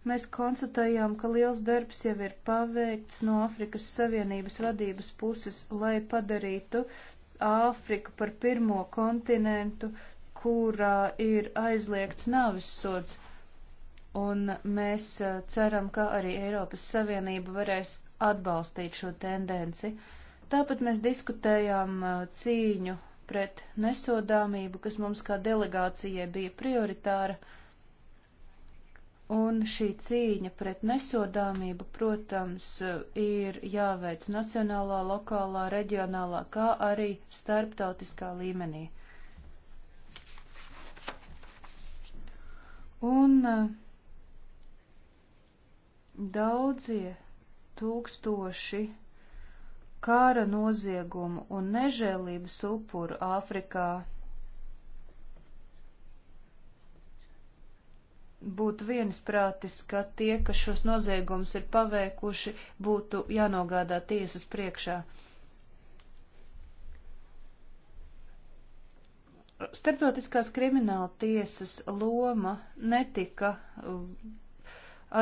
Mēs konstatējām, ka liels darbs jau ir paveikts no Afrikas Savienības vadības puses, lai padarītu Āfriku par pirmo kontinentu, kurā ir aizliegts nāvis sods. Un mēs eh, ceram, ka arī Eiropas Savienība varēs atbalstīt šo tendenci. Tāpat mēs diskutējām eh, cīņu pret nesodāmību, kas mums kā delegācijai bija prioritāra. Un šī cīņa pret nesodāmību, protams, ir jāveic nacionālā, lokālā, reģionālā, kā arī starptautiskā līmenī. Un eh, daudzie tūkstoši kara noziegumu un nežēlības upuru Āfrikā būtu viensprātis, ka tie, kas šos noziegumus ir paveikuši, būtu jānogādā tiesas priekšā. Starptautiskās krimināla tiesas loma netika um,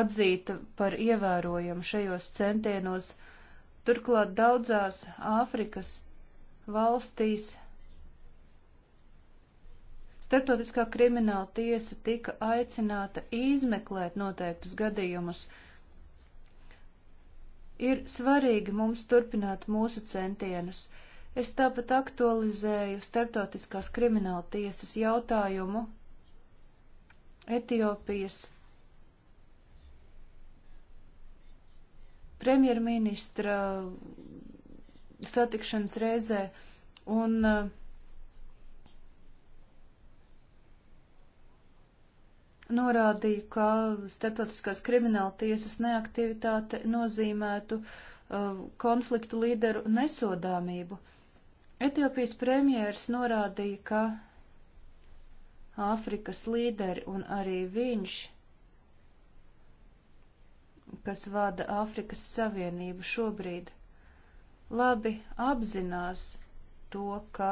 atzīta par ievērojumu šajos centienos, turklāt daudzās Āfrikas valstīs Startautiskā krimināla tiesa tika aicināta izmeklēt noteiktus gadījumus. Ir svarīgi mums turpināt mūsu centienus. Es tāpat aktualizēju Startautiskās krimināla tiesas jautājumu Etiopijas premjerministra satikšanas reizē un uh, norādīja, ka starptautiskās krimināla tiesas neaktivitāte nozīmētu uh, konfliktu līderu nesodāmību. Etiopijas premjērs norādīja, ka Āfrikas līderi un arī viņš, kas vada Āfrikas Savienību šobrīd, labi apzinās to, ka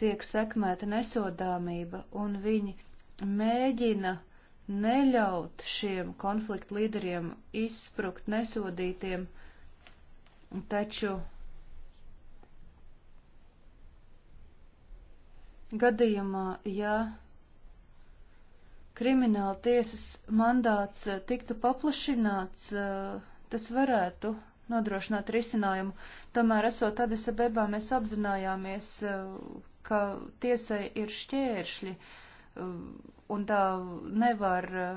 tiek sekmēta nesodāmība, un viņi mēģina neļaut šiem konfliktu līderiem izsprukt nesodītiem, taču gadījumā, ja krimināla tiesas mandāts tiktu paplašināts, tas varētu nodrošināt risinājumu. Tomēr, esot Adisabebā, mēs apzinājāmies, ka tiesai ir šķēršļi um, un tā nevar uh,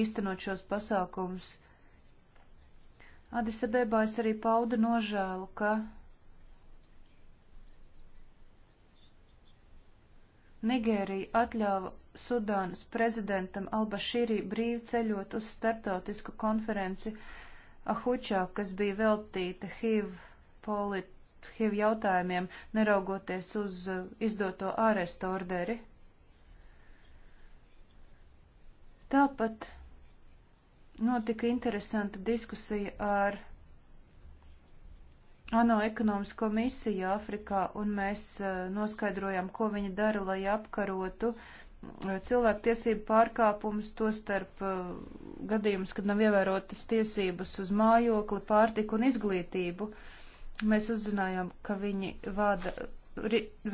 īstenot šos pasākums. Adisabebā es arī paudu nožēlu, ka Nigērija atļāva Sudānas prezidentam Albašīrī brīvi ceļot uz starptautisku konferenci Ahučā, kas bija veltīta HIV polit HIV jautājumiem, neraugoties uz uh, izdoto ārestu orderi. Tāpat notika interesanta diskusija ar ANO ekonomisko misiju Āfrikā, un mēs uh, noskaidrojām, ko viņi dara, lai apkarotu uh, cilvēktiesību pārkāpumus, to starp gadījumus, kad nav ievērotas tiesības uz mājokli, pārtiku un izglītību. Uh, Mēs uzzinājām, ka viņi vada,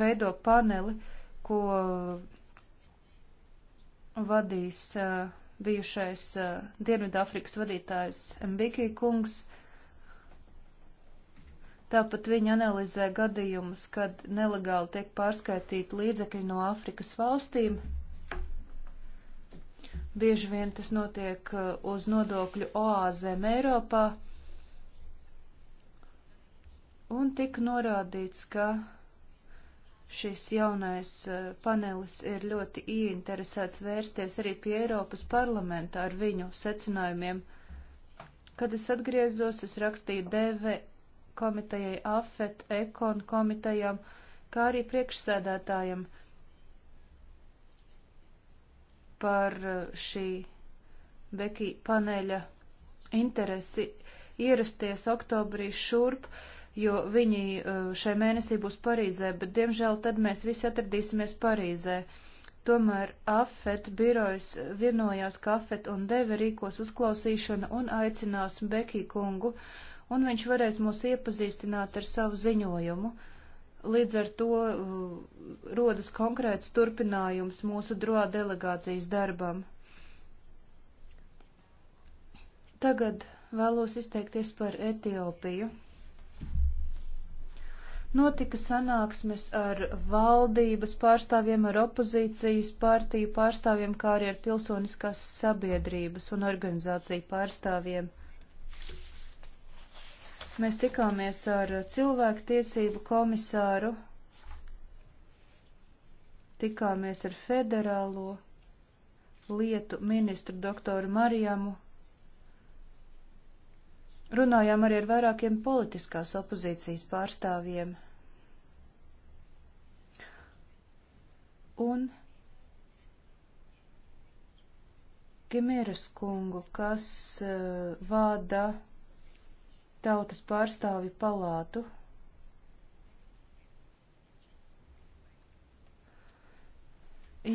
veido paneli, ko vadīs uh, bijušais uh, Dienvidāfrikas vadītājs Mbiki kungs. Tāpat viņi analizē gadījumus, kad nelegāli tiek pārskaitīti līdzekļi no Āfrikas valstīm. Bieži vien tas notiek uz nodokļu oāzēm Eiropā un tika norādīts, ka šis jaunais eh, panelis ir ļoti ieinteresēts vērsties arī pie Eiropas parlamenta ar viņu secinājumiem. Kad es atgriezos, es rakstīju DV komitejai AFET, EKON komitejām, kā arī priekšsēdētājiem par eh, šī Beki paneļa interesi ierasties oktobrī šurp. Uh, jo viņi eh, šai mēnesī būs Parīzē, bet diemžēl tad mēs visi atradīsimies Parīzē. Tomēr AFET birojas vienojās, ka AFET un Deve rīkos uzklausīšanu un aicinās Bekī kungu, un viņš varēs mūs iepazīstināt ar savu ziņojumu. Līdz ar to uh, rodas konkrēts turpinājums mūsu droā delegācijas darbam. Tagad vēlos izteikties par Etiopiju. Notika sanāksmes ar valdības pārstāvjiem, ar opozīcijas partiju pārstāvjiem, kā arī ar pilsoniskās sabiedrības un organizāciju pārstāvjiem. Mēs tikāmies ar cilvēktiesību komisāru, tikāmies ar federālo lietu ministru doktoru Mariamu Runājām arī ar vairākiem politiskās opozīcijas pārstāvjiem. Un Gemieras kungu, kas uh, vada tautas pārstāvi palātu.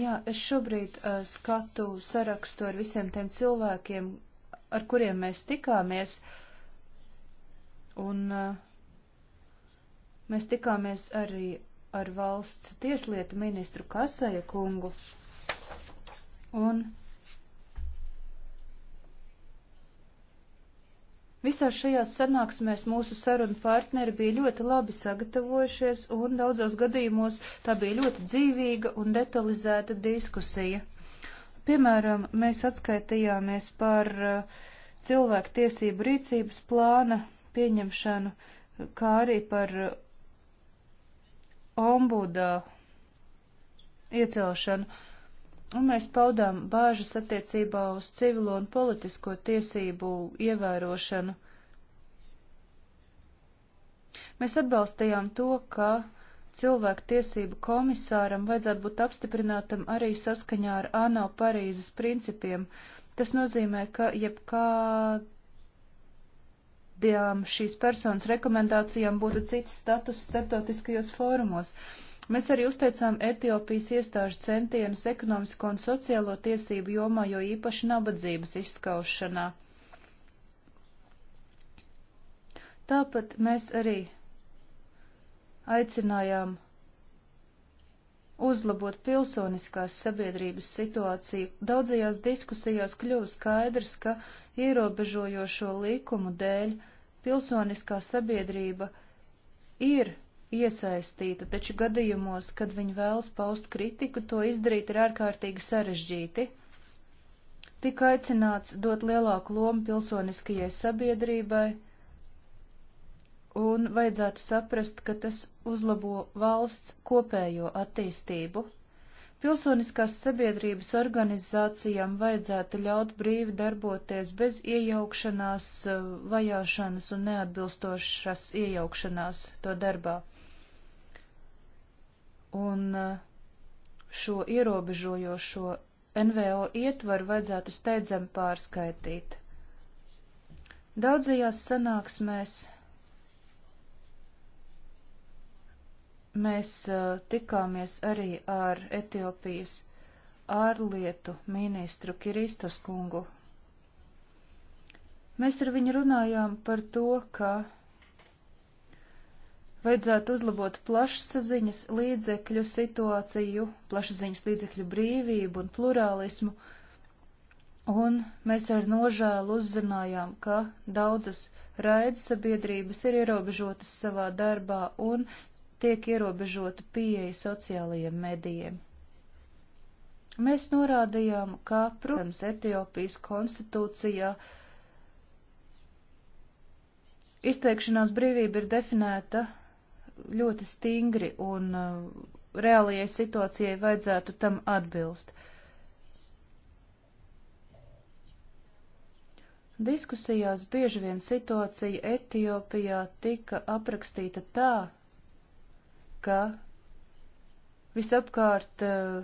Jā, es šobrīd uh, skatu sarakstu ar visiem tiem cilvēkiem, ar kuriem mēs tikāmies. Uh, Un uh, mēs tikāmies arī ar valsts tieslietu ministru Kasaja kungu. Un visās šajās sanāksmēs mūsu sarunu partneri bija ļoti labi sagatavojušies un daudzos gadījumos tā bija ļoti dzīvīga un detalizēta diskusija. Piemēram, mēs atskaitījāmies par eh, cilvēku tiesību rīcības plāna pieņemšanu, kā arī par ombuda iecelšanu, un mēs paudām bāžas attiecībā uz civilo un politisko tiesību ievērošanu. Mēs atbalstījām to, ka cilvēku tiesību komisāram vajadzētu būt apstiprinātam arī saskaņā ar ANO Parīzes principiem. Tas nozīmē, ka jebkāda kādām šīs personas rekomendācijām būtu cits status starptautiskajos fórumos. Mēs arī uzteicām Etiopijas iestāžu centienus ekonomisko un sociālo tiesību jomā, jo īpaši nabadzības izskaušanā. Tāpat mēs arī aicinājām uzlabot pilsoniskās sabiedrības situāciju. Daudzajās diskusijās kļuva skaidrs, ka ierobežojošo likumu dēļ pilsoniskā sabiedrība ir iesaistīta, taču gadījumos, kad viņi vēlas paust kritiku, to izdarīt ir ārkārtīgi sarežģīti. Tik aicināts dot lielāku lomu pilsoniskajai sabiedrībai, un vajadzētu saprast, ka tas uzlabo valsts kopējo attīstību. Pilsoniskās sabiedrības organizācijām vajadzētu ļaut brīvi darboties bez iejaukšanās, vajāšanas un neatbilstošas iejaukšanās to darbā. Un eh, šo ierobežojošo NVO ietvaru vajadzētu steidzam pārskaitīt. Daudzajās sanāksmēs Mēs uh, tikāmies arī ar Etiopijas ārlietu ministru Kiristas kungu. Mēs ar viņu runājām par to, ka vajadzētu uzlabot plašsaziņas līdzekļu situāciju, plašsaziņas līdzekļu brīvību un plurālismu, un mēs ar nožēlu uzzinājām, ka daudzas raidsabiedrības ir ierobežotas savā darbā un tiek ierobežota pieeja sociālajiem medijiem. Mēs norādījām, ka, protams, Etiopijas konstitūcijā izteikšanās brīvība ir definēta ļoti stingri un uh, reālajai situācijai vajadzētu tam atbilst. Diskusijās bieži vien situācija Etiopijā tika aprakstīta tā, ka visapkārt uh,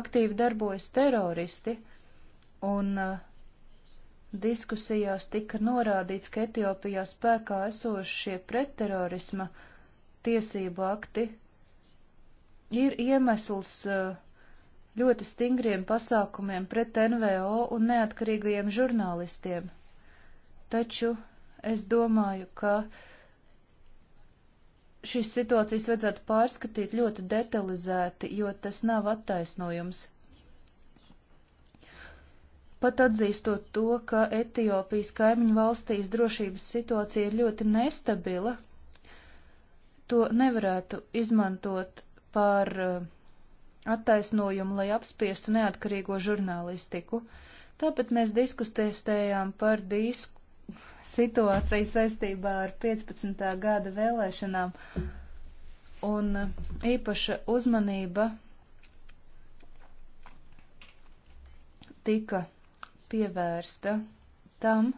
aktīvi darbojas teroristi, un uh, diskusijās tika norādīts, ka Etiopijā spēkā esošie pretterorisma tiesību akti ir iemesls uh, ļoti stingriem pasākumiem pret NVO un neatkarīgajiem žurnālistiem. Taču es domāju, ka uh, šīs situācijas vajadzētu pārskatīt ļoti detalizēti, jo tas nav attaisnojums. Pat atzīstot to, ka Etiopijas kaimiņu valstīs drošības situācija ir ļoti nestabila, to nevarētu izmantot par uh, attaisnojumu, lai apspiestu neatkarīgo žurnālistiku. Tāpēc mēs diskutējām par disku situācija saistībā ar 15. gada vēlēšanām un īpaša uzmanība tika pievērsta tam,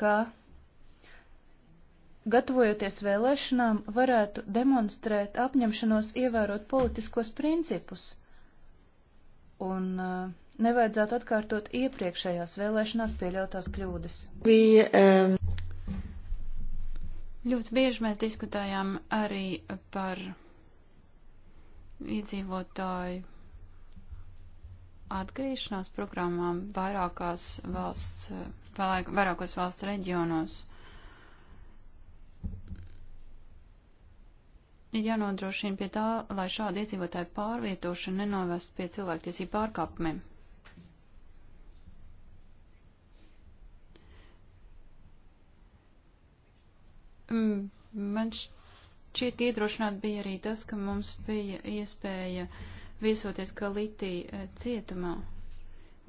ka gatavojoties vēlēšanām varētu demonstrēt apņemšanos ievērot politiskos principus un uh, nevajadzētu atkārtot iepriekšējās vēlēšanās pieļautās kļūdas. We,
um... Ļoti bieži mēs diskutējām arī par iedzīvotāju atgriešanās programmām vairākās valsts, vairākos valsts reģionos. Ir jānodrošina pie tā, lai šāda iedzīvotāja pārvietošana nenovest pie cilvēktiesību pārkāpumiem. Mm, man šķiet iedrošināt bija arī tas, ka mums bija iespēja viesoties Kalitī eh, cietumā.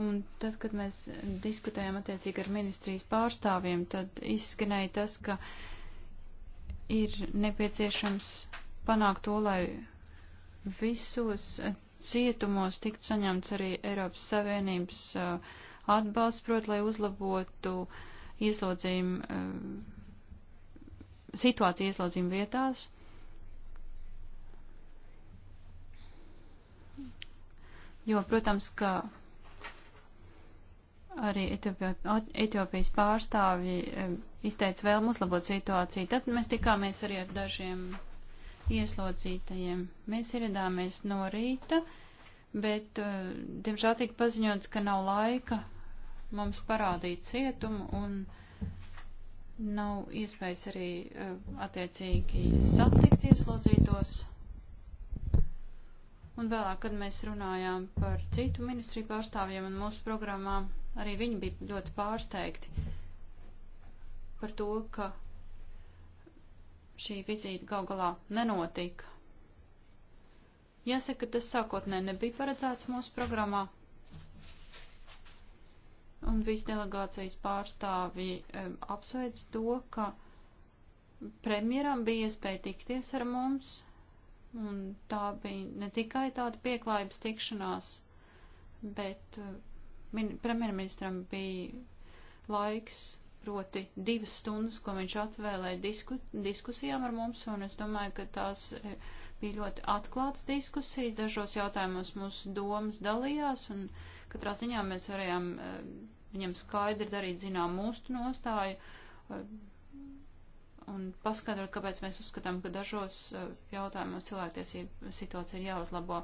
Un tad, kad mēs diskutējām attiecīgi ar ministrijas pārstāvjiem, tad izskanēja tas, ka ir nepieciešams panākt to, lai visos eh, cietumos tiktu saņemts arī Eiropas Savienības eh, atbalsts, prot, lai uzlabotu ieslodzījumu situāciju ieslodzījuma vietās. Jo, protams, ka arī Etiopijas pārstāvji izteica vēlmu uzlabot situāciju. Tad mēs tikāmies arī ar dažiem ieslodzītajiem. Mēs ieradāmies no rīta, bet, eh, diemžēl, tika paziņots, ka nav laika mums parādīt cietumu un nav iespējas arī eh, attiecīgi satikt ieslodzītos. Un vēlāk, kad mēs runājām par citu ministriju pārstāvjiem un mūsu programmā, arī viņi bija ļoti pārsteigti par to, ka šī vizīte gal galā nenotika. Jāsaka, tas sākotnē nebija paredzēts mūsu programmā un visi delegācijas pārstāvji um, apsveic to, ka premjeram bija iespēja tikties ar mums, un tā bija ne tikai tāda pieklājības tikšanās, bet uh, premjerministram bija laiks, proti divas stundas, ko viņš atvēlēja disku, diskusijām ar mums, un es domāju, ka tās e, bija ļoti atklāts diskusijas, dažos jautājumos mūsu domas dalījās, un uh, Katrā ziņā mēs varējām eh, viņam skaidri darīt zinām mūsu nostāju eh, un paskaidrot, kāpēc mēs uzskatām, ka dažos eh, jautājumos cilvēktiesība situācija ir jāuzlabo.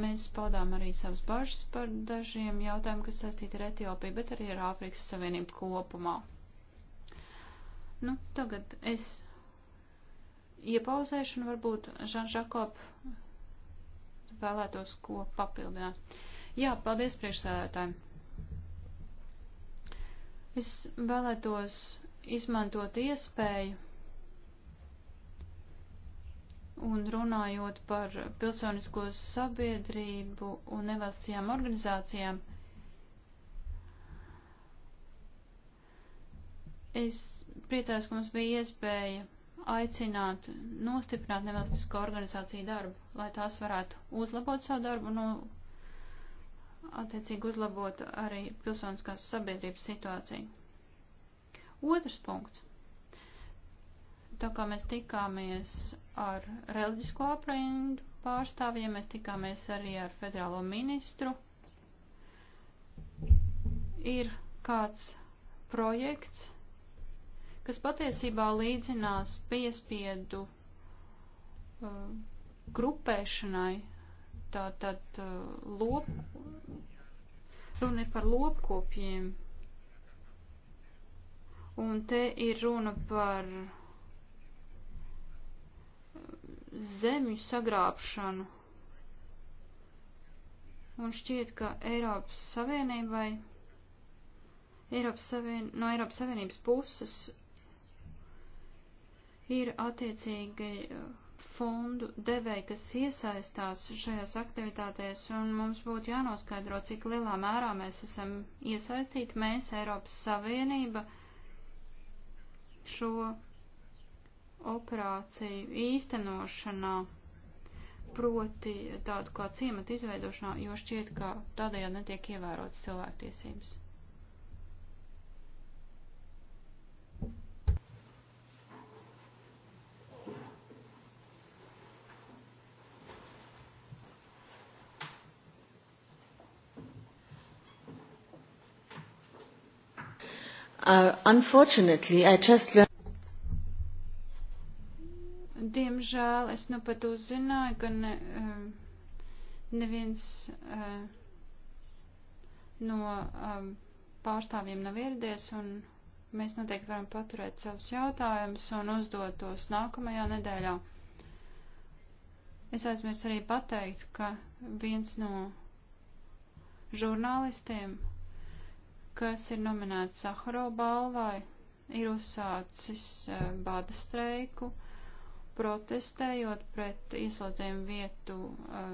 Mēs paudām arī savas bažas par dažiem jautājumiem, kas saistīti ar Etiopiju, bet arī ar Āfrikas Savienību kopumā. Nu, tagad es iepauzēšu un varbūt Žan Žakop vēlētos ko papildināt. Jā, paldies priekšsēdētājiem. Es vēlētos izmantot iespēju un runājot par pilsonisko sabiedrību un nevalstīgām organizācijām, es priecājos, ka mums bija iespēja aicināt, nostiprināt nevalstisko organizāciju darbu, lai tās varētu uzlabot savu darbu un nu, no attiecīgi uzlabotu arī pilsoniskās sabiedrības situāciju. Otrs punkts. Tā kā mēs tikāmies ar reliģisko aprindu pārstāvjiem, mēs tikāmies arī ar federālo ministru, ir kāds projekts, kas patiesībā līdzinās piespiedu uh, grupēšanai Tātad uh, lop, runa ir par lopkopjiem. Un te ir runa par uh, zemju sagrābšanu. Un šķiet, ka Eiropas Savienībai, Eiropas Savien, no Eiropas Savienības puses ir attiecīgi uh, fondu devēji, kas iesaistās šajās aktivitātēs, un mums būtu jānoskaidro, cik lielā mērā mēs esam iesaistīti, mēs, Eiropas Savienība, šo operāciju īstenošanā, proti tādu kā ciematu izveidošanā, jo šķiet, ka tādējādi netiek ievērotas cilvēktiesības.
Uh, unfortunately, I just learned.
Diemžēl es nu pat uzzināju, ka ne, uh, neviens uh, no um, pārstāvjiem nav ieradies, un mēs noteikti varam paturēt savus jautājumus un uzdot tos nākamajā nedēļā. Es aizmirsu arī pateikt, ka viens no žurnālistiem kas ir nominēts Saharo balvai, ir uzsācis eh, bada streiku, protestējot pret ieslodzījumu vietu eh,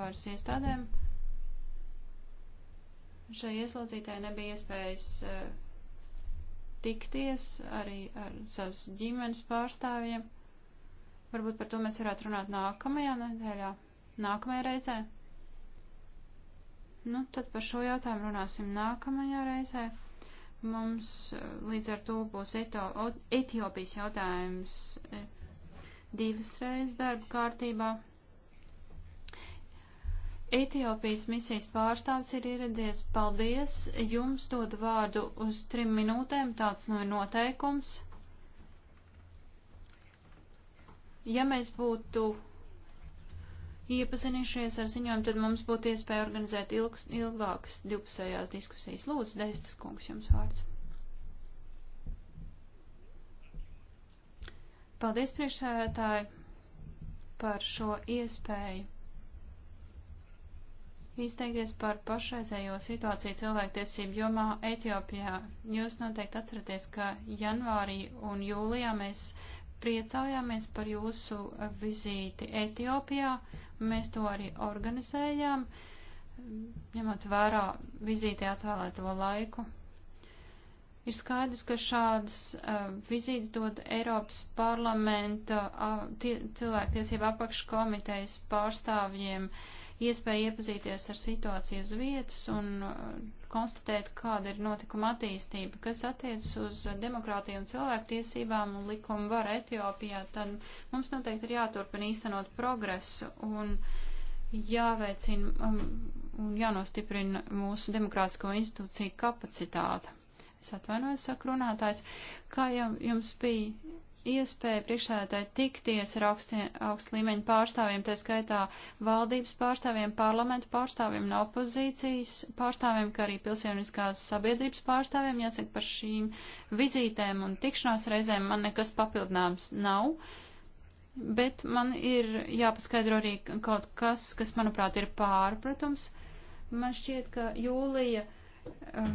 varas iestādēm. Šai ieslodzītāji nebija iespējas eh, tikties arī ar savas ģimenes pārstāvjiem. Varbūt par to mēs varētu runāt nākamajā nedēļā, nākamajā reizē. Nu, tad par šo jautājumu runāsim nākamajā reizē. Mums eh, līdz ar to būs Eto, Etiopijas jautājums eh, divas reizes darba kārtībā. Etiopijas misijas pārstāvs ir ieredzies. Paldies! Jums dod vārdu uz trim minūtēm, tāds no nu ir noteikums. Ja mēs būtu iepazinušies ar ziņojumu, tad mums būtu iespēja organizēt ilgs, ilgākas divpusējās diskusijas. Lūdzu, Destas kungs, jums vārds. Paldies, priekšsēdētāji, par šo iespēju izteikties par pašreizējo situāciju cilvēktiesību jomā Etiopijā. Jūs noteikti atceraties, ka janvārī un jūlijā mēs priecājāmies par jūsu vizīti Etiopijā Mēs to arī organizējām, ņemot vērā vizītē atvēlēto laiku. Ir skaidrs, ka šādas uh, vizītes dod Eiropas parlamenta uh, tie, cilvēktiesība apakškomitejas pārstāvjiem uh, iespēja iepazīties ar situāciju uz vietas un uh, konstatēt, kāda ir notikuma attīstība, kas attiecas uz demokrātiju un cilvēktiesībām un likumu varu Etiopijā, tad mums noteikti ir jāturpina īstenot progresu un jāveicina um, un jānostiprina mūsu demokrātisko institūciju kapacitāte. Es atvainojos, saka runātājs, kā jau jums bija iespēja priekšsēdētāji tikties ar augstu līmeņu pārstāvjiem, tā skaitā valdības pārstāvjiem, parlamentu pārstāvjiem un opozīcijas pārstāvjiem, kā arī pilsioniskās sabiedrības pārstāvjiem. Jāsaka, par šīm vizītēm un tikšanās reizēm man nekas papildināms nav. Bet man ir jāpaskaidro arī kaut kas, kas, manuprāt, ir pārpratums. Man šķiet, ka jūlija. Uh,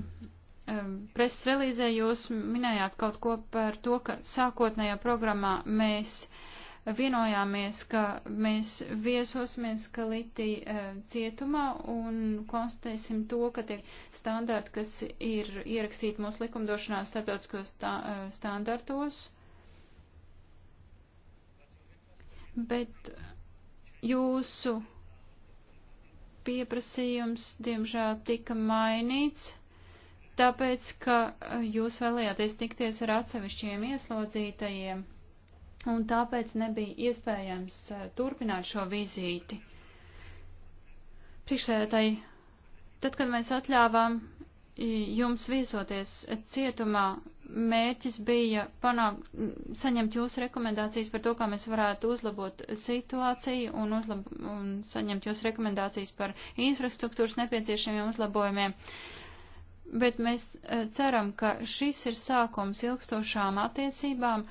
preses relīzē jūs minējāt kaut ko par to, ka sākotnējā programmā mēs vienojāmies, ka mēs viesosimies Kalitī cietumā un konstatēsim to, ka tie standarti, kas ir ierakstīti mūsu likumdošanā starptautiskos standartos, bet jūsu pieprasījums, diemžēl, tika mainīts tāpēc, ka eh, jūs vēlējāties tikties ar atsevišķiem ieslodzītajiem, un tāpēc nebija iespējams eh, turpināt šo vizīti. Priekšsēdētāji, tad, kad mēs atļāvām jums viesoties cietumā, mērķis bija panākt, saņemt jūsu rekomendācijas par to, kā mēs varētu uzlabot situāciju un, uzlab un saņemt jūsu rekomendācijas par infrastruktūras nepieciešamiem uzlabojumiem. Uh, bet mēs eh, ceram, ka šis ir sākums ilgstošām attiecībām,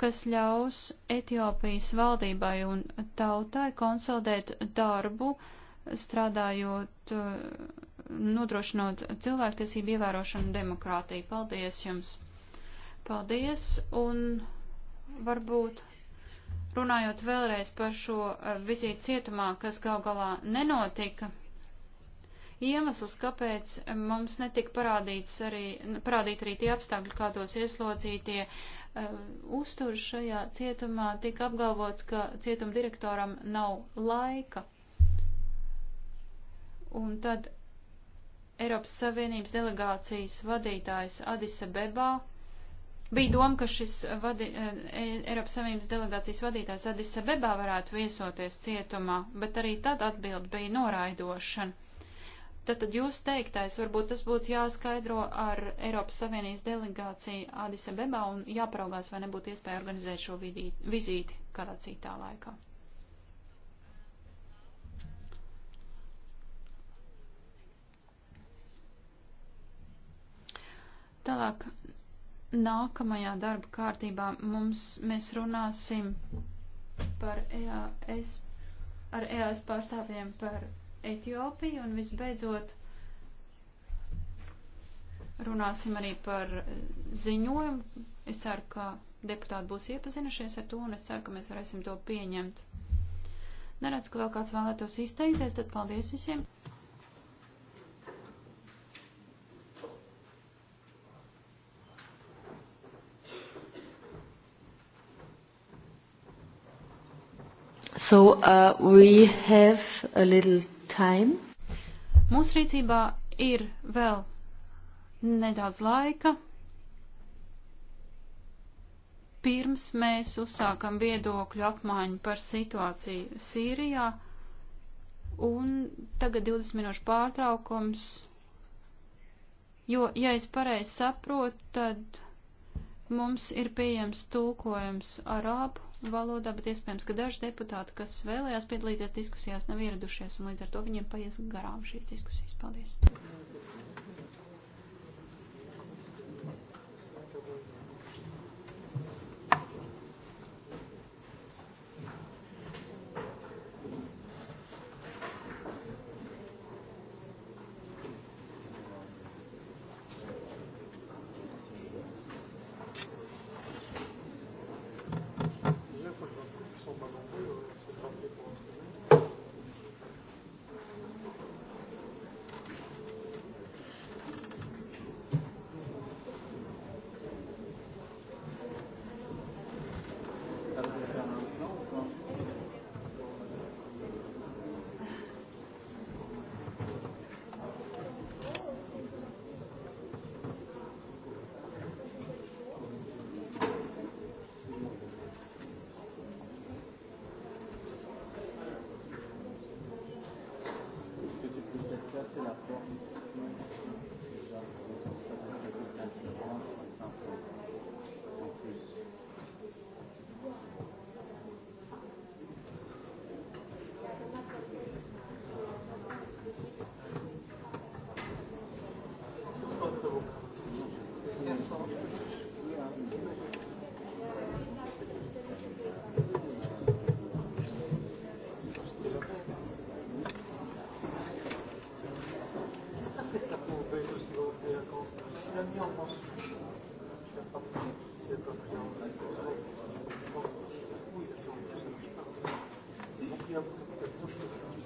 kas ļaus Etiopijas valdībai un tautai konsolidēt darbu, strādājot, eh, nodrošinot cilvēktiesību ievērošanu demokrātiju. Paldies jums! Paldies! Un varbūt runājot vēlreiz par šo eh, vizīti cietumā, kas gal galā nenotika iemesls, kāpēc mums netika parādīts arī, parādīt arī tie apstākļi, kādos ieslocītie uh, eh, uztur šajā cietumā, tika apgalvots, ka cietuma direktoram nav laika. Un tad Eiropas Savienības delegācijas vadītājs Adisa Bebā bija doma, ka šis vadi, eh, Eiropas Savienības delegācijas vadītājs Adisa Bebā varētu viesoties cietumā, bet arī tad atbild bija noraidošana. Tad, tad jūs teiktais, varbūt tas būtu jāskaidro ar Eiropas Savienības delegāciju Adise Bebā un jāparaugās, vai nebūtu iespēja organizēt šo vidī, vizīti kādā citā laikā. Tālāk, nākamajā darba kārtībā mums, mēs runāsim par EAS, ar EAS pārstāvjiem par Etiopiju un visbeidzot runāsim arī par eh, ziņojumu. Es ceru, ka deputāti būs iepazinušies ar to un es ceru, ka mēs varēsim to pieņemt. Neredz, ka vēl kāds vēlētos izteikties, tad paldies visiem!
So uh, we have a little time.
Mūsu rīcībā ir vēl nedaudz laika. Pirms mēs uzsākam viedokļu apmaiņu par situāciju Sīrijā, un tagad 20 minūšu pārtraukums, jo, ja es pareizi saprotu, tad Mums ir pieejams tūkojums arābu valodā, bet iespējams, ka daži deputāti, kas vēlējās piedalīties diskusijās, nav ieradušies, un līdz ar to viņiem paies garām šīs diskusijas. Paldies!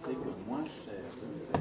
C'est que moins cher.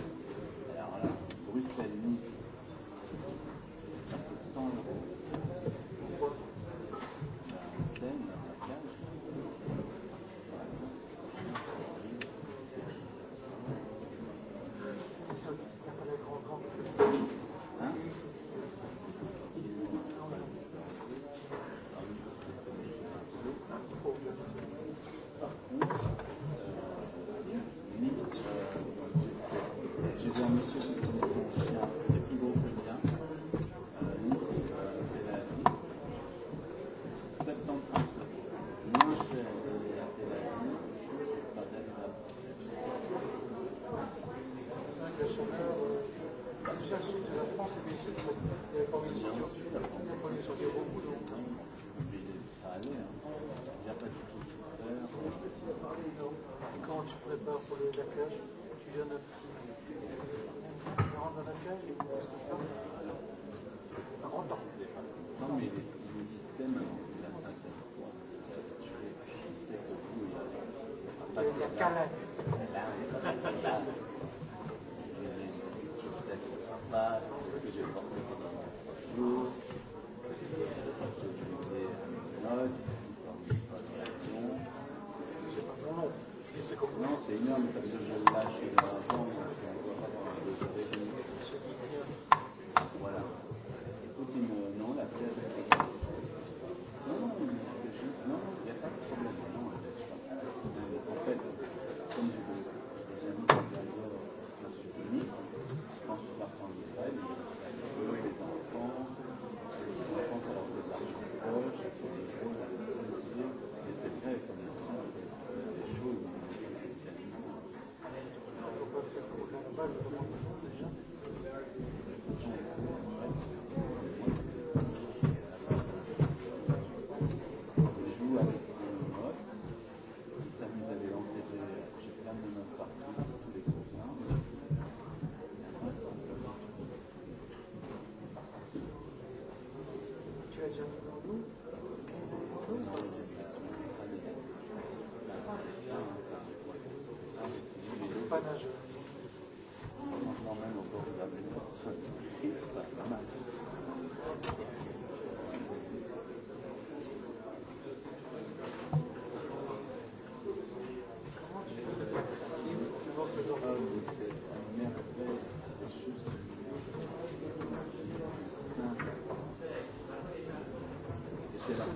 Καλέ.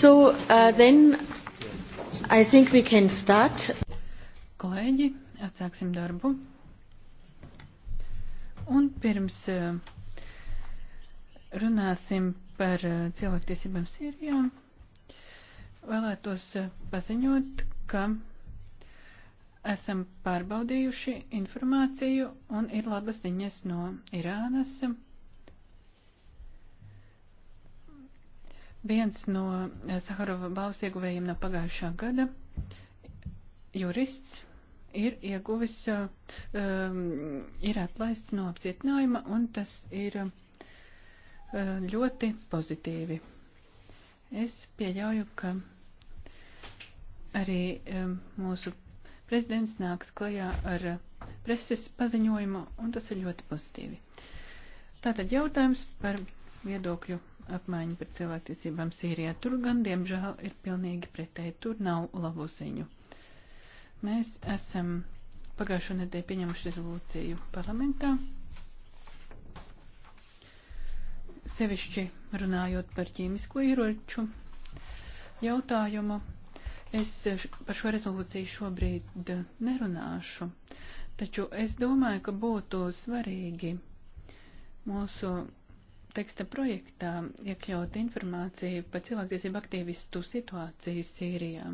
So, uh, then I think we can start. Kolēģi, atsāksim darbu. Un pirms uh, runāsim par uh, cilvēktiesībām Sīrijā, vēlētos uh, paziņot, ka esam pārbaudījuši informāciju un ir labas ziņas no Irānas. Viens no Saharova balvas ieguvējiem no pagājušā gada, jurists, ir ieguvis, um, ir atlaists no apcietinājuma, un tas ir um, ļoti pozitīvi. Es pieļauju, ka arī um, mūsu prezidents nāks klajā ar preses paziņojumu, un tas ir ļoti pozitīvi. Tātad jautājums par viedokļu apmaiņa par cilvēktiesībām Sīrijā. Tur gan, diemžēl, ir pilnīgi pretēji, tur nav labu ziņu. Mēs esam pagājušo nedēļu pieņemuši rezolūciju parlamentā, sevišķi runājot par ķīmisko ieroču jautājumu. Es par šo rezolūciju šobrīd nerunāšu, taču es domāju, ka būtu svarīgi mūsu teksta projektā iekļaut informāciju par cilvēktiesību aktīvistu situāciju Sīrijā.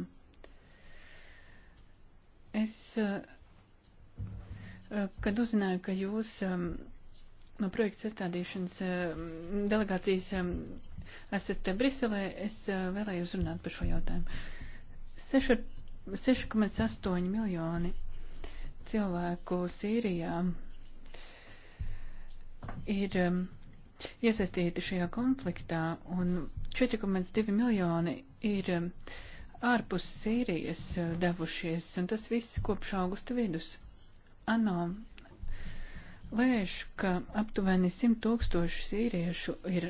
Es, eh, eh, kad uzzināju, ka jūs eh, no projekta sastādīšanas delegācijas esat Briselē, es vēlējos runāt par šo jautājumu. 6,8 miljoni cilvēku Sīrijā ir um, iesaistīti šajā konfliktā, un 4,2 miljoni ir um, ārpus Sīrijas uh, devušies, un tas viss kopš augusta vidus. ANO lēš, ka aptuveni 100 tūkstoši sīriešu ir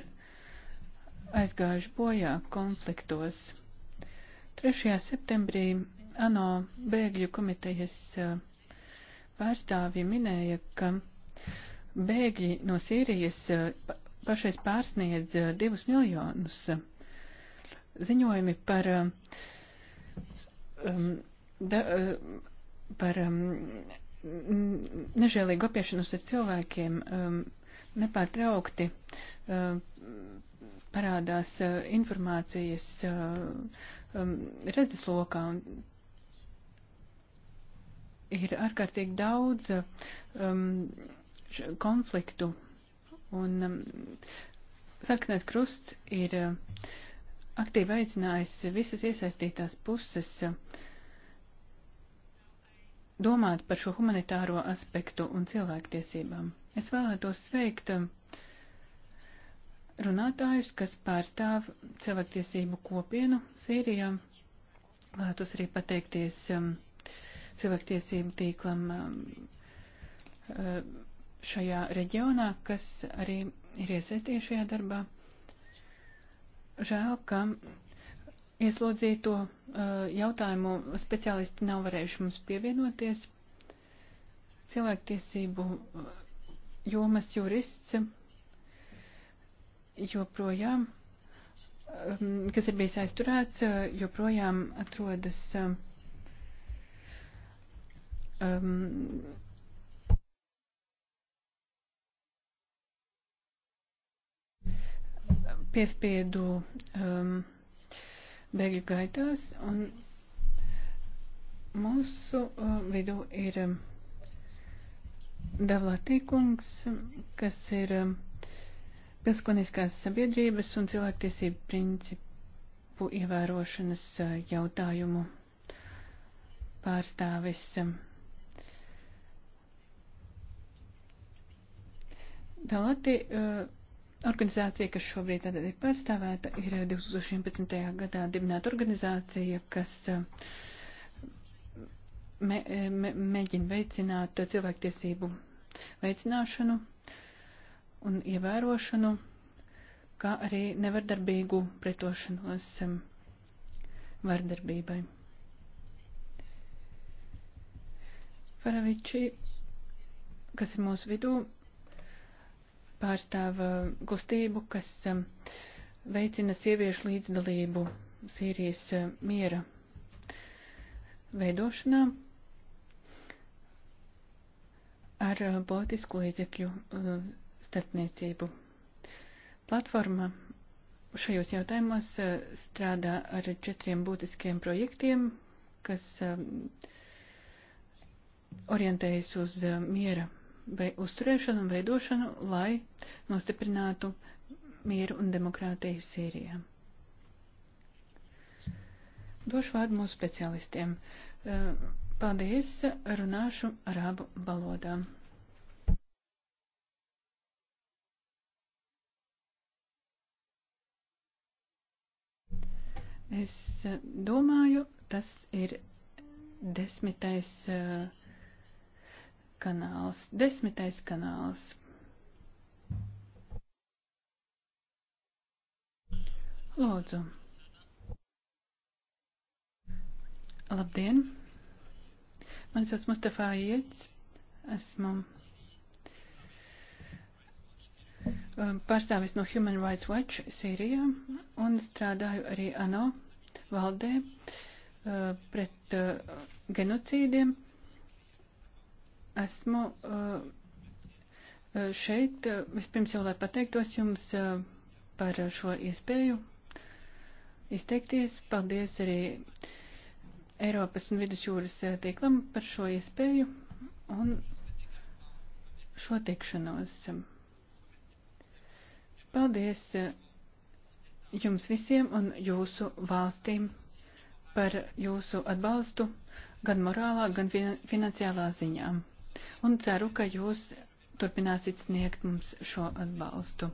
aizgājuši bojā konfliktos. 3. septembrī ANO bēgļu komitejas uh, pārstāvji minēja, ka bēgļi no Sīrijas eh, pašais pārsniedz eh, divus miljonus. Eh, ziņojumi par, um, da, par um, nežēlīgu apiešanos ar cilvēkiem um, nepārtraukti um, parādās uh, informācijas uh, um, redzeslokā. Un, ir ārkārtīgi daudz um, konfliktu. Un um, sarkanais krusts ir uh, aktīvi aicinājis visas iesaistītās puses uh, domāt par šo humanitāro aspektu un cilvēktiesībām. Es vēlētos sveikt uh, runātājus, kas pārstāv cilvēktiesību kopienu Sīrijā. Vēlētos arī pateikties um, cilvēktiesību tīklam. Um, uh, šajā reģionā, kas arī ir iesaistīti šajā darbā. Žēl, ka ieslodzīto uh, jautājumu speciālisti nav varējuši mums pievienoties. Cilvēktiesību uh, jomas jurists joprojām, um, kas ir bijis aizturēts, uh, joprojām atrodas um, piespiedu um, bēgļu gaitās, un mūsu uh, vidū ir um, Davlatīkungs, kas ir um, pilskoniskās sabiedrības un cilvēktiesību principu ievērošanas uh, jautājumu pārstāvis. Um, Dalati uh, Organizācija, kas šobrīd tad ir pārstāvēta, ir 2011. Eh, gadā dibināta organizācija, kas eh, me, eh, me, mēģina veicināt cilvēktiesību veicināšanu un ievērošanu, kā arī nevardarbīgu pretošanos vardarbībai. Faraviči, kas ir mūsu vidū, pārstāv eh, kustību, kas eh, veicina sieviešu līdzdalību Sīrijas eh, miera veidošanā ar politisku līdzekļu starpniecību. Platforma šajos jautājumos strādā ar četriem būtiskiem projektiem, kas orientējas uz miera vai uzturēšanu un veidošanu, lai nostiprinātu mieru un demokrātiju Sīrijā. Došu vārdu mūsu specialistiem. Eh, paldies, runāšu arābu valodā. Es eh, domāju, tas ir desmitais uh, kanāls, desmitais kanāls. Lūdzu. Labdien! Mani sauc Mustafā Iets. Esmu um, pārstāvis no Human Rights Watch Sīrijā un strādāju arī ANO valdē uh, pret uh, genocīdiem esmu eh, šeit eh, vispirms jau, lai pateiktos jums eh, par šo iespēju izteikties. Paldies arī Eiropas un Vidusjūras tīklam par šo iespēju un šo tikšanos. Paldies jums visiem un jūsu valstīm par jūsu atbalstu gan morālā, gan finansiālā ziņām un ceru, ka jūs turpināsit sniegt mums šo atbalstu.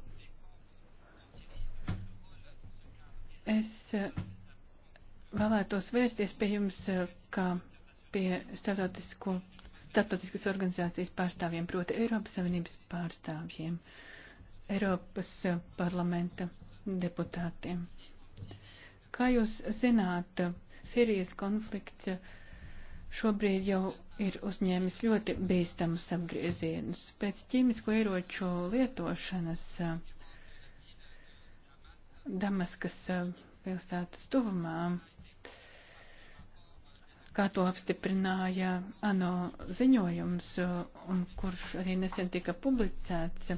Es eh, vēlētos vērsties pie jums eh, kā pie starptautisko, starptautiskas organizācijas pārstāvjiem, proti Eiropas Savienības pārstāvjiem, Eiropas eh, parlamenta deputātiem. Kā jūs zināt, Sīrijas konflikts šobrīd jau ir uzņēmis ļoti bīstamus apgriezienus. Pēc ķīmisko ieroču lietošanas eh, Damaskas eh, pilsētas tuvumā, kā to apstiprināja ANO ziņojums, eh, un kurš arī nesen tika publicēts,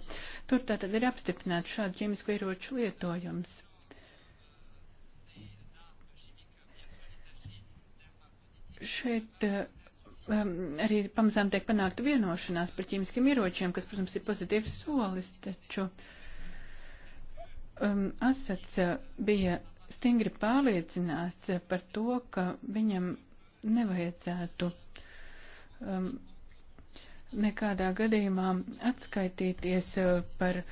tur tātad ir apstiprināts šādu ķīmisko ieroču lietojums. Šeit uh, Ehm, arī pamazām tiek panākta vienošanās par ķīmiskiem ieročiem, kas, protams, ir pozitīvs solis, taču um, Asats eh, bija stingri pārliecināts par to, ka viņam nevajadzētu um, nekādā gadījumā atskaitīties eh, par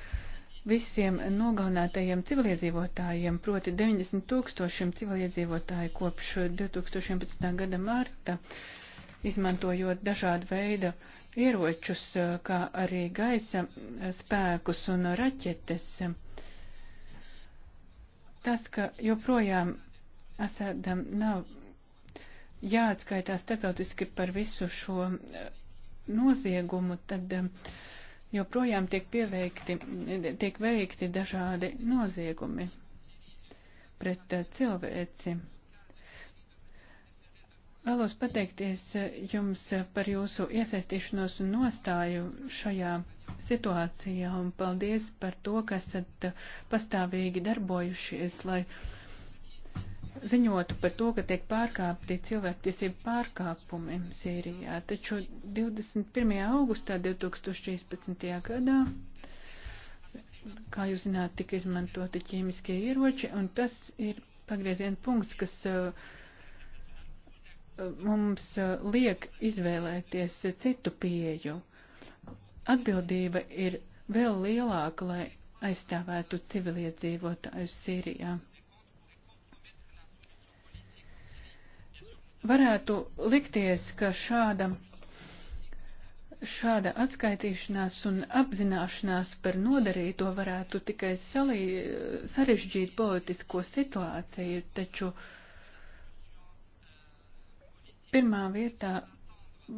visiem nogalinātajiem civiliedzīvotājiem, proti 90 tūkstošiem civiliedzīvotāju kopš 2011. Eh, gada marta. Uh, izmantojot dažādu veidu ieročus, eh, kā arī gaisa eh, spēkus un raķetes. Tas, ka joprojām Asadam nav jāatskaitās starptautiski par visu šo eh, noziegumu, tad joprojām tiek, pieveikti, tiek veikti dažādi noziegumi pret cilvēci. Vēlos pateikties eh, jums eh, par jūsu iesaistīšanos un nostāju šajā situācijā un paldies par to, ka esat eh, pastāvīgi darbojušies, lai ziņotu par to, ka tiek pārkāpti cilvēktiesību pārkāpumi Sīrijā. Taču 21. augustā 2013. gadā, kā jūs zināt, tika izmantoti ķīmiskie ieroči un tas ir pagrieziena punkts, kas uh, mums eh, liek izvēlēties citu pieju. Atbildība ir vēl lielāka, lai aizstāvētu civiliedzīvotājus Sīrijā. Varētu likties, ka šāda, šāda atskaitīšanās un apzināšanās par nodarīto varētu tikai salī, sarežģīt politisko situāciju, taču uh, pirmā vietā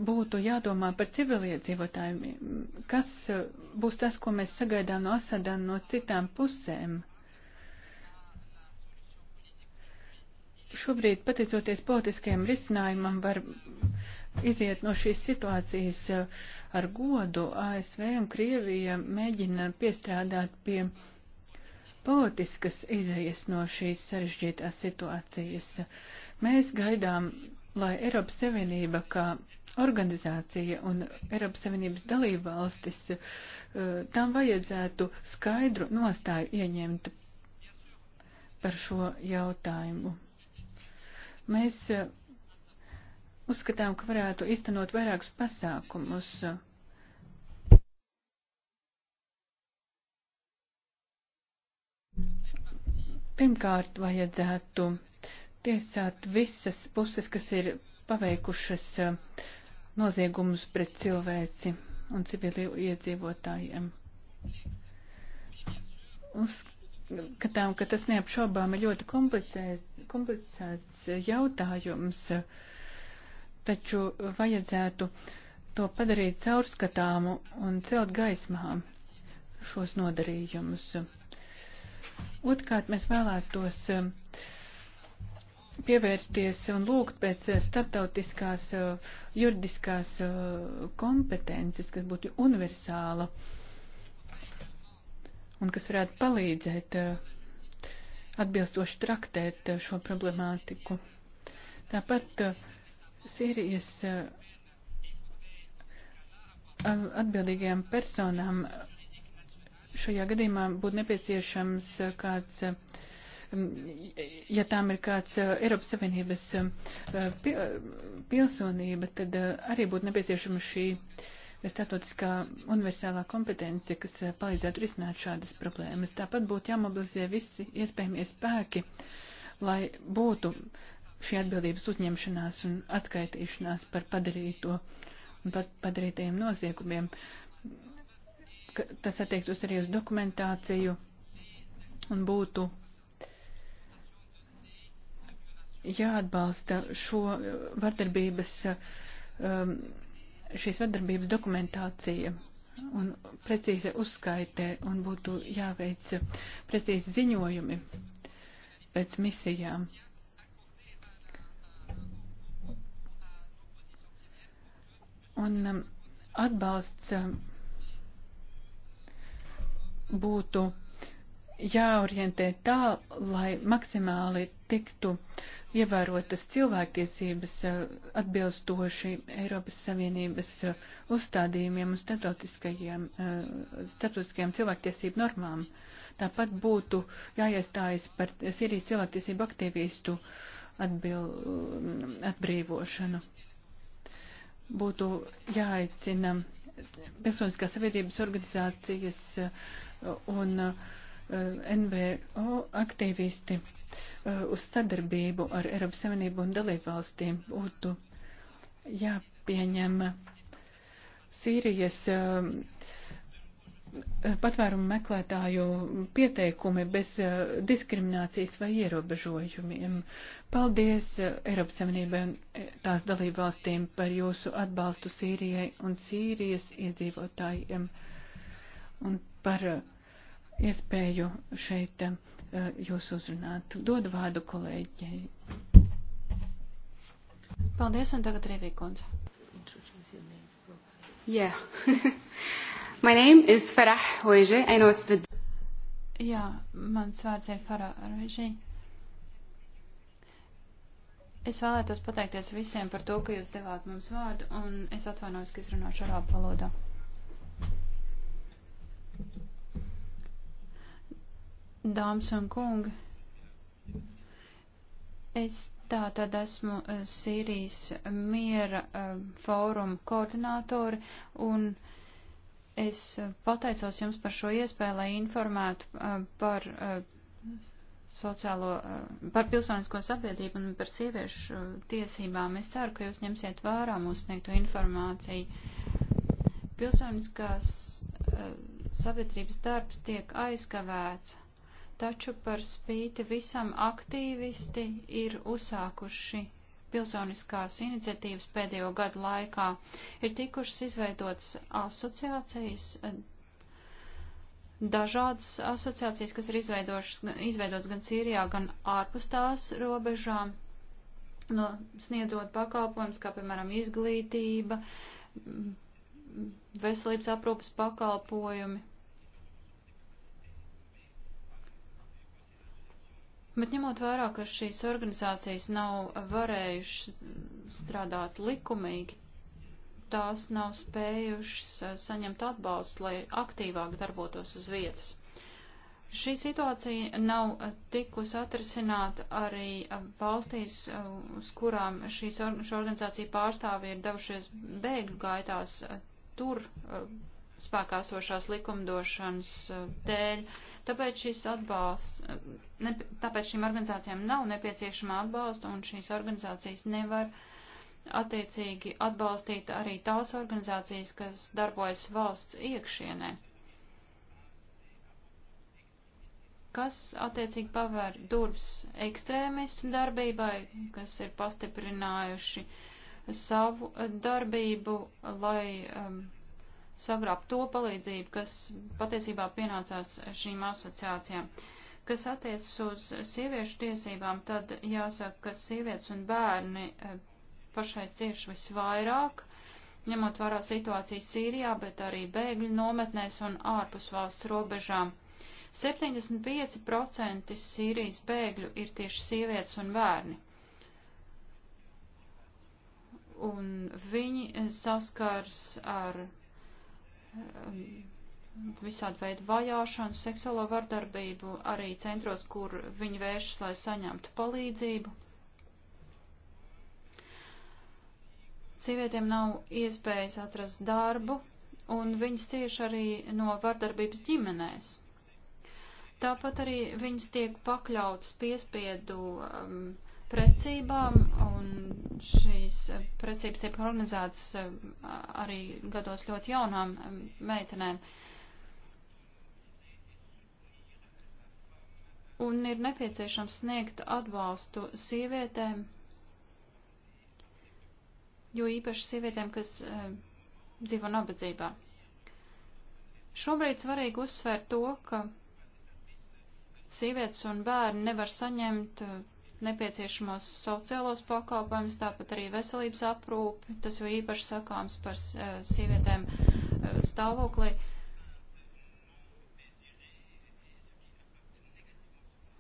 būtu jādomā par civiliedzīvotājiem, kas eh, būs tas, ko mēs sagaidām no Asada no citām pusēm. Šobrīd, pateicoties politiskajam risinājumam, var iziet no šīs situācijas eh, ar godu. ASV un Krievija mēģina piestrādāt pie politiskas izējas no šīs sarežģītās situācijas. Mēs gaidām lai Eiropas Savienība kā organizācija un Eiropas Savienības dalībvalstis, eh, tam vajadzētu skaidru nostāju ieņemt par šo jautājumu. Mēs eh, uzskatām, ka varētu iztenot vairākus pasākumus. Pirmkārt, vajadzētu tiesāt visas puses, kas ir paveikušas eh, noziegumus pret cilvēci un civili iedzīvotājiem. Uzskatām, ka tas neapšaubām ir ļoti komplicēts, komplicēts jautājums, taču vajadzētu to padarīt caurskatāmu un celt gaismā šos nodarījumus. Otkārt, mēs vēlētos uh, pievērsties un lūgt pēc eh, starptautiskās eh, juridiskās eh, kompetences, kas būtu universāla un kas varētu palīdzēt atbilstoši traktēt šo problemātiku. Tāpat Sīrijas atbildīgajām personām šajā gadījumā būtu nepieciešams kāds Mm, ja tām ir kāds uh, Eiropas Savienības um, uh, uh, pilsonība, tad arī būtu nepieciešama šī statotiskā universālā kompetence, kas palīdzētu risināt šādas problēmas. Tāpat būtu jāmobilizē visi iespējamie spēki, lai būtu šī atbildības uzņemšanās un atskaitīšanās par padarīto un pat padarītajiem noziegumiem. Tas attiektos arī uz dokumentāciju un būtu jāatbalsta šo eh, vardarbības, um, šīs vardarbības dokumentācija un precīzi uzskaitē un būtu jāveic precīzi ziņojumi pēc misijām. Un um, atbalsts um, būtu jāorientē tā, lai maksimāli tiktu uh, ievērotas cilvēktiesības eh, atbilstoši Eiropas Savienības eh, uzstādījumiem un eh, starptautiskajām cilvēktiesību normām. Tāpat būtu jāiestājas par Sīrijas cilvēktiesību aktīvistu atbil, mm, atbrīvošanu. Būtu jāaicina pilsoniskās sabiedrības organizācijas un uh, Eh, NVO aktīvisti eh, uz sadarbību ar Eiropas Savienību un dalībvalstīm būtu jāpieņem Sīrijas eh, patvērumu meklētāju pieteikumi bez diskriminācijas vai ierobežojumiem. Paldies Eiropas Savienībai un tās dalībvalstīm par jūsu atbalstu Sīrijai un Sīrijas iedzīvotājiem un par iespēju šeit eh, jūs uzrunāt. Dodu vārdu kolēģei. Paldies, un tagad Rīvī kundze.
Yeah. My name is Farah Hoji. I know it's the... Jā, mans vārds ir Farah Hoji. Es vēlētos pateikties visiem par to, ka jūs devāt mums vārdu, un es atvainojos, ka es runāšu arābu valodā. Dāmas un kungi, es tā tad esmu eh, Sīrijas miera eh, fóruma koordinātori un es eh, pateicos jums par šo iespēju, lai informētu par sociālo, par pilsonisko sabiedrību un par sieviešu tiesībām. Es ceru, ka jūs ņemsiet vērā mūsu sniegto informāciju. Pilsoniskās sabiedrības darbs tiek aizkavēts taču par spīti visam aktīvisti ir uzsākuši pilsoniskās iniciatīvas pēdējo gadu laikā. Ir tikušas izveidotas asociācijas, dažādas asociācijas, kas ir izveidotas gan Sīrijā, gan ārpus tās robežām, no, sniedzot pakalpojumus, kā piemēram izglītība, veselības aprūpas pakalpojumi, Bet ņemot vērā, ka šīs organizācijas nav varējušas strādāt likumīgi, tās nav spējušas uh, saņemt atbalstu, lai aktīvāk darbotos uz vietas. Šī situācija nav uh, tikus atrisināta arī uh, valstīs, uz kurām šīs, šī organizācija pārstāvja ir devušies bēgļu gaitās. Tur spēkā sošās likumdošanas eh, dēļ. Tāpēc, atbalsts, eh, ne, tāpēc šīm organizācijām nav nepieciešama atbalsta un šīs organizācijas nevar attiecīgi atbalstīt arī tās organizācijas, kas darbojas valsts iekšienē. kas attiecīgi pavēr durvis ekstrēmistu darbībai, kas ir pastiprinājuši savu eh, darbību, lai um, sagrābt to palīdzību, kas patiesībā pienācās šīm asociācijām. Kas attiecas uz sieviešu tiesībām, tad jāsaka, ka sievietes un bērni eh, pašais cieš visvairāk, ņemot vērā situāciju Sīrijā, bet arī bēgļu nometnēs un ārpus valsts robežām. 75% Sīrijas bēgļu ir tieši sievietes un bērni un viņi saskars ar visādi veidu vajāšanu, seksuālo vardarbību, arī centros, kur viņi vēršas, lai saņemtu palīdzību. Sievietēm nav iespējas atrast darbu, un viņas cieši arī no vardarbības ģimenēs. Tāpat arī viņas tiek pakļautas piespiedu um, precībām, un šīs precības tiek organizētas eh, arī gados ļoti jaunām eh, meitenēm. Un ir nepieciešams sniegt atbalstu sievietēm, jo īpaši sievietēm, kas eh, dzīvo nabadzībā. Šobrīd svarīgi uzsvērt to, ka sievietes un bērni nevar saņemt nepieciešamos sociālos pakalpojumus, tāpat arī veselības aprūpi. Tas jau īpaši sakāms par eh, sievietēm eh, stāvoklī.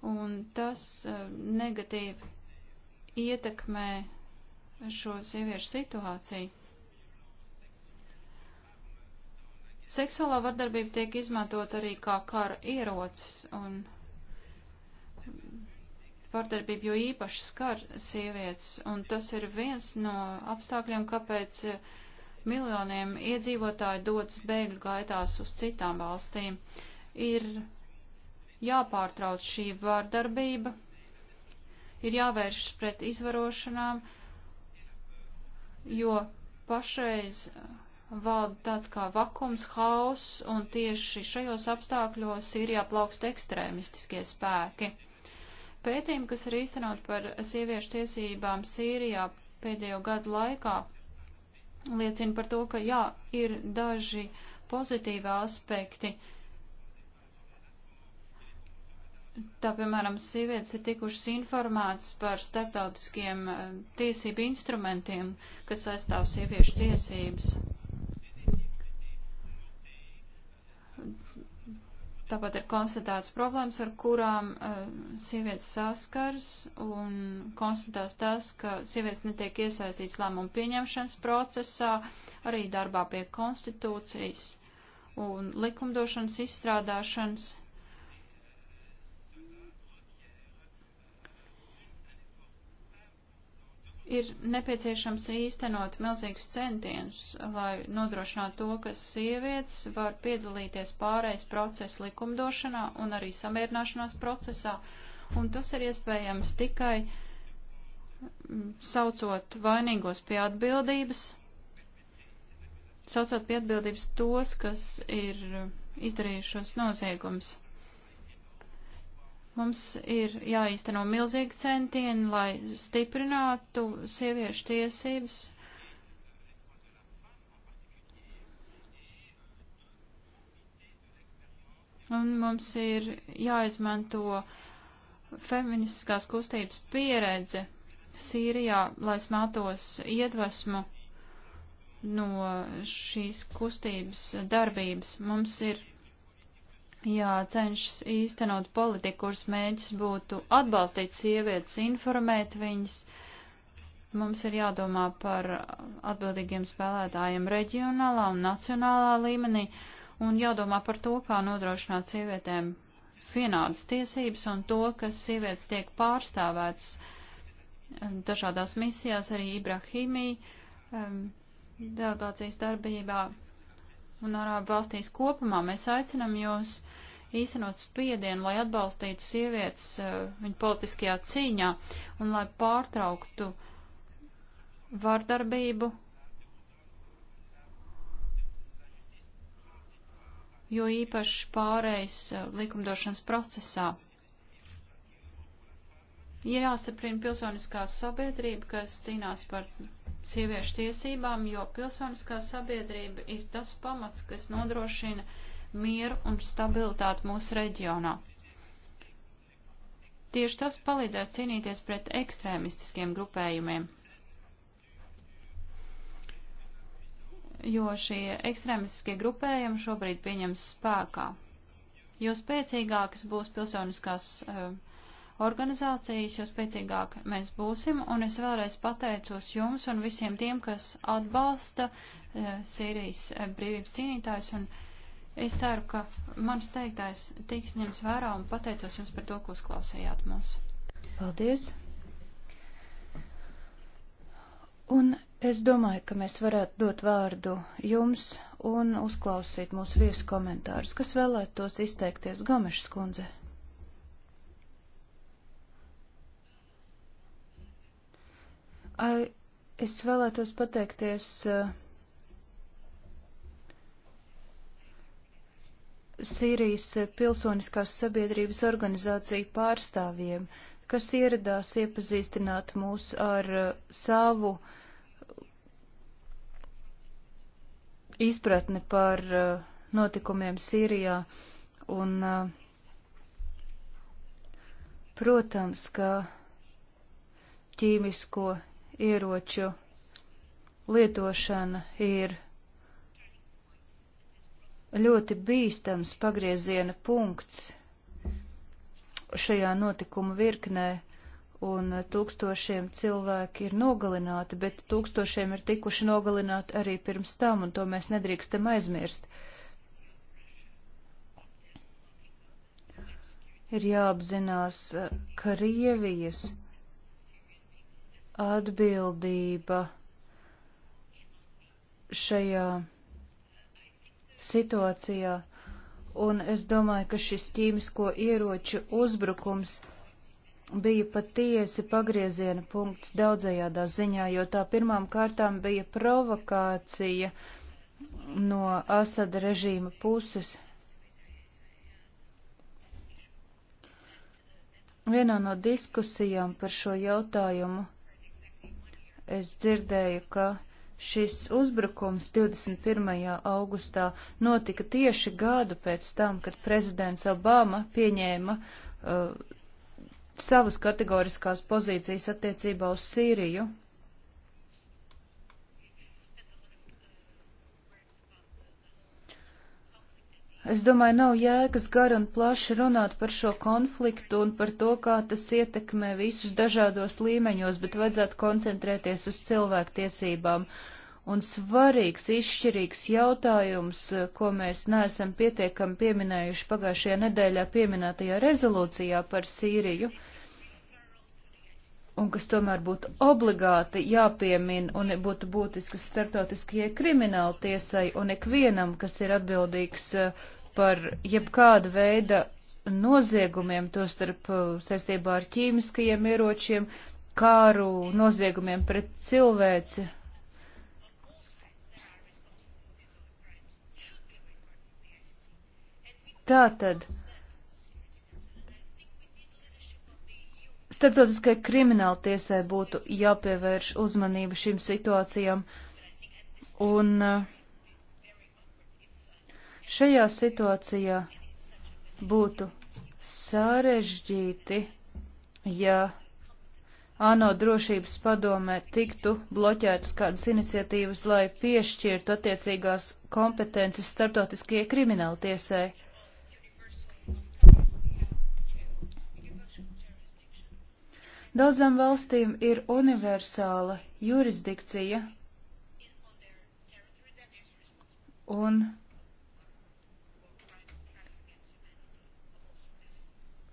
Un tas eh, negatīvi ietekmē šo sieviešu situāciju. Seksuālā vardarbība tiek izmantot arī kā kara ierocis, un vardarbība jo īpaši skar sievietes, un tas ir viens no apstākļiem, kāpēc miljoniem iedzīvotāji dodas bēgļu gaitās uz citām valstīm. Ir jāpārtrauc šī vardarbība, ir jāvēršas pret izvarošanām, jo pašreiz valda tāds kā vakums, haus, un tieši šajos apstākļos ir jāplaukst ekstrēmistiskie spēki. Pētījumi, kas ir īstenot par sieviešu tiesībām Sīrijā pēdējo gadu laikā, liecina par to, ka jā, ir daži pozitīvi aspekti. Tā, piemēram, sievietes ir tikušas informētas par starptautiskiem eh, tiesību instrumentiem, kas aizstāv sieviešu tiesības. Tāpat ir konstatēts problēmas, ar kurām uh, sievietes saskars un konstatēts tas, ka sievietes netiek iesaistīts lēmumu pieņemšanas procesā, arī darbā pie konstitūcijas un likumdošanas izstrādāšanas ir nepieciešams īstenot milzīgus centienus, lai nodrošinātu to, ka sievietes var piedalīties pārējais procesa likumdošanā un arī samierināšanās procesā, un tas ir iespējams tikai mm, saucot vainīgos pie atbildības, saucot pie atbildības tos, kas ir mm, izdarījušos noziegums. Mums ir jāīsteno milzīgi centieni, lai stiprinātu sieviešu tiesības. Un mums ir jāizmanto feministiskās kustības pieredze Sīrijā, lai smeltos iedvesmu no šīs kustības darbības. Mums ir jācenšas īstenot politiku, kuras mēģis būtu atbalstīt sievietes, informēt viņas. Mums ir jādomā par atbildīgiem spēlētājiem reģionālā un nacionālā līmenī un jādomā par to, kā nodrošināt sievietēm vienādas tiesības un to, ka sievietes tiek pārstāvētas um, dažādās misijās, arī Ibrahimī um, delegācijas darbībā un arābu valstīs kopumā. Mēs aicinam jūs īstenot spiedienu, lai atbalstītu sievietes uh, viņu politiskajā cīņā un lai pārtrauktu vardarbību, jo īpaši pārējais uh, likumdošanas procesā. Ir jāstiprina pilsoniskā sabiedrība, kas cīnās par sieviešu tiesībām, jo pilsoniskā sabiedrība ir tas pamats, kas nodrošina mieru un stabilitāti mūsu reģionā. Tieši tas palīdzēs cīnīties pret ekstrēmistiskiem grupējumiem, jo šie ekstrēmistiskie grupējumi šobrīd pieņems spēkā. Jo spēcīgākas būs pilsoniskās uh, organizācijas, jo spēcīgāk mēs būsim. Un es vēlreiz pateicos jums un visiem tiem, kas atbalsta e, Sīrijas eh, brīvības cīnītājus. Un es ceru, ka mans teiktais tiks ņems vērā un pateicos jums par to, ko uzklausījāt mūs.
Paldies! Un es domāju, ka mēs varētu dot vārdu jums un uzklausīt mūsu viesu komentārus, kas vēlētos izteikties Gamešas kundze. Es vēlētos pateikties eh, Sīrijas pilsoniskās sabiedrības organizāciju pārstāvjiem, kas ieradās iepazīstināt mūs ar eh, savu izpratni par eh, notikumiem Sīrijā. Un, protams, ka ķīmisko ieroču lietošana ir ļoti bīstams pagrieziena punkts šajā notikuma virknē, un tūkstošiem cilvēki ir nogalināti, bet tūkstošiem ir tikuši nogalināti arī pirms tam, un to mēs nedrīkstam aizmirst. Ir jāapzinās Krievijas. Uh, atbildība šajā situācijā, un es domāju, ka šis ķīmisko ieroču uzbrukums bija patiesi pagrieziena punkts daudzajādā ziņā, jo tā pirmām kārtām bija provokācija no Asada režīma puses. Vienā no diskusijām par šo jautājumu es dzirdēju, ka šis uzbrukums 21. augustā notika tieši gadu pēc tam, kad prezidents Obama pieņēma uh, savas kategoriskās pozīcijas attiecībā uz Sīriju. Es domāju, nav jēgas gar un plaši runāt par šo konfliktu un par to, kā tas ietekmē visus dažādos līmeņos, bet vajadzētu koncentrēties uz cilvēktiesībām. Un svarīgs, izšķirīgs jautājums, ko mēs neesam pietiekami pieminējuši pagājušajā nedēļā pieminētajā rezolūcijā par Sīriju, un kas tomēr būtu obligāti jāpiemina un būtu būtisks starptautiskajai krimināla tiesai un ikvienam, kas ir atbildīgs uh, par jebkāda veida noziegumiem, tostarp uh, saistībā ar ķīmiskajiem ieročiem, kāru noziegumiem pret cilvēci. Tātad. Starptautiskai krimināla tiesai būtu jāpievērš uzmanība šīm situācijām, un uh, Šajā situācijā būtu sarežģīti, ja ANO drošības padomē tiktu bloķētas kādas iniciatīvas, lai piešķirtu attiecīgās kompetences starptautiskajai krimināla tiesai. Daudzām valstīm ir universāla jurisdikcija, un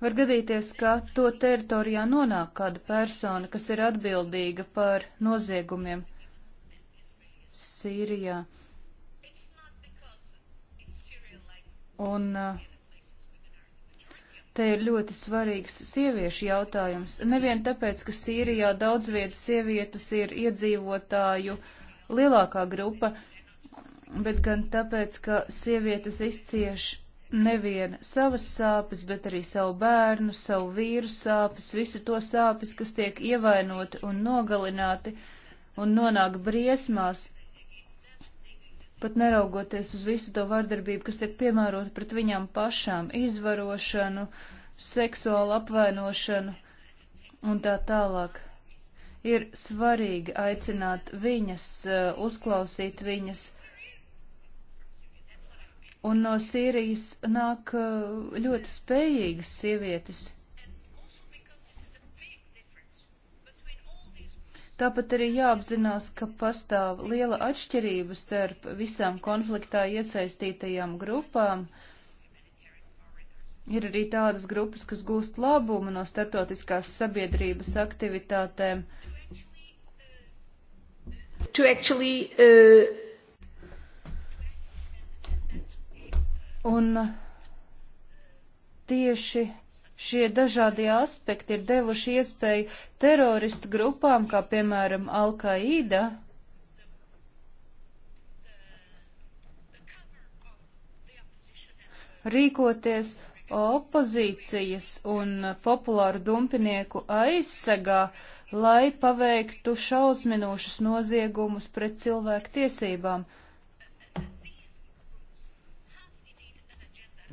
Var gadīties, ka to teritorijā nonāk kāda persona, kas ir atbildīga par noziegumiem Sīrijā. Un uh, Te ir ļoti svarīgs sieviešu jautājums, nevien tāpēc, ka Sīrijā daudz vietas sievietes ir iedzīvotāju lielākā grupa, bet gan tāpēc, ka sievietes izcieš nevien savas sāpes, bet arī savu bērnu, savu vīru sāpes, visu to sāpes, kas tiek ievainoti un nogalināti un nonāk briesmās, pat neraugoties uz visu to vardarbību, kas tiek piemērota pret viņām pašām - izvarošanu, seksuālu apvainošanu un tā tālāk. Ir svarīgi aicināt viņas, eh, uzklausīt viņas, un no Sīrijas nāk uh, ļoti spējīgas sievietes. Tāpat arī jāapzinās, ka pastāv liela atšķirība starp visām konfliktā iesaistītajām grupām. Ir arī tādas grupas, kas gūst labumu no starptautiskās sabiedrības aktivitātēm. To actually, uh Un tieši šie dažādie aspekti ir devuši iespēju teroristu grupām, kā piemēram Al-Qaida, rīkoties opozīcijas un populāru dumpinieku aizsegā, lai paveiktu šausminošus noziegumus pret cilvēku tiesībām.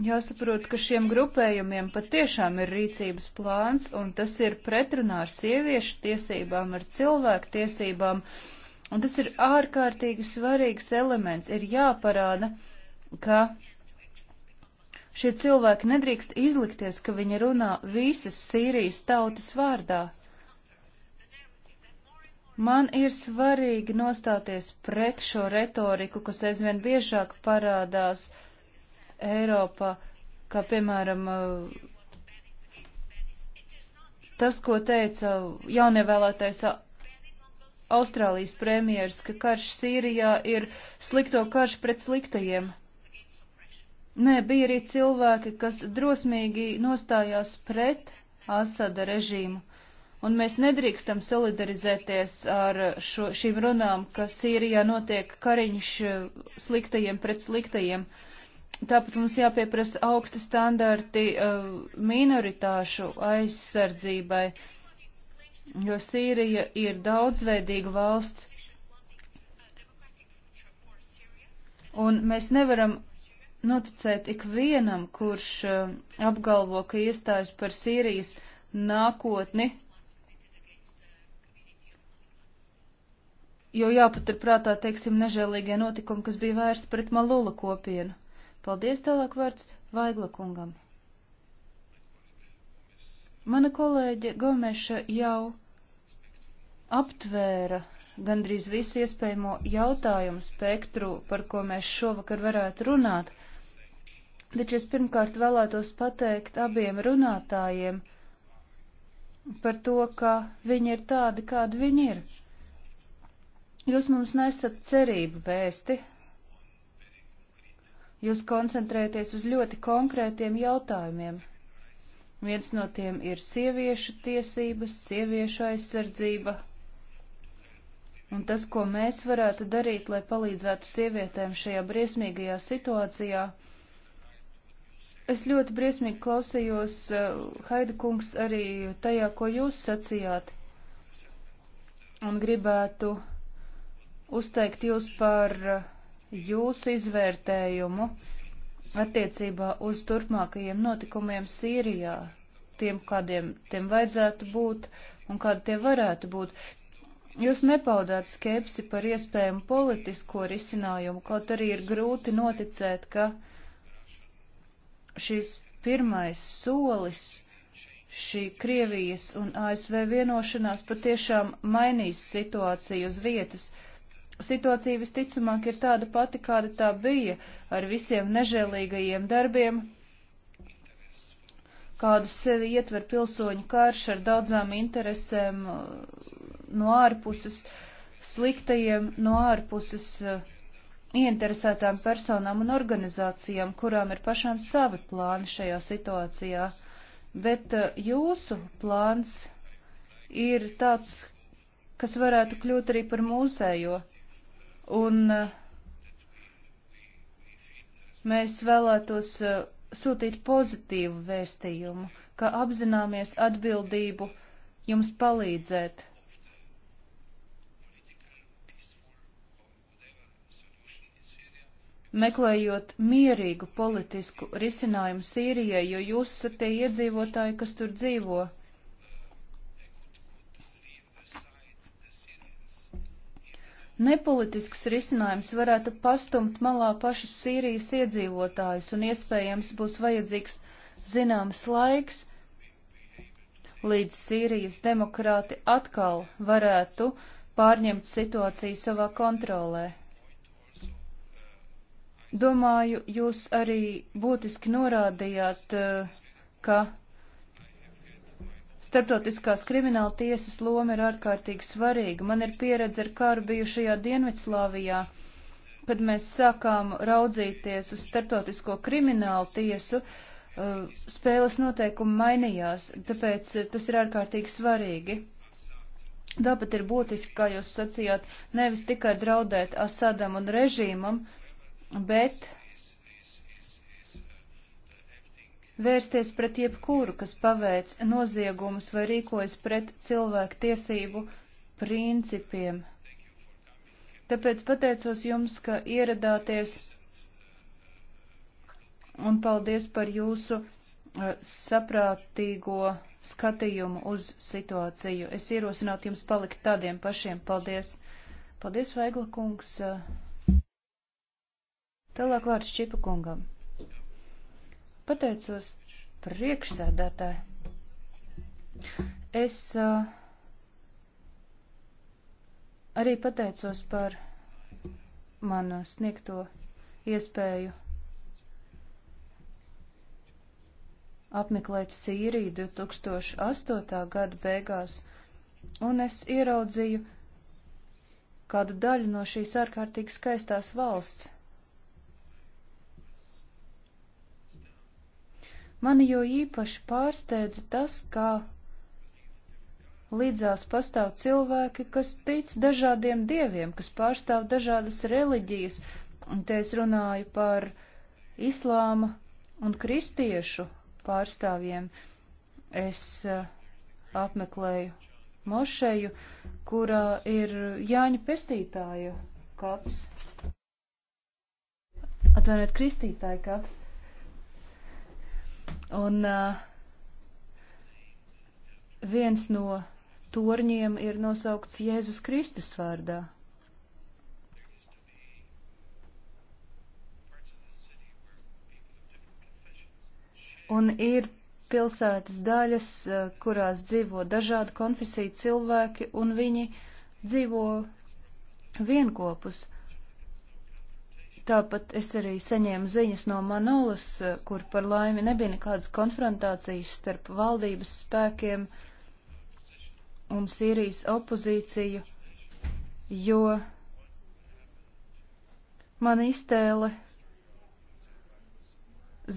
Jāsaprot, ka šiem grupējumiem patiešām ir rīcības plāns, un tas ir pretrunā ar sieviešu tiesībām, ar cilvēku tiesībām, un tas ir ārkārtīgi svarīgs elements. Ir jāparāda, ka šie cilvēki nedrīkst izlikties, ka viņi runā visas Sīrijas tautas vārdā. Man ir svarīgi nostāties pret šo retoriku, kas aizvien biežāk parādās uh, Eiropā, kā piemēram eh, tas, ko teica jaunievēlētais Austrālijas premjers, ka karš Sīrijā ir slikto karš pret sliktajiem. Nē, bija arī cilvēki, kas drosmīgi nostājās pret Asada režīmu. Un mēs nedrīkstam solidarizēties ar šo, šīm runām, ka Sīrijā notiek kariņš eh, sliktajiem pret sliktajiem. Uh, Tāpat mums jāpieprasa augsti standarti uh, minoritāšu aizsardzībai, jo Sīrija ir daudzveidīga valsts. Un mēs nevaram noticēt ikvienam, kurš uh, apgalvo, ka iestājas par Sīrijas nākotni, jo jāpaturprātā, teiksim, nežēlīgie notikumi, kas bija vērsti pret Malula kopienu. Paldies tālāk vārds Vaigla kungam. Mana kolēģe Gomeša jau aptvēra gandrīz visu iespējamo jautājumu spektru, par ko mēs šovakar varētu runāt. Taču es pirmkārt vēlētos pateikt abiem runātājiem par to, ka viņi ir tādi, kādi viņi ir. Jūs mums nesat cerību vēsti, Jūs koncentrēties uz ļoti konkrētiem jautājumiem. Viens no tiem ir sieviešu tiesības, sieviešu aizsardzība. Un tas, ko mēs varētu darīt, lai palīdzētu sievietēm šajā briesmīgajā situācijā, es ļoti briesmīgi klausījos, uh, Haida kungs, arī tajā, ko jūs sacījāt, un gribētu uzteikt jūs par uh, jūsu izvērtējumu attiecībā uz turpmākajiem notikumiem Sīrijā, tiem, kādiem tiem vajadzētu būt un kādi tie varētu būt. Jūs nepaudāt skepsi par iespējamu politisko risinājumu, kaut arī ir grūti noticēt, ka šis pirmais solis, šī Krievijas un ASV vienošanās patiešām mainīs situāciju uz vietas. Uh, situācija visticamāk ir tāda pati, kāda tā bija, ar visiem nežēlīgajiem darbiem, kādus sevi ietver pilsoņu karš ar daudzām interesēm uh, no ārpuses, sliktajiem no ārpuses uh, ieinteresētām personām un organizācijām, kurām ir pašām savi plāni šajā situācijā. Bet uh, jūsu plāns ir tāds, kas varētu kļūt arī par mūsējo. Un eh, mēs vēlētos eh, sūtīt pozitīvu vēstījumu, ka apzināmies atbildību jums palīdzēt. Meklējot mierīgu politisku risinājumu Sīrijai, jo jūs esat tie iedzīvotāji, kas tur dzīvo. Nepolitisks risinājums varētu pastumt malā pašus Sīrijas iedzīvotājus un iespējams būs vajadzīgs zināms laiks, līdz Sīrijas demokrāti atkal varētu pārņemt situāciju savā kontrolē. Domāju, jūs arī būtiski norādījāt, eh, ka Startautiskās krimināla tiesas loma ir ārkārtīgi svarīga. Man ir pieredze ar karu bijušajā Dienvidslāvijā, kad mēs sākām raudzīties uz startautisko kriminālu tiesu, uh, spēles noteikumi mainījās, tāpēc uh, tas ir ārkārtīgi svarīgi. Tāpat ir būtiski, kā jūs sacījāt, nevis tikai draudēt Asadam un režīmam, bet vērsties pret jebkuru, kas paveic noziegumus vai rīkojas pret cilvēku tiesību principiem. Tāpēc pateicos jums, ka ieradāties un paldies par jūsu uh, saprātīgo skatījumu uz situāciju. Es ierosinātu jums palikt tādiem pašiem. Paldies! Paldies, Vaigla kungs! Tālāk vārds Čipa kungam. Pateicos priekšsēdētāji. Es uh, arī pateicos par man sniegto iespēju apmeklēt Sīriju 2008. gada beigās, un es ieraudzīju kādu daļu no šīs ārkārtīgi skaistās valsts. Mani jo īpaši pārsteidza tas, kā līdzās pastāv cilvēki, kas tic dažādiem dieviem, kas pārstāv dažādas reliģijas, un te es runāju par islāma un kristiešu pārstāvjiem. Es eh, apmeklēju mošeju, kurā ir Jāņa pestītāja kaps. Atvainojiet, kristītāja kaps. Un uh, viens no torņiem ir nosaukts Jēzus Kristus vārdā. Un ir pilsētas daļas, uh, kurās dzīvo dažādu konfesiju cilvēki, un viņi dzīvo vienkopus. Uh, Tāpat es arī saņēmu ziņas no Manolas, kur par laimi nebija nekādas konfrontācijas starp valdības spēkiem un Sīrijas opozīciju, jo man iztēle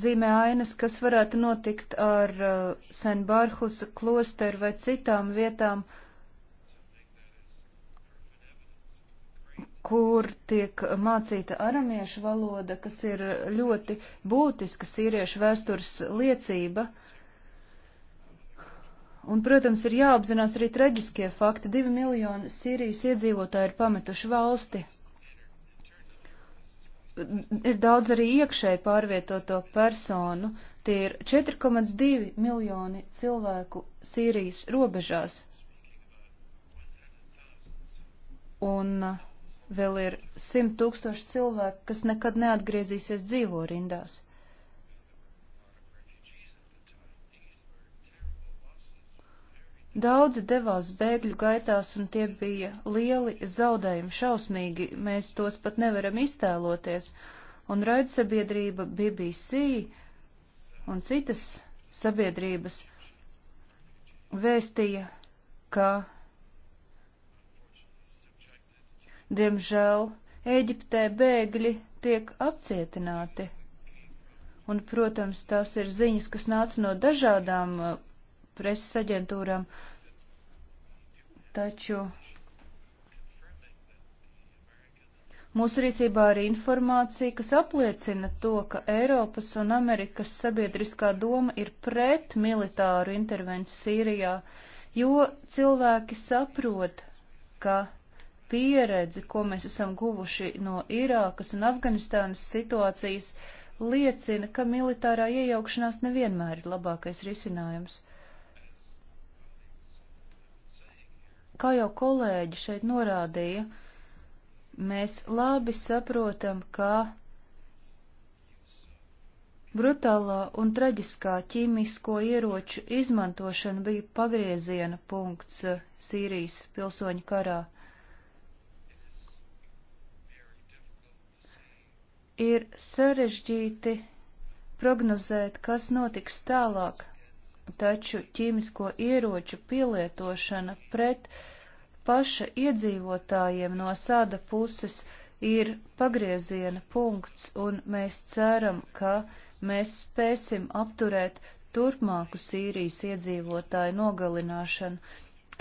zīmē ainas, kas varētu notikt ar uh, Senbārhusa klosteru vai citām vietām, uh, kur tiek mācīta aramiešu valoda, kas ir ļoti būtiska sīriešu vēstures liecība. Un, protams, ir jāapzinās arī traģiskie fakti. Divi miljoni Sīrijas iedzīvotāji ir pametuši valsti. Ir daudz arī iekšēji pārvietoto personu. Tie ir 4,2 miljoni cilvēku Sīrijas robežās. Un uh, Vēl ir simt tūkstoši cilvēku, kas nekad neatgriezīsies dzīvo rindās. Daudzi devās bēgļu gaitās, un tie bija lieli zaudējumi, šausmīgi, mēs tos pat nevaram iztēloties, un raidsabiedrība BBC un citas sabiedrības vēstīja, ka Diemžēl Ēģiptē bēgļi tiek apcietināti. Un, protams, tās ir ziņas, kas nāca no dažādām uh, preses aģentūrām, taču Mūsu rīcībā ir informācija, kas apliecina to, ka Eiropas un Amerikas sabiedriskā doma ir pret militāru intervenciju Sīrijā, jo cilvēki saprot, ka pieredze, ko mēs esam guvuši no Irākas un Afganistānas situācijas, liecina, ka militārā iejaukšanās nevienmēr ir labākais risinājums. Kā jau kolēģi šeit norādīja, mēs labi saprotam, ka brutālā un traģiskā ķīmisko ieroču izmantošana bija pagrieziena punkts uh, Sīrijas pilsoņu karā. ir sarežģīti prognozēt, kas notiks tālāk, taču ķīmisko ieroču pielietošana pret paša iedzīvotājiem no sāda puses ir pagrieziena punkts, un mēs ceram, ka mēs spēsim apturēt turpmāku Sīrijas iedzīvotāju nogalināšanu.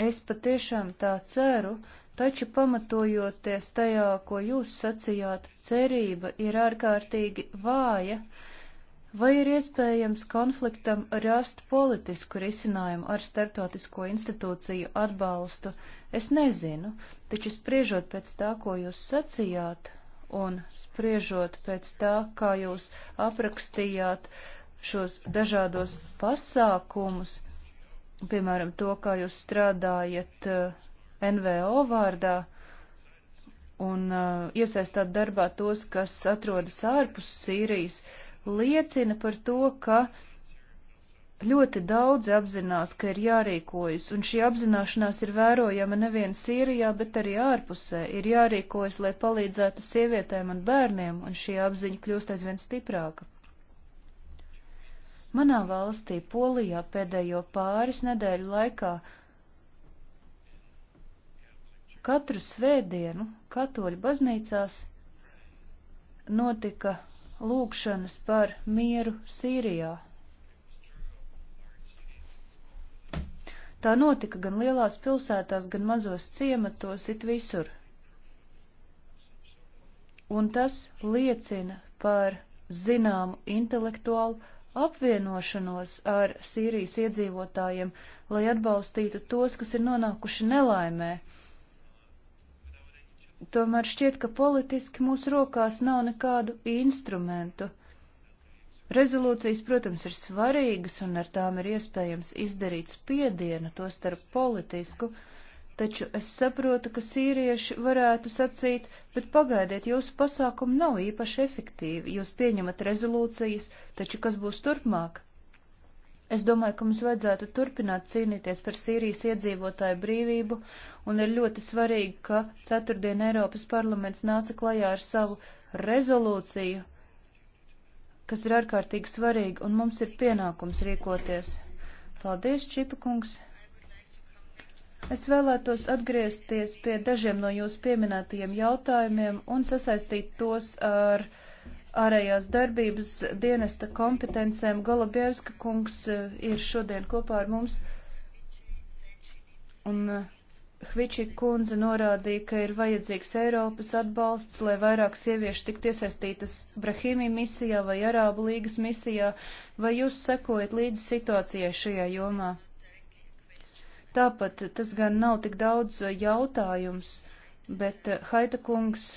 Es patiešām tā ceru, Taču pamatojoties tajā, ko jūs sacījāt, cerība ir ārkārtīgi vāja, vai ir iespējams konfliktam rast politisku risinājumu ar starptautisko institūciju atbalstu, es nezinu, taču spriežot pēc tā, ko jūs sacījāt, un spriežot pēc tā, kā jūs aprakstījāt šos dažādos pasākumus, piemēram, to, kā jūs strādājat uh, NVO vārdā un uh, iesaistāt darbā tos, kas atrodas ārpus Sīrijas, liecina par to, ka ļoti daudz apzinās, ka ir jārīkojas, un šī apzināšanās ir vērojama nevien Sīrijā, bet arī ārpusē. Ir jārīkojas, lai palīdzētu sievietēm un bērniem, un šī apziņa kļūst aizvien stiprāka. Manā valstī, Polijā, pēdējo pāris nedēļu laikā Katru svētdienu katoļu baznīcās notika lūkšanas par mieru Sīrijā. Tā notika gan lielās pilsētās, gan mazos ciematos, it visur. Un tas liecina par zināmu intelektuālu apvienošanos ar Sīrijas iedzīvotājiem, lai atbalstītu tos, kas ir nonākuši nelaimē, Tomēr šķiet, ka politiski mūsu rokās nav nekādu instrumentu. Rezolūcijas, protams, ir svarīgas un ar tām ir iespējams izdarīt spiedienu, to starp politisku, taču es saprotu, ka sīrieši varētu sacīt, bet pagaidiet, jūsu pasākumi nav īpaši efektīvi, jūs pieņemat rezolūcijas, taču kas būs turpmāk? Es domāju, ka mums vajadzētu turpināt cīnīties par Sīrijas iedzīvotāju brīvību, un ir ļoti svarīgi, ka ceturtdien Eiropas parlaments nāca klajā ar savu rezolūciju, kas ir ārkārtīgi svarīga, un mums ir pienākums rīkoties. Paldies, Čipakungs! Es vēlētos atgriezties pie dažiem no jūsu pieminētajiem jautājumiem un sasaistīt tos ar. Uh, ārējās darbības dienesta kompetencēm. Golobierska kungs eh, ir šodien kopā ar mums. Un eh, Hviči kundze norādīja, ka ir vajadzīgs Eiropas atbalsts, lai vairāk sieviešu tiktu iesaistītas Brahīmī misijā vai Arābu līgas misijā, vai jūs sekojat līdzi situācijai šajā jomā? Tāpat tas gan nav tik daudz eh, jautājums, bet Haita kungs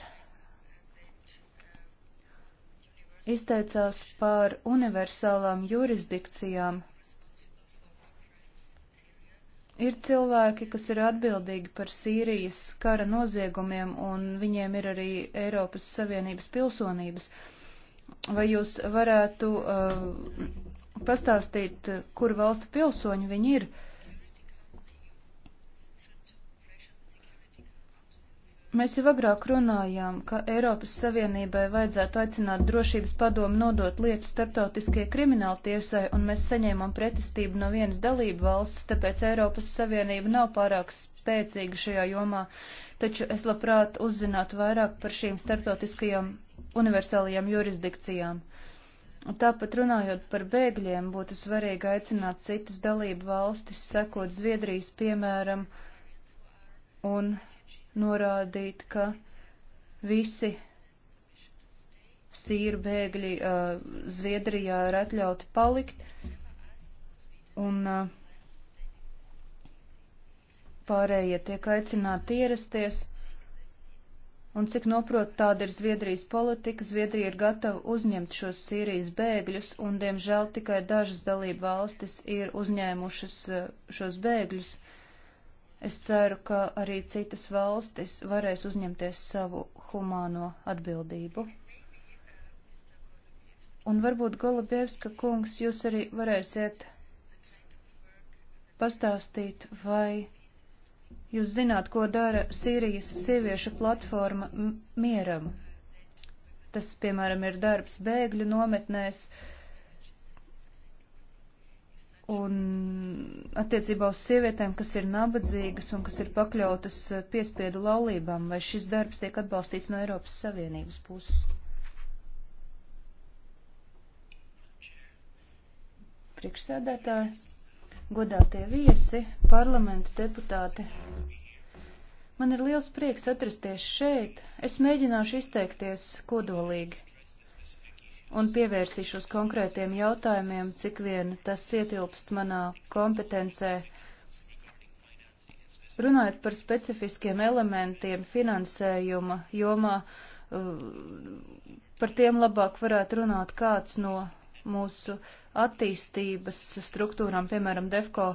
izteicās par universālām jurisdikcijām. Ir cilvēki, kas ir atbildīgi par Sīrijas kara noziegumiem, un viņiem ir arī Eiropas Savienības pilsonības. Vai jūs varētu uh, pastāstīt, kur valstu pilsoņi viņi ir? Uh, Mēs jau agrāk runājām, ka Eiropas Savienībai vajadzētu aicināt drošības padomu nodot lietu starptautiskajai krimināla tiesai, un mēs saņēmām pretestību no vienas dalību valsts, tāpēc Eiropas Savienība nav pārāk spēcīga šajā jomā, taču es labprāt uzzinātu vairāk par šīm starptautiskajām universālajām jurisdikcijām. Tāpat runājot par bēgļiem, būtu svarīgi aicināt citas dalību valstis, sekot Zviedrijas piemēram, un norādīt, ka visi sīru bēgļi uh, Zviedrijā ir atļauti palikt, un uh, pārējie tiek aicināti ierasties. Un cik noprot, tāda ir Zviedrijas politika. Zviedrija ir gatava uzņemt šos Sīrijas bēgļus, un diemžēl tikai dažas dalība valstis ir uzņēmušas uh, šos bēgļus. Uh, Es ceru, ka arī citas valstis varēs uzņemties savu humāno atbildību. Un varbūt Golobievska kungs, jūs arī varēsiet pastāstīt, vai jūs zināt, ko dara Sīrijas sieviešu platforma mieram. Tas, piemēram, ir darbs bēgļu nometnēs, uh, Un attiecībā uz sievietēm, kas ir nabadzīgas un kas ir pakļautas eh, piespiedu laulībām, vai šis darbs tiek atbalstīts no Eiropas Savienības puses? Priekšsēdētāji, godātie viesi, parlamenta deputāti, man ir liels prieks atrasties šeit. Es mēģināšu izteikties kodolīgi un pievērsīšos konkrētiem jautājumiem, cik vien tas ietilpst manā kompetencē. Runājot par specifiskiem elementiem finansējuma jomā, uh, par tiem labāk varētu runāt kāds no mūsu attīstības struktūrām, piemēram, DEFCO,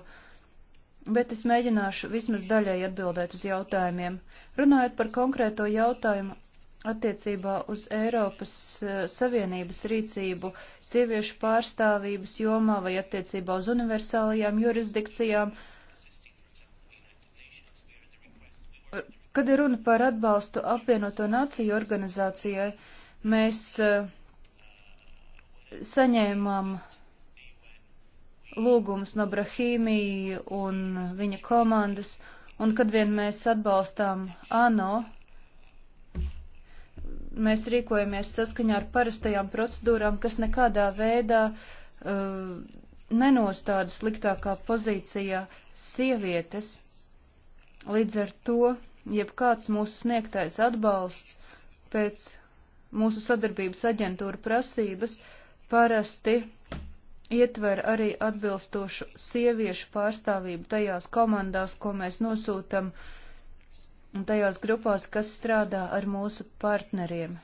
bet es mēģināšu vismaz daļai atbildēt uz jautājumiem. Runājot par konkrēto jautājumu, attiecībā uz Eiropas eh, Savienības rīcību sieviešu pārstāvības jomā vai attiecībā uz universālajām jurisdikcijām. Kad ir runa par atbalstu apvienoto nāciju organizācijai, mēs eh, saņēmām lūgumus no Brahīmī un viņa komandas, un kad vien mēs atbalstām ANO mēs rīkojamies saskaņā ar parastajām procedūrām, kas nekādā veidā uh, nenostāda sliktākā pozīcijā sievietes. Līdz ar to, jebkāds mūsu sniegtais atbalsts pēc mūsu sadarbības aģentūra prasības parasti ietver arī atbilstošu sieviešu pārstāvību tajās komandās, ko mēs nosūtam uh, un tajās grupās, kas strādā ar mūsu partneriem.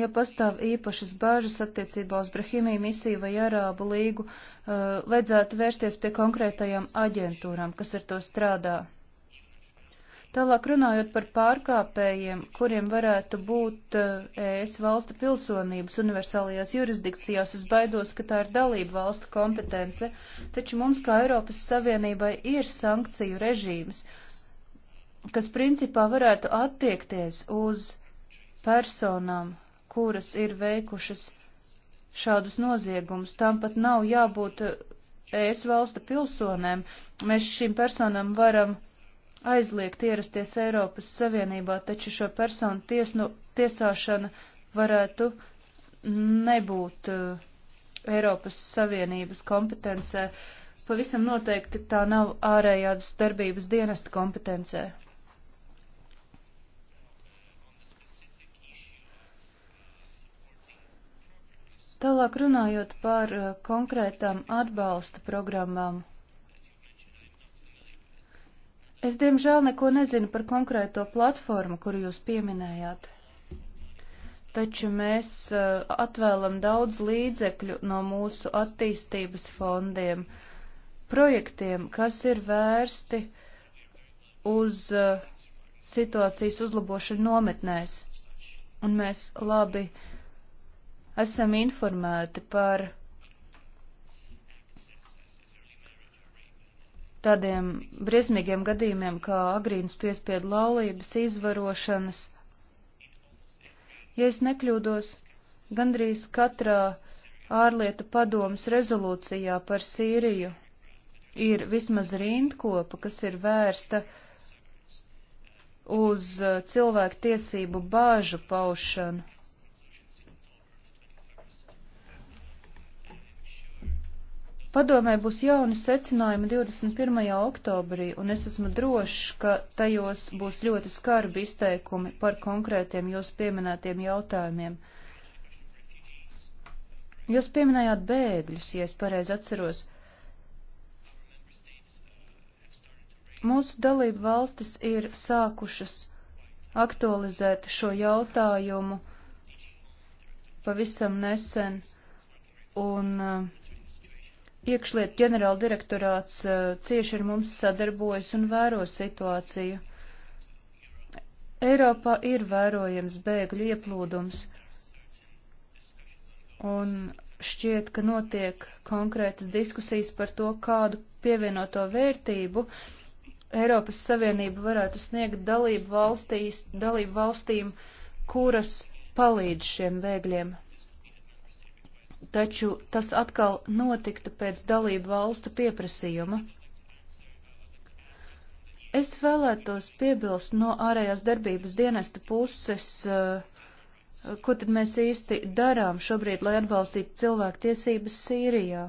Ja pastāv īpašas bāžas attiecībā uz Brahimī misiju vai Arābu līgu, uh, vajadzētu vērsties pie konkrētajām aģentūrām, kas ar to strādā. Tālāk runājot par pārkāpējiem, kuriem varētu būt eh, ES valsta pilsonības universālajās jurisdikcijās, es baidos, ka tā ir dalība valstu kompetence, taču mums kā Eiropas Savienībai ir sankciju režīms, kas principā varētu attiekties uz personām, kuras ir veikušas šādus noziegumus. Tām pat nav jābūt eh, ES valsta pilsonēm. Mēs šīm personām varam aizliegt ierasties Eiropas Savienībā, taču šo personu tiesnu, tiesāšana varētu nebūt uh, Eiropas Savienības kompetencē. Pavisam noteikti tā nav ārējās darbības dienesta kompetencē. Tālāk runājot par uh, konkrētām atbalsta programmām. Es diemžēl neko nezinu par konkrēto platformu, kuru jūs pieminējāt. Taču mēs uh, atvēlam daudz līdzekļu no mūsu attīstības fondiem, projektiem, kas ir vērsti uz uh, situācijas uzlabošanu nometnēs. Un mēs labi esam informēti par tādiem briesmīgiem gadījumiem kā agrīnas piespiedu laulības, izvarošanas. Ja es nekļūdos, gandrīz katrā ārlietu padomas rezolūcijā par Sīriju ir vismaz rindkopa, kas ir vērsta uz uh, cilvēku tiesību bāžu paušanu. Padomē būs jauni secinājumi 21. oktobrī, un es esmu drošs, ka tajos būs ļoti skarbi izteikumi par konkrētiem jūs pieminētiem jautājumiem. Jūs pieminējāt bēgļus, ja es pareizi atceros. Mūsu dalību valstis ir sākušas aktualizēt šo jautājumu pavisam nesen, un uh, Iekšliet ģenerāla direktorāts eh, cieši ar mums sadarbojas un vēro situāciju. Eiropā ir vērojams bēgļu ieplūdums, un šķiet, ka notiek konkrētas diskusijas par to, kādu pievienoto vērtību Eiropas Savienība varētu sniegt dalību, valstīs, dalību valstīm, kuras palīdz šiem bēgļiem taču tas atkal notikta pēc dalību valstu pieprasījuma. Es vēlētos piebilst no ārējās darbības dienesta puses, eh, ko tad mēs īsti darām šobrīd, lai atbalstītu cilvēku tiesības Sīrijā.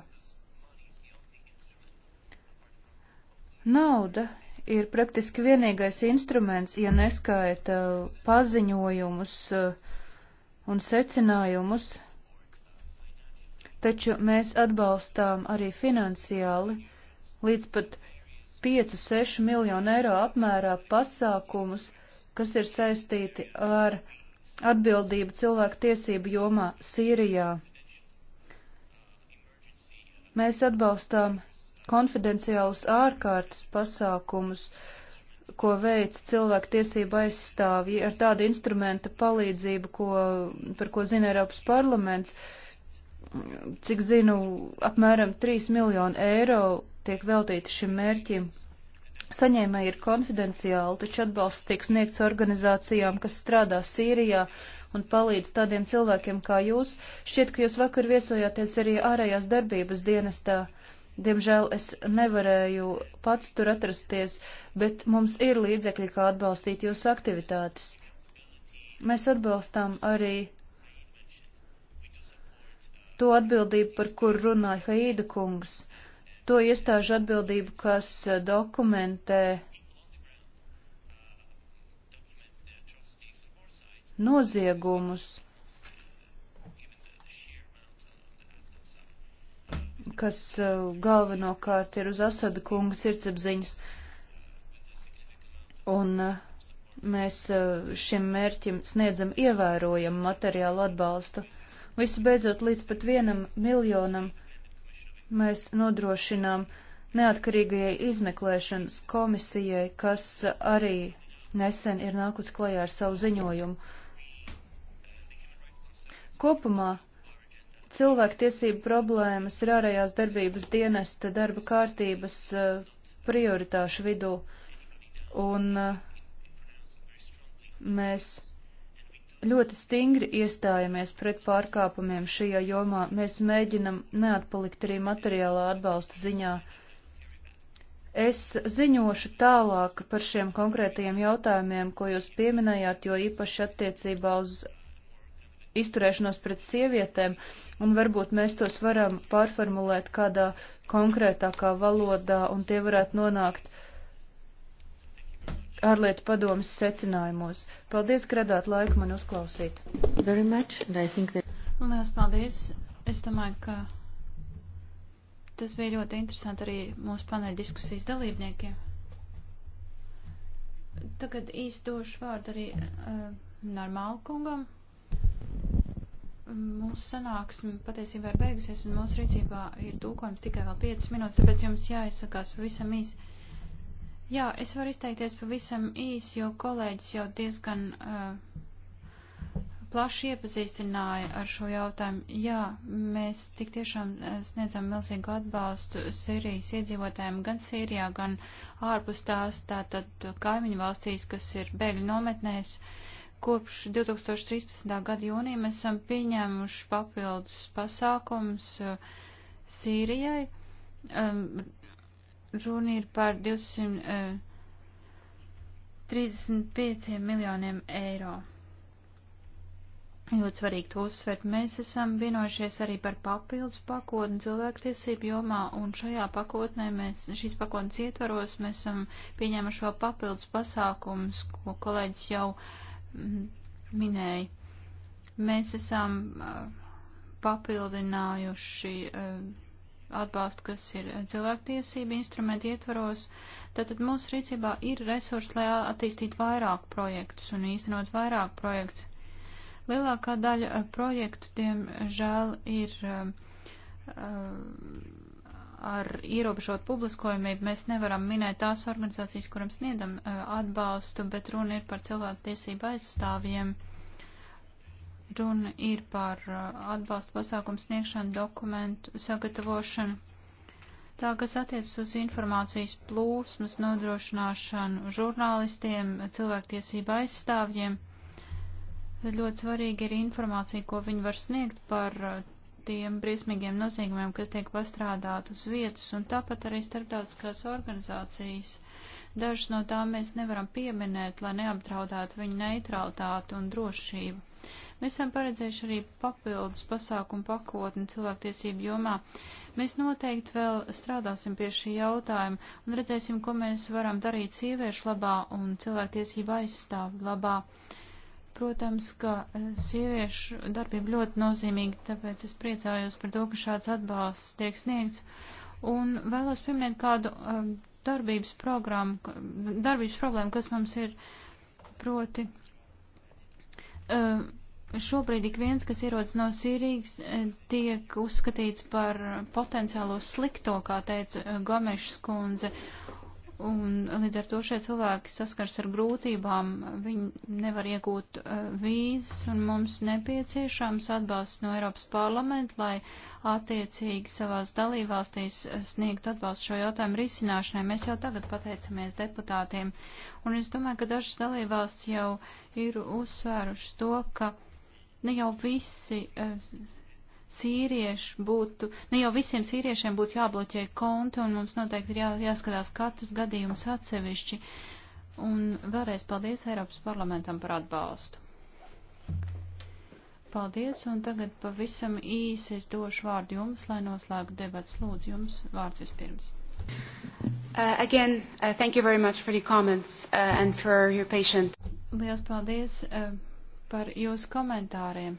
Nauda ir praktiski vienīgais instruments, ja neskaita paziņojumus eh, un secinājumus, taču mēs atbalstām arī finansiāli līdz pat 5-6 miljonu eiro apmērā pasākumus, kas ir saistīti ar atbildību cilvēku tiesību jomā Sīrijā. Mēs atbalstām konfidenciālus ārkārtas pasākumus, ko veic cilvēku tiesība aizstāvji ar tādu instrumenta palīdzību, ko, par ko zina Eiropas parlaments. Uh, cik zinu, apmēram 3 miljonu eiro tiek veltīti šim mērķim. Saņēmēji ir konfidenciāli, taču atbalsts tiek sniegts organizācijām, kas strādā Sīrijā un palīdz tādiem cilvēkiem kā jūs. Šķiet, ka jūs vakar viesojāties arī ārējās darbības dienestā. Diemžēl es nevarēju pats tur atrasties, bet mums ir līdzekļi, kā atbalstīt jūsu aktivitātes. Mēs atbalstām arī to atbildību, par kur runāja Haida kungs, to iestāžu atbildību, kas eh, dokumentē noziegumus, kas eh, galvenokārt ir uz Asada kunga sirdsapziņas. Un eh, mēs šim mērķim sniedzam ievērojamu materiālu atbalstu. Visu beidzot līdz pat vienam miljonam mēs nodrošinām neatkarīgajai izmeklēšanas komisijai, kas arī nesen ir nākus klajā ar savu ziņojumu. Kopumā cilvēktiesību problēmas ir ārējās darbības dienesta darba kārtības eh, prioritāšu vidū, un eh, mēs ļoti stingri iestājamies pret pārkāpumiem šajā jomā. Mēs mēģinam neatpalikt arī materiālā atbalsta ziņā. Es ziņošu tālāk par šiem konkrētajiem jautājumiem, ko jūs pieminējāt, jo īpaši attiecībā uz izturēšanos pret sievietēm, un varbūt mēs tos varam pārformulēt kādā konkrētākā valodā, un tie varētu nonākt uh, ārlietu padomas secinājumos. Paldies, ka radāt laiku man uzklausīt. Very
much, and I think that...
Lielas paldies. Es domāju, ka tas bija ļoti interesanti arī mūsu paneļa diskusijas dalībniekiem. Tagad īsti došu vārdu arī uh, eh, normālu kungam. Mūsu sanāksme patiesībā ir beigusies un mūsu rīcībā ir tūkojums tikai vēl 5 minūtes, tāpēc jums jāizsakās pavisam īsi. Uh, Jā, es varu izteikties pavisam īsi, jo kolēģis jau diezgan uh, plaši iepazīstināja ar šo jautājumu. Jā, mēs tik tiešām uh, sniedzam milzīgu atbalstu Sīrijas iedzīvotājiem gan Sīrijā, gan ārpus tās, tātad kaimiņu valstīs, kas ir bēgļu nometnēs. Kopš 2013. gada jūnija mēs esam pieņēmuši papildus pasākums uh, Sīrijai. Um, Runa ir par 235 eh, miljoniem eiro. Ļoti svarīgi to uzsvērt. Mēs esam vienojušies arī par papildus pakotni cilvēktiesību jomā, un šajā pakotnē mēs, šīs pakotnes ietvaros, mēs esam pieņēmuši vēl papildus pasākumus, ko kolēģis jau mm, minēja. Mēs esam eh, papildinājuši eh, atbalstu, kas ir cilvēktiesība instrumenti ietvaros, tātad mūsu rīcībā ir resursi, lai attīstītu vairāk projektus un īstenot vairāk projektus. Lielākā daļa projektu, diemžēl, ir uh, ar ierobežot publiskojumību. Mēs nevaram minēt tās organizācijas, kuram sniedam uh, atbalstu, bet runa ir par cilvēktiesību aizstāvjiem. Uh, Runa ir par uh, atbalstu pasākumu sniegšanu, dokumentu sagatavošanu. Tā, kas attiecas uz informācijas plūsmas nodrošināšanu žurnālistiem, cilvēktiesība aizstāvjiem, ļoti svarīgi ir informācija, ko viņi var sniegt par uh, tiem briesmīgiem noziegumiem, kas tiek pastrādāt uz vietas, un tāpat arī starptautiskās organizācijas. Dažas no tām mēs nevaram pieminēt, lai neapdraudētu viņu neutralitāti un drošību. Mēs esam paredzējuši arī papildus pasākumu pakotni cilvēktiesību jomā. Mēs noteikti vēl strādāsim pie šī jautājuma un redzēsim, ko mēs varam darīt sieviešu labā un cilvēktiesību aizstāvu labā. Protams, ka e, sieviešu darbība ļoti nozīmīga, tāpēc es priecājos par to, ka šāds atbalsts tiek sniegts. Un vēlos pieminēt kādu um, darbības programmu, darbības problēmu, kas mums ir proti. Um, šobrīd ik viens, kas ierodas no Sīrijas, eh, tiek uzskatīts par potenciālo slikto, kā teica eh, Gomešs kundze. Un līdz ar to šie cilvēki saskars ar grūtībām, viņi nevar iegūt uh, eh, vīzes, un mums nepieciešams atbalsts no Eiropas parlamenta, lai attiecīgi savās dalībvalstīs sniegtu atbalstu šo jautājumu risināšanai. Mēs jau tagad pateicamies deputātiem, un es domāju, ka dažas dalībvalsts jau ir uzsvērušas to, ka uh, ne jau visi eh, sīrieši būtu, ne jau visiem sīriešiem būtu jābloķē konti, un mums noteikti ir jā, jāskatās katrs gadījums atsevišķi. Un vēlreiz paldies Eiropas parlamentam par atbalstu. Paldies, un tagad pavisam īsi es došu vārdu jums, lai noslēgtu debats. Lūdzu, jums vārds vispirms. Uh, again, uh, thank you very much for the comments uh, and
for your patience.
Lielas paldies. Uh, par jūsu komentāriem.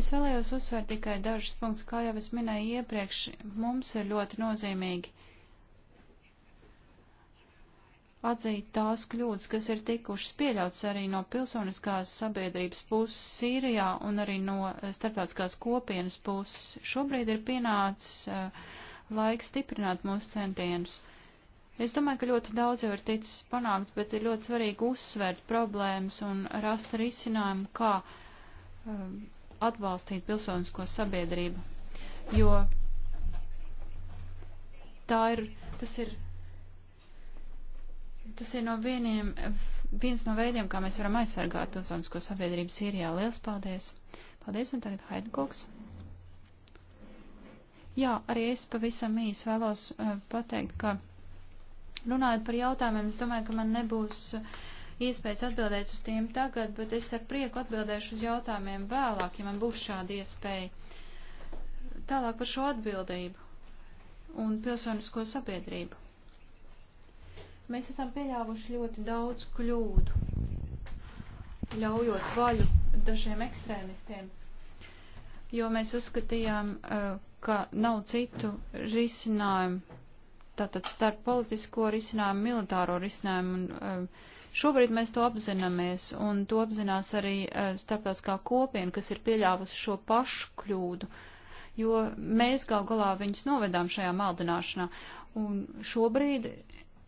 Es vēlējos uzsvērt tikai dažus punktus, kā jau es minēju iepriekš, mums ir ļoti nozīmīgi atzīt tās kļūdas, kas ir tikušas pieļauts arī no pilsoniskās sabiedrības puses Sīrijā un arī no eh, starptautiskās kopienas puses. Šobrīd ir pienācis uh, laiks stiprināt mūsu centienus. Uh, Es domāju, ka ļoti daudz jau ir ticis panākts, bet ir ļoti svarīgi uzsvērt problēmas un rast risinājumu, kā um, atbalstīt pilsonisko sabiedrību, jo tā ir, tas ir, tas ir no vieniem, viens no veidiem, kā mēs varam aizsargāt pilsonisko sabiedrību Sīrijā. Liels paldies! Paldies, un tagad Haidkoks. Jā, arī es pavisam īsi vēlos uh, pateikt, ka Runājot par jautājumiem, es domāju, ka man nebūs iespējas atbildēt uz tiem tagad, bet es ar prieku atbildēšu uz jautājumiem vēlāk, ja man būs šāda iespēja. Tālāk par šo atbildību un pilsonisko sabiedrību. Mēs esam pieļāvuši ļoti daudz kļūdu, ļaujot vaļu dažiem ekstrēmistiem, jo mēs uzskatījām, eh, ka nav citu risinājumu tātad starp politisko risinājumu, militāro risinājumu. Un, eh, šobrīd mēs to apzināmies, un to apzinās arī eh, starptautiskā kopiena, kas ir pieļāvusi šo pašu kļūdu, jo mēs gal galā viņus novedām šajā maldināšanā. Un šobrīd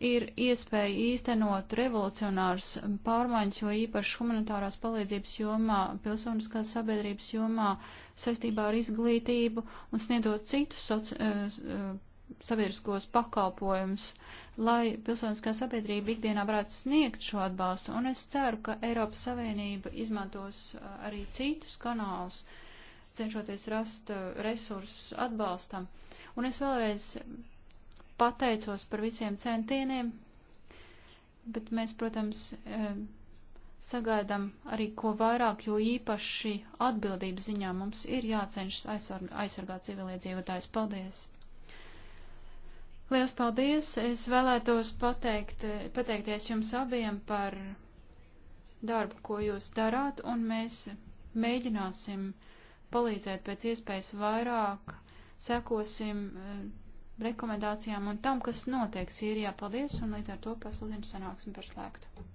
ir iespēja īstenot revolucionārs pārmaiņas, jo īpaši humanitārās palīdzības jomā, pilsoniskās sabiedrības jomā, saistībā ar izglītību un sniedot citus soci, eh, sabiedriskos pakalpojumus, lai pilsoniskā sabiedrība ikdienā varētu sniegt šo atbalstu. Un es ceru, ka Eiropas Savienība izmantos uh, arī citus kanālus, cenšoties rast uh, resursus atbalstam. Un es vēlreiz pateicos par visiem centieniem, bet mēs, protams, uh, sagaidām arī ko vairāk, jo īpaši atbildības ziņā mums ir jācenšas aizsargāt civiliedzīvotājs. Paldies! Liels paldies! Es vēlētos pateikt, pateikties jums abiem par darbu, ko jūs darāt, un mēs mēģināsim palīdzēt pēc iespējas vairāk, sekosim eh, rekomendācijām un tam, kas notiek Sīrijā. Paldies, un līdz ar to pasludinu sanāksim par slēgtu.